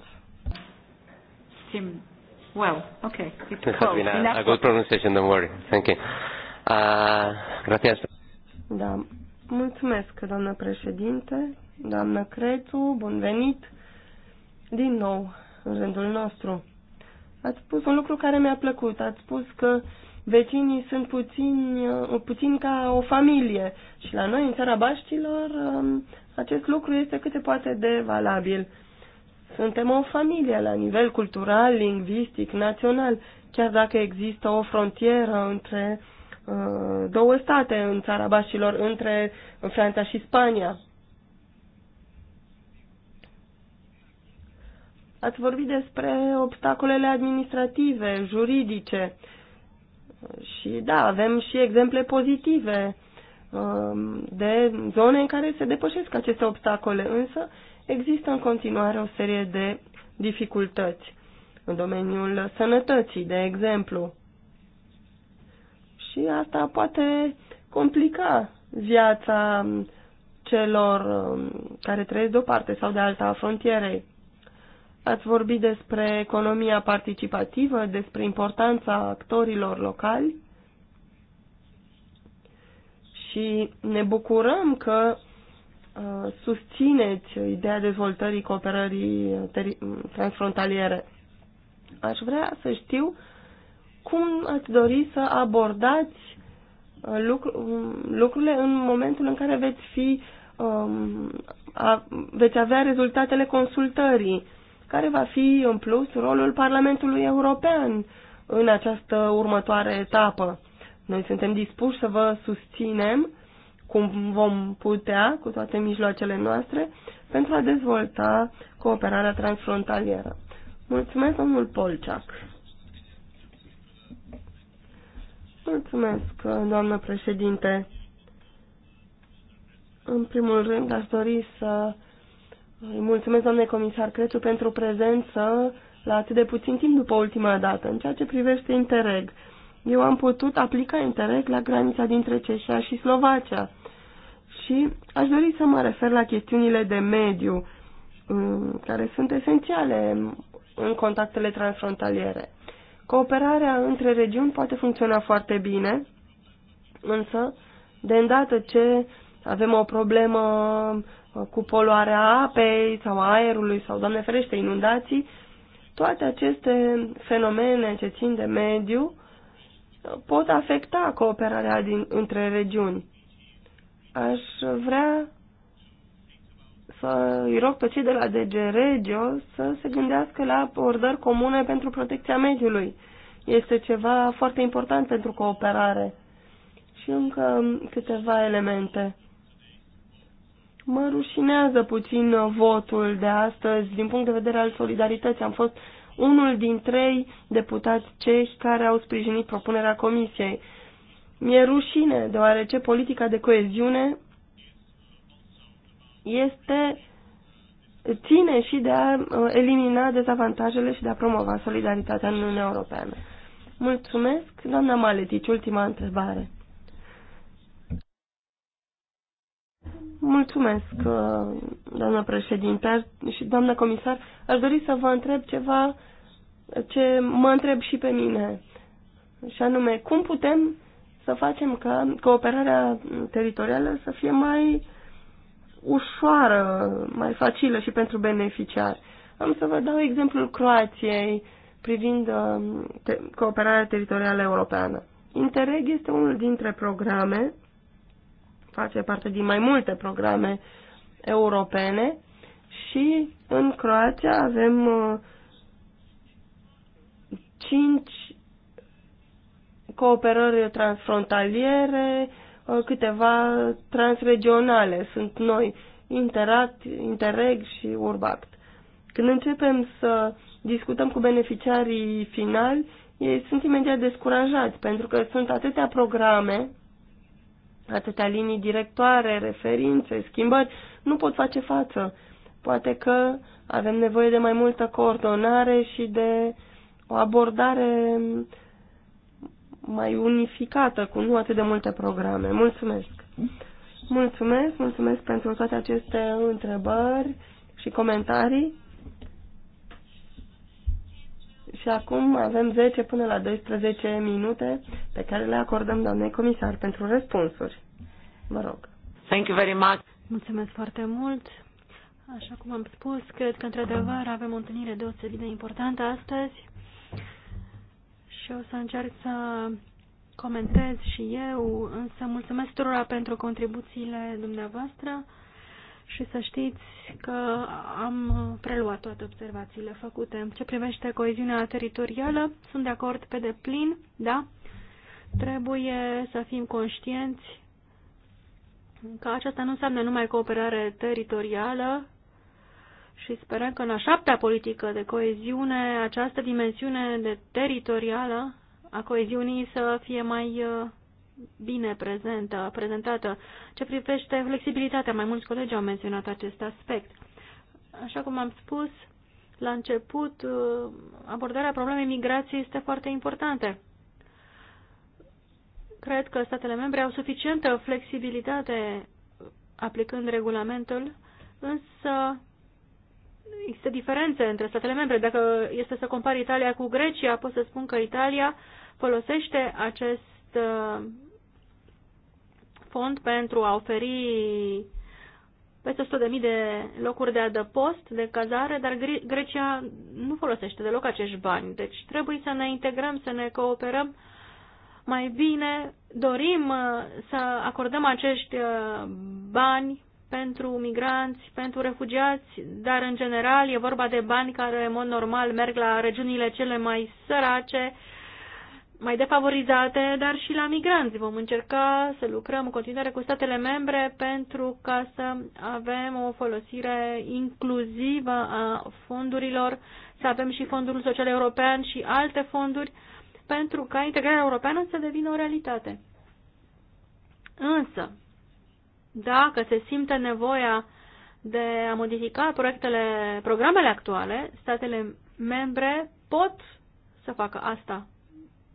seem well. Okay, it's close. Been a, a good pronunciation, don't worry. Thank you. Uh, gracias. Da. Mulțumesc, doamnă președinte, doamnă Crețu, bun venit din nou în rândul nostru. Ați spus un lucru care mi-a plăcut. Ați spus că vecinii sunt puțin, uh, puțin ca o familie și la noi, în țara Baștilor, um, acest lucru este cât se poate de valabil suntem o familie la nivel cultural, lingvistic, național, chiar dacă există o frontieră între uh, două state în țara Bașilor, între Franța și Spania. Ați vorbit despre obstacolele administrative, juridice și da, avem și exemple pozitive uh, de zone în care se depășesc aceste obstacole, însă există în continuare o serie de dificultăți. În domeniul sănătății, de exemplu. Și asta poate complica viața celor um, care trăiesc de o parte sau de alta a frontierei. Ați vorbit despre economia participativă, despre importanța actorilor locali și ne bucurăm că Uh, susțineți ideea dezvoltării cooperării uh, uh, transfrontaliere. Aș vrea să știu cum ați dori să abordați lucru, um, lucrurile în momentul în care veți fi um, a, veți avea rezultatele consultării, care va fi în plus rolul Parlamentului European în această următoare etapă. Noi suntem dispuși să vă susținem cum vom putea, cu toate mijloacele noastre, pentru a dezvolta cooperarea transfrontalieră. Mulțumesc, domnul Polceac! Mulțumesc, doamnă președinte. În primul rând, aș dori să îi mulțumesc, doamne comisar Crețu, pentru prezență la atât de puțin timp după ultima dată. În ceea ce privește Interreg, eu am putut aplica Interreg la granița dintre Ceșa și Slovacia. Și aș dori să mă refer la chestiunile de mediu, mm, care sunt esențiale în contactele transfrontaliere. Cooperarea între regiuni poate funcționa foarte bine, însă, de îndată ce avem o problemă uh, cu poluarea apei sau aerului sau, Doamne ferește, inundații, toate aceste fenomene ce țin de mediu pot afecta cooperarea din, între regiuni. Aș vrea să îi rog pe cei de la DG Regio să se gândească la abordări comune pentru protecția mediului. Este ceva foarte important pentru cooperare. Și încă câteva elemente. Mă rușinează puțin votul de astăzi din punct de vedere al solidarității. Am fost unul din trei deputați cehi care au sprijinit propunerea comisiei. Mi-e rușine, deoarece politica de coeziune este ține și de a uh, elimina dezavantajele și de a promova solidaritatea în Uniunea Europeană. Mulțumesc, doamna Maletici, ultima întrebare. Mulțumesc, uh, doamna președinte și doamna comisar. Aș dori să vă întreb ceva ce mă întreb și pe mine, și anume, cum putem să facem ca cooperarea teritorială să fie mai ușoară, mai facilă și pentru beneficiari. Am să vă dau exemplul Croației privind uh, te cooperarea teritorială europeană. Interreg este unul dintre programe, face parte din mai multe programe europene și în Croația avem uh, cinci cooperări transfrontaliere, uh, câteva transregionale sunt noi, Interact, Interreg și Urbact. Când începem să discutăm cu beneficiarii finali, ei sunt imediat descurajați, pentru că sunt atâtea programe, atâtea linii directoare, referințe, schimbări, nu pot face față. Poate că avem nevoie de mai multă coordonare și de o abordare mai unificată, cu nu atât de multe programe. Mulțumesc! Mulțumesc, mulțumesc pentru toate aceste întrebări și comentarii. Și acum avem 10 până la 12 minute pe care le acordăm doamnei comisar pentru răspunsuri. Vă rog. Thank you very much. Mulțumesc foarte mult. Așa cum am spus, cred că într-adevăr avem o întâlnire deosebit de importantă astăzi și o să încerc să comentez și eu, însă mulțumesc tuturor pentru contribuțiile dumneavoastră și să știți că am preluat toate observațiile făcute. Ce privește coeziunea teritorială, sunt de acord pe deplin, da? Trebuie să fim conștienți că aceasta nu înseamnă numai cooperare teritorială, și sperăm că în a șaptea politică de coeziune această dimensiune de teritorială a coeziunii să fie mai uh, bine prezentă, prezentată. Ce privește flexibilitatea, mai mulți colegi au menționat acest aspect. Așa cum am spus la început, uh, abordarea problemei migrației este foarte importantă. Cred că statele membre au suficientă flexibilitate aplicând regulamentul, însă există diferențe între statele membre. Dacă este să compari Italia cu Grecia, pot să spun că Italia folosește acest uh, fond pentru a oferi peste 100.000 de locuri de adăpost, de cazare, dar Grecia nu folosește deloc acești bani. Deci trebuie să ne integrăm, să ne cooperăm mai bine. Dorim uh, să acordăm acești uh, bani pentru migranți, pentru refugiați, dar în general e vorba de bani care în mod normal merg la regiunile cele mai sărace, mai defavorizate, dar și la migranți. Vom încerca să lucrăm în continuare cu statele membre pentru ca să avem o folosire inclusivă a fondurilor, să avem și Fondul Social European și alte fonduri pentru ca integrarea europeană să devină o realitate. Însă, dacă se simte nevoia de a modifica proiectele, programele actuale, statele membre pot să facă asta.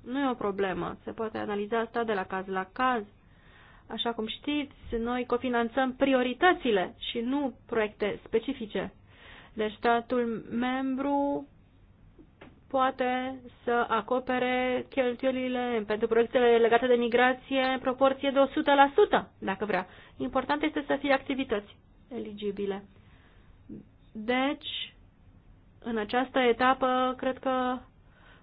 Nu e o problemă, se poate analiza asta de la caz la caz. Așa cum știți, noi cofinanțăm prioritățile și nu proiecte specifice. Deci statul membru poate să acopere cheltuielile pentru proiectele legate de migrație în proporție de 100%, dacă vrea. Important este să fie activități eligibile. Deci, în această etapă, cred că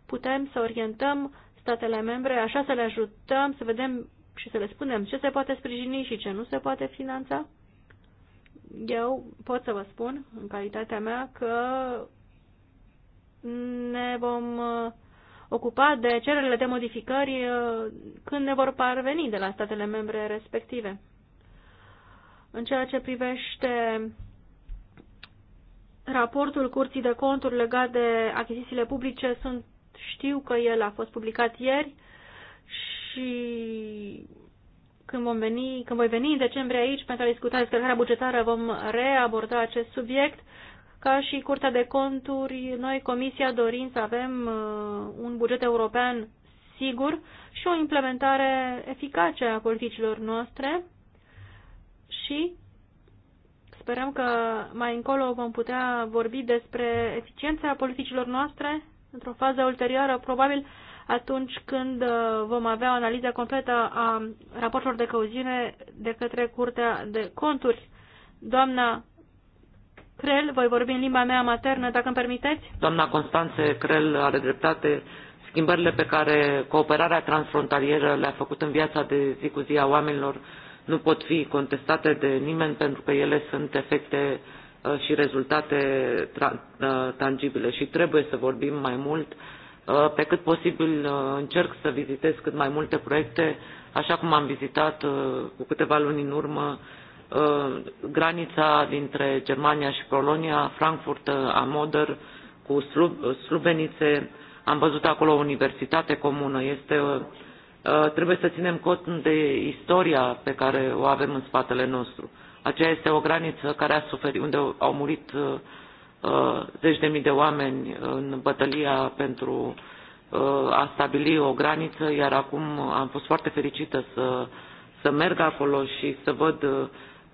putem să orientăm statele membre, așa să le ajutăm, să vedem și să le spunem ce se poate sprijini și ce nu se poate finanța. Eu pot să vă spun, în calitatea mea, că ne vom uh, ocupa de cererile de modificări uh, când ne vor parveni de la statele membre respective. În ceea ce privește raportul Curții de Conturi legat de achizițiile publice, sunt, știu că el a fost publicat ieri și când, vom veni, când voi veni în decembrie aici pentru a discuta descărcarea bugetară, vom reaborda acest subiect ca și Curtea de Conturi, noi, Comisia, dorim să avem uh, un buget european sigur și o implementare eficace a politicilor noastre și sperăm că mai încolo vom putea vorbi despre eficiența politicilor noastre într-o fază ulterioară, probabil atunci când uh, vom avea o analiză completă a raportelor de căuziune de către Curtea de Conturi. Doamna Crel, voi vorbi în limba mea maternă, dacă îmi permiteți? Doamna Constanțe Crel are dreptate. Schimbările pe care cooperarea transfrontalieră le-a făcut în viața de zi cu zi a oamenilor nu pot fi contestate de nimeni pentru că ele sunt efecte uh, și rezultate uh, tangibile și trebuie să vorbim mai mult. Uh, pe cât posibil încerc să vizitez cât mai multe proiecte, așa cum am vizitat cu câteva luni în urmă Ă, granița dintre Germania și Polonia, Frankfurt ă, am Oder, cu Slubenițe, am văzut acolo o universitate comună. Este, ă, trebuie să ținem cont de istoria pe care o avem în spatele nostru. Aceea este o graniță care a suferit, unde au murit zeci de mii de oameni în bătălia pentru a stabili o graniță, iar acum am fost foarte fericită să, să merg acolo și să văd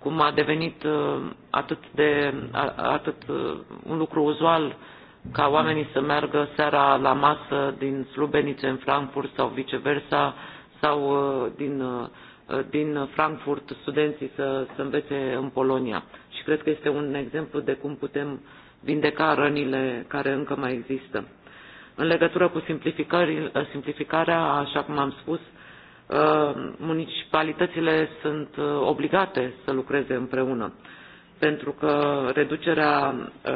cum a devenit uh, atât de atât uh, un lucru uzual ca oamenii să meargă seara la masă din Slubenice în Frankfurt sau viceversa sau uh, din, din Frankfurt studenții să, să învețe în Polonia. Și cred că este un exemplu de cum putem vindeca rănile care încă mai există. În legătură cu simplificarea, așa cum am spus, Ă, municipalitățile sunt ă, obligate să lucreze împreună, pentru că reducerea ă,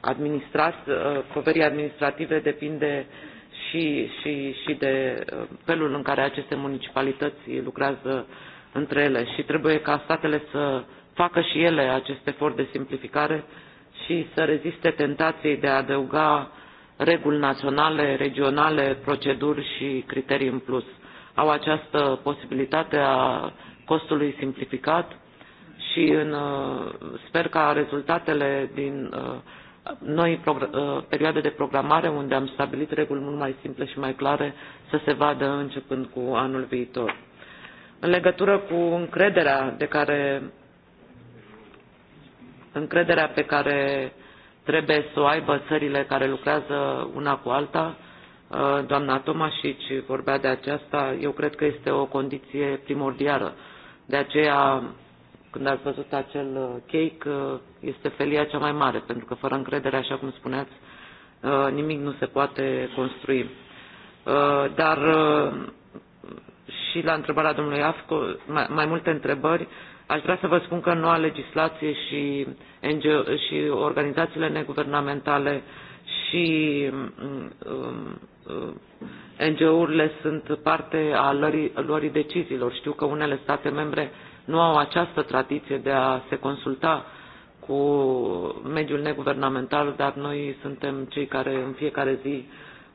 administrat, poverii administrative depinde și, și, și de felul în care aceste municipalități lucrează între ele și trebuie ca statele să facă și ele acest efort de simplificare și să reziste tentației de a adăuga reguli naționale, regionale, proceduri și criterii în plus au această posibilitate a costului simplificat și în, uh, sper ca rezultatele din uh, noi uh, perioade de programare, unde am stabilit reguli mult mai simple și mai clare, să se vadă începând cu anul viitor. În legătură cu încrederea de care încrederea pe care trebuie să o aibă țările care lucrează una cu alta, Uh, doamna Tomașici vorbea de aceasta, eu cred că este o condiție primordială. De aceea, când ați văzut acel uh, cake, uh, este felia cea mai mare, pentru că fără încredere, așa cum spuneați, nimic nu se poate construi. Dar și la întrebarea domnului Afco, mai, multe întrebări, aș vrea să vă spun că noua legislație și, NGO, și organizațiile neguvernamentale și um, um, Uh, NGO-urile sunt parte a luării, deciziilor. Știu că unele state membre nu au această tradiție de a se consulta cu mediul neguvernamental, dar noi suntem cei care în fiecare zi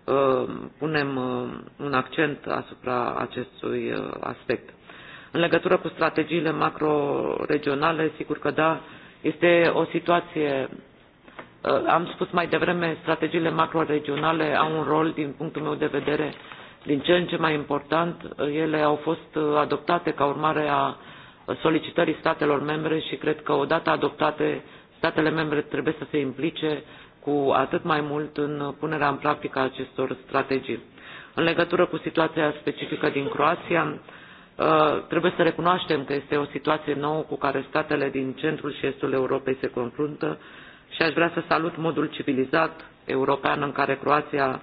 uh, punem uh, un accent asupra acestui aspect. În legătură cu strategiile macro-regionale, sigur că da, este o situație Ă, am spus mai devreme, strategiile macro-regionale au un rol, din punctul meu de vedere, din ce în ce mai important. Ele au fost adoptate ca urmare a solicitării statelor membre și cred că odată adoptate, statele membre trebuie să se implice cu atât mai mult în punerea în practică a acestor strategii. În legătură cu situația specifică din Croația, ă, trebuie să recunoaștem că este o situație nouă cu care statele din centrul și estul Europei se confruntă și aș vrea să salut modul civilizat european în care Croația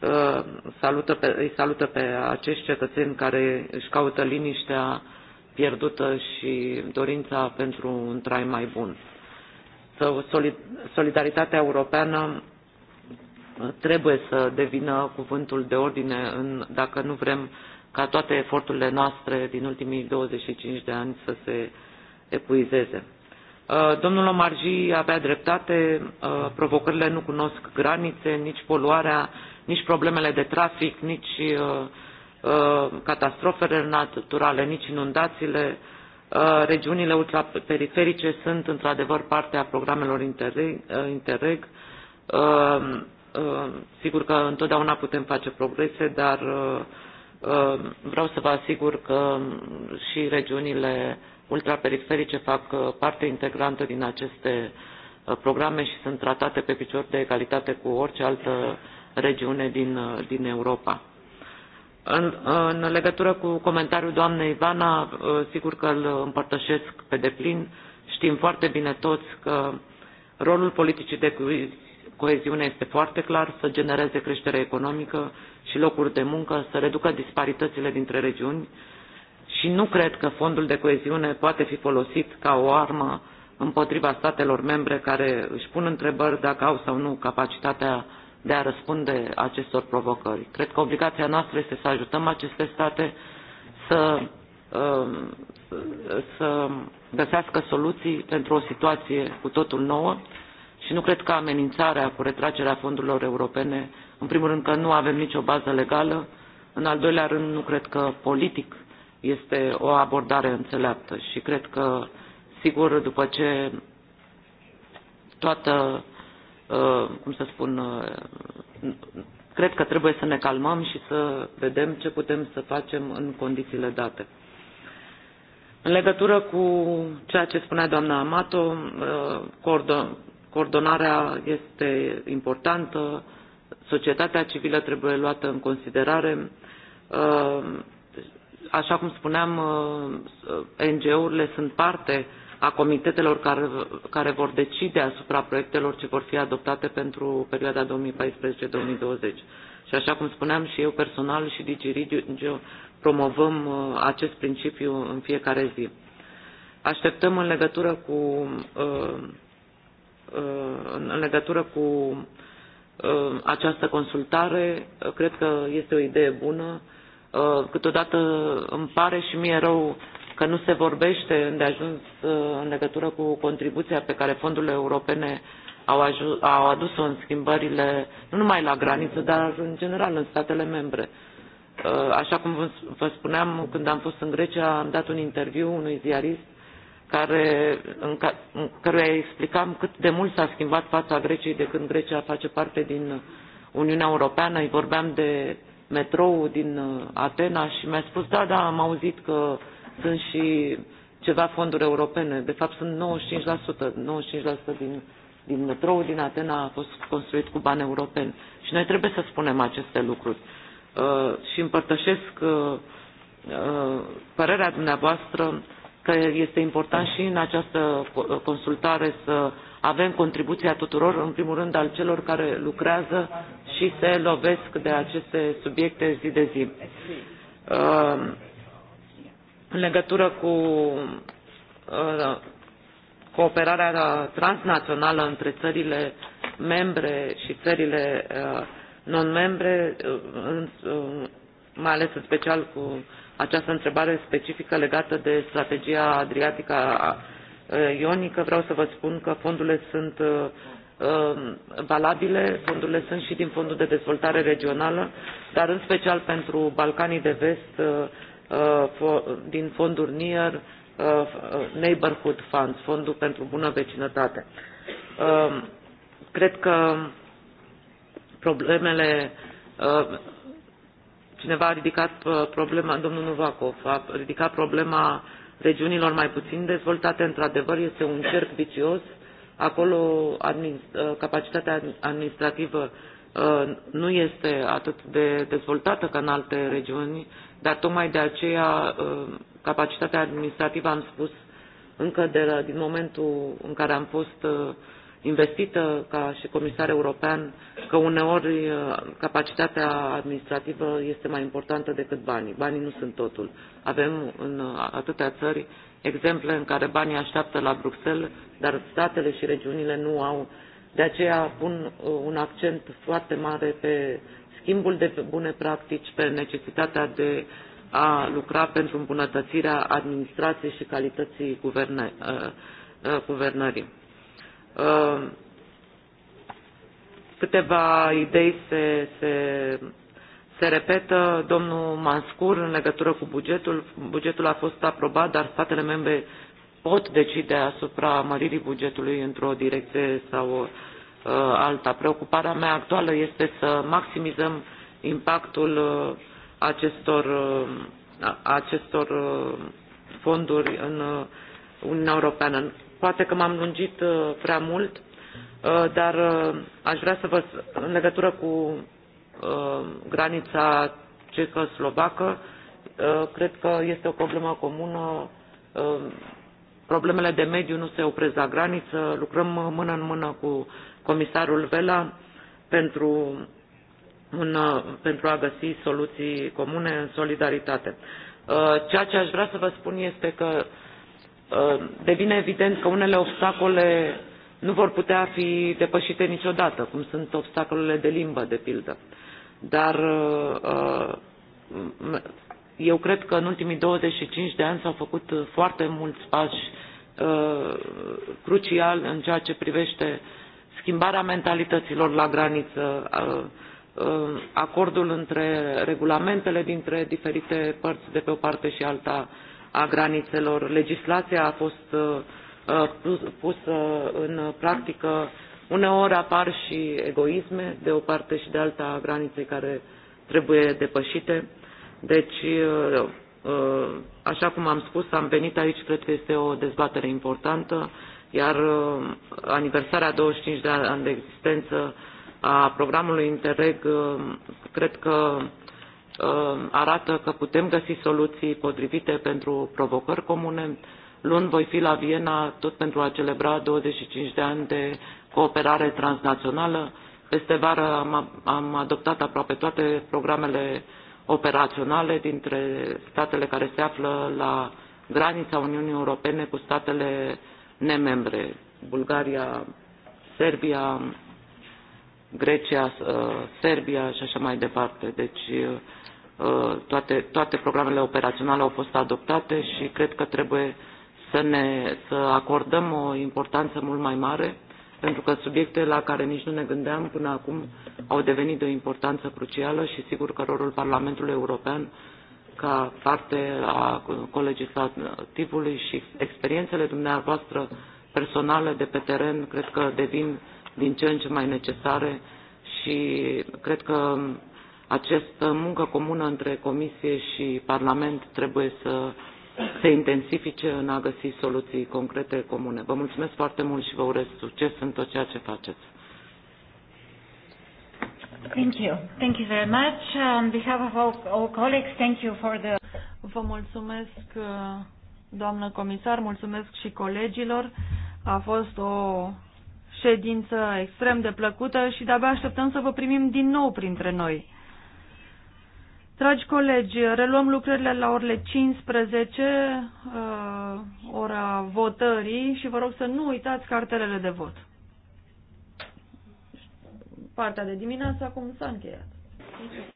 uh, salută pe, îi salută pe acești cetățeni care își caută liniștea pierdută și dorința pentru un trai mai bun. Solidaritatea europeană uh, trebuie să devină cuvântul de ordine în, dacă nu vrem ca toate eforturile noastre din ultimii 25 de ani să se epuizeze. Uh, domnul Omarji avea dreptate, uh, provocările nu cunosc granițe, nici poluarea, nici problemele de trafic, nici uh, catastrofele naturale, nici inundațiile. Regiunile ultraperiferice sunt într-adevăr parte a programelor Interreg. Sigur că întotdeauna putem face progrese, dar vreau să vă asigur că și regiunile uh, ultraperiferice fac uh, parte integrantă din aceste uh, programe și sunt tratate pe picior de egalitate cu orice altă regiune din, uh, din Europa. În, în legătură cu comentariul doamnei Ivana, sigur că îl împărtășesc pe deplin. Știm foarte bine toți că rolul politicii de coeziune este foarte clar, să genereze creștere economică și locuri de muncă, să reducă disparitățile dintre regiuni, și nu cred că fondul de coeziune poate fi folosit ca o armă împotriva statelor membre care își pun întrebări dacă au sau nu capacitatea de a răspunde acestor provocări. Cred că obligația noastră este să ajutăm aceste state să, um, să găsească soluții pentru o situație cu totul nouă și nu cred că amenințarea cu retragerea fondurilor europene, în primul rând că nu avem nicio bază legală, în al doilea rând nu cred că politic este o abordare înțeleaptă și cred că, sigur, după ce toată, uh, cum să spun, uh, cred că trebuie să ne calmăm și să vedem ce putem să facem în condițiile date. În legătură cu ceea ce spunea doamna Amato, uh, coordonarea este importantă, societatea civilă trebuie luată în considerare, așa cum spuneam, uh, uh, NGO-urile sunt parte a comitetelor care, care vor decide asupra proiectelor ce vor fi adoptate pentru perioada 2014-2020. Și așa cum spuneam și eu personal și DigiRigio promovăm uh, acest principiu în fiecare zi. Așteptăm în legătură cu, în legătură cu această consultare, cred că este o idee bună Uh, câteodată îmi pare și mie rău că nu se vorbește îndeajuns uh, în legătură cu contribuția pe care fondurile europene au, au adus-o în schimbările, nu numai la graniță, dar în general în statele membre. Uh, așa cum vă spuneam, când am fost în Grecia, am dat un interviu unui ziarist care, în, ca, în căruia explicam cât de mult s-a schimbat fața Greciei de când Grecia face parte din Uniunea Europeană. Îi vorbeam de metrou din uh, Atena și mi-a spus, da, da, am auzit că sunt și ceva fonduri europene. De fapt, sunt 95%, 95% din, din metrou din Atena a fost construit cu bani europeni. Și noi trebuie să spunem aceste lucruri. Uh, și împărtășesc uh, uh, părerea dumneavoastră că este important și în această consultare să uh, avem contribuția tuturor, în primul rând al celor care lucrează și se lovesc de aceste subiecte zi de zi. Uh, în legătură cu uh, cooperarea transnațională între țările membre și țările uh, non-membre, mai ales în special cu această întrebare specifică legată de strategia adriatică Eh, ionică, vreau să vă spun că fondurile sunt eh, eh, valabile, fondurile sunt și din Fondul de Dezvoltare Regională, dar în special pentru Balcanii de Vest, din fondul NIR, Neighborhood Funds, Fondul pentru Bună Vecinătate. Cred că problemele cineva a ridicat problema, domnul Novakov, a ridicat problema uh, regiunilor mai puțin dezvoltate, într-adevăr, este un cerc vicios. Acolo administ- ă, capacitatea administrativă ă, nu este atât de dezvoltată ca în alte regiuni, dar tocmai de aceea ă, capacitatea administrativă, am spus, încă de la, din momentul în care am fost investită ca și comisar european că uneori uh, capacitatea administrativă este mai importantă decât banii. Banii nu sunt totul. Avem în uh, atâtea țări exemple în care banii așteaptă la Bruxelles, dar statele și regiunile nu au. De aceea pun uh, un accent foarte mare pe schimbul de bune practici, pe necesitatea de a lucra pentru îmbunătățirea administrației și calității guvernării. Um, câteva idei se, se, se repetă. Domnul Manscur, în legătură cu bugetul, bugetul a fost aprobat, dar statele membre pot decide asupra măririi bugetului într-o direcție sau uh, alta. Preocuparea mea actuală este să maximizăm impactul uh, acestor, uh, acestor uh, fonduri în uh, Uniunea Europeană. Poate că m-am lungit uh, prea mult, uh, dar uh, aș vrea să vă, în legătură cu granița cecă-slovacă, cred că este o problemă comună. Problemele de mediu nu se opresc la graniță. Lucrăm mână în mână cu comisarul Vela pentru, un, pentru a găsi soluții comune în solidaritate. Ceea ce aș vrea să vă spun este că Uh, devine evident că unele obstacole nu vor putea fi depășite niciodată, cum sunt obstacolele de limbă, de pildă. Dar uh, uh, eu cred că în ultimii 25 de ani s-au făcut foarte mulți pași crucial în ceea ce privește schimbarea mentalităților la graniță, acordul între regulamentele dintre diferite părți de pe o parte și alta a granițelor. Legislația a fost uh, uh, pusă în practică. Uneori apar și egoisme de o parte și de alta a graniței care trebuie depășite. Deci, uh, așa cum am spus, am venit aici, cred că este o dezbatere importantă, iar aniversarea 25 de ani de existență a programului Interreg, cred că Uh, arată că putem găsi soluții potrivite pentru provocări comune. Luni voi fi la Viena tot pentru a celebra 25 de ani de cooperare transnațională. Peste vară am, am adoptat aproape toate programele operaționale dintre statele care se află la granița Uniunii Europene cu statele nemembre, Bulgaria, Serbia, Grecia, uh, Serbia și așa mai departe. Deci uh, Uh, toate, toate programele operaționale au fost adoptate și cred că trebuie să, ne, să acordăm o importanță mult mai mare, pentru că subiecte la care nici nu ne gândeam până acum au devenit de o importanță crucială și sigur că rolul Parlamentului European ca parte a colegislativului și experiențele dumneavoastră personale de pe teren cred că devin din ce în ce mai necesare și cred că această muncă comună între Comisie și Parlament trebuie să se intensifice în a găsi soluții concrete comune. Vă mulțumesc foarte mult și vă urez succes în tot ceea ce faceți. Thank you. Thank you very much. On behalf of all, all colleagues, thank you for the... Vă mulțumesc, uh, doamnă comisar, mulțumesc și colegilor. A fost o ședință extrem de plăcută și de-abia așteptăm să vă primim din nou printre noi. Dragi colegi, reluăm lucrările la orele 15, uh, ora votării și vă rog să nu uitați cartelele de vot. Partea de dimineață acum s-a încheiat.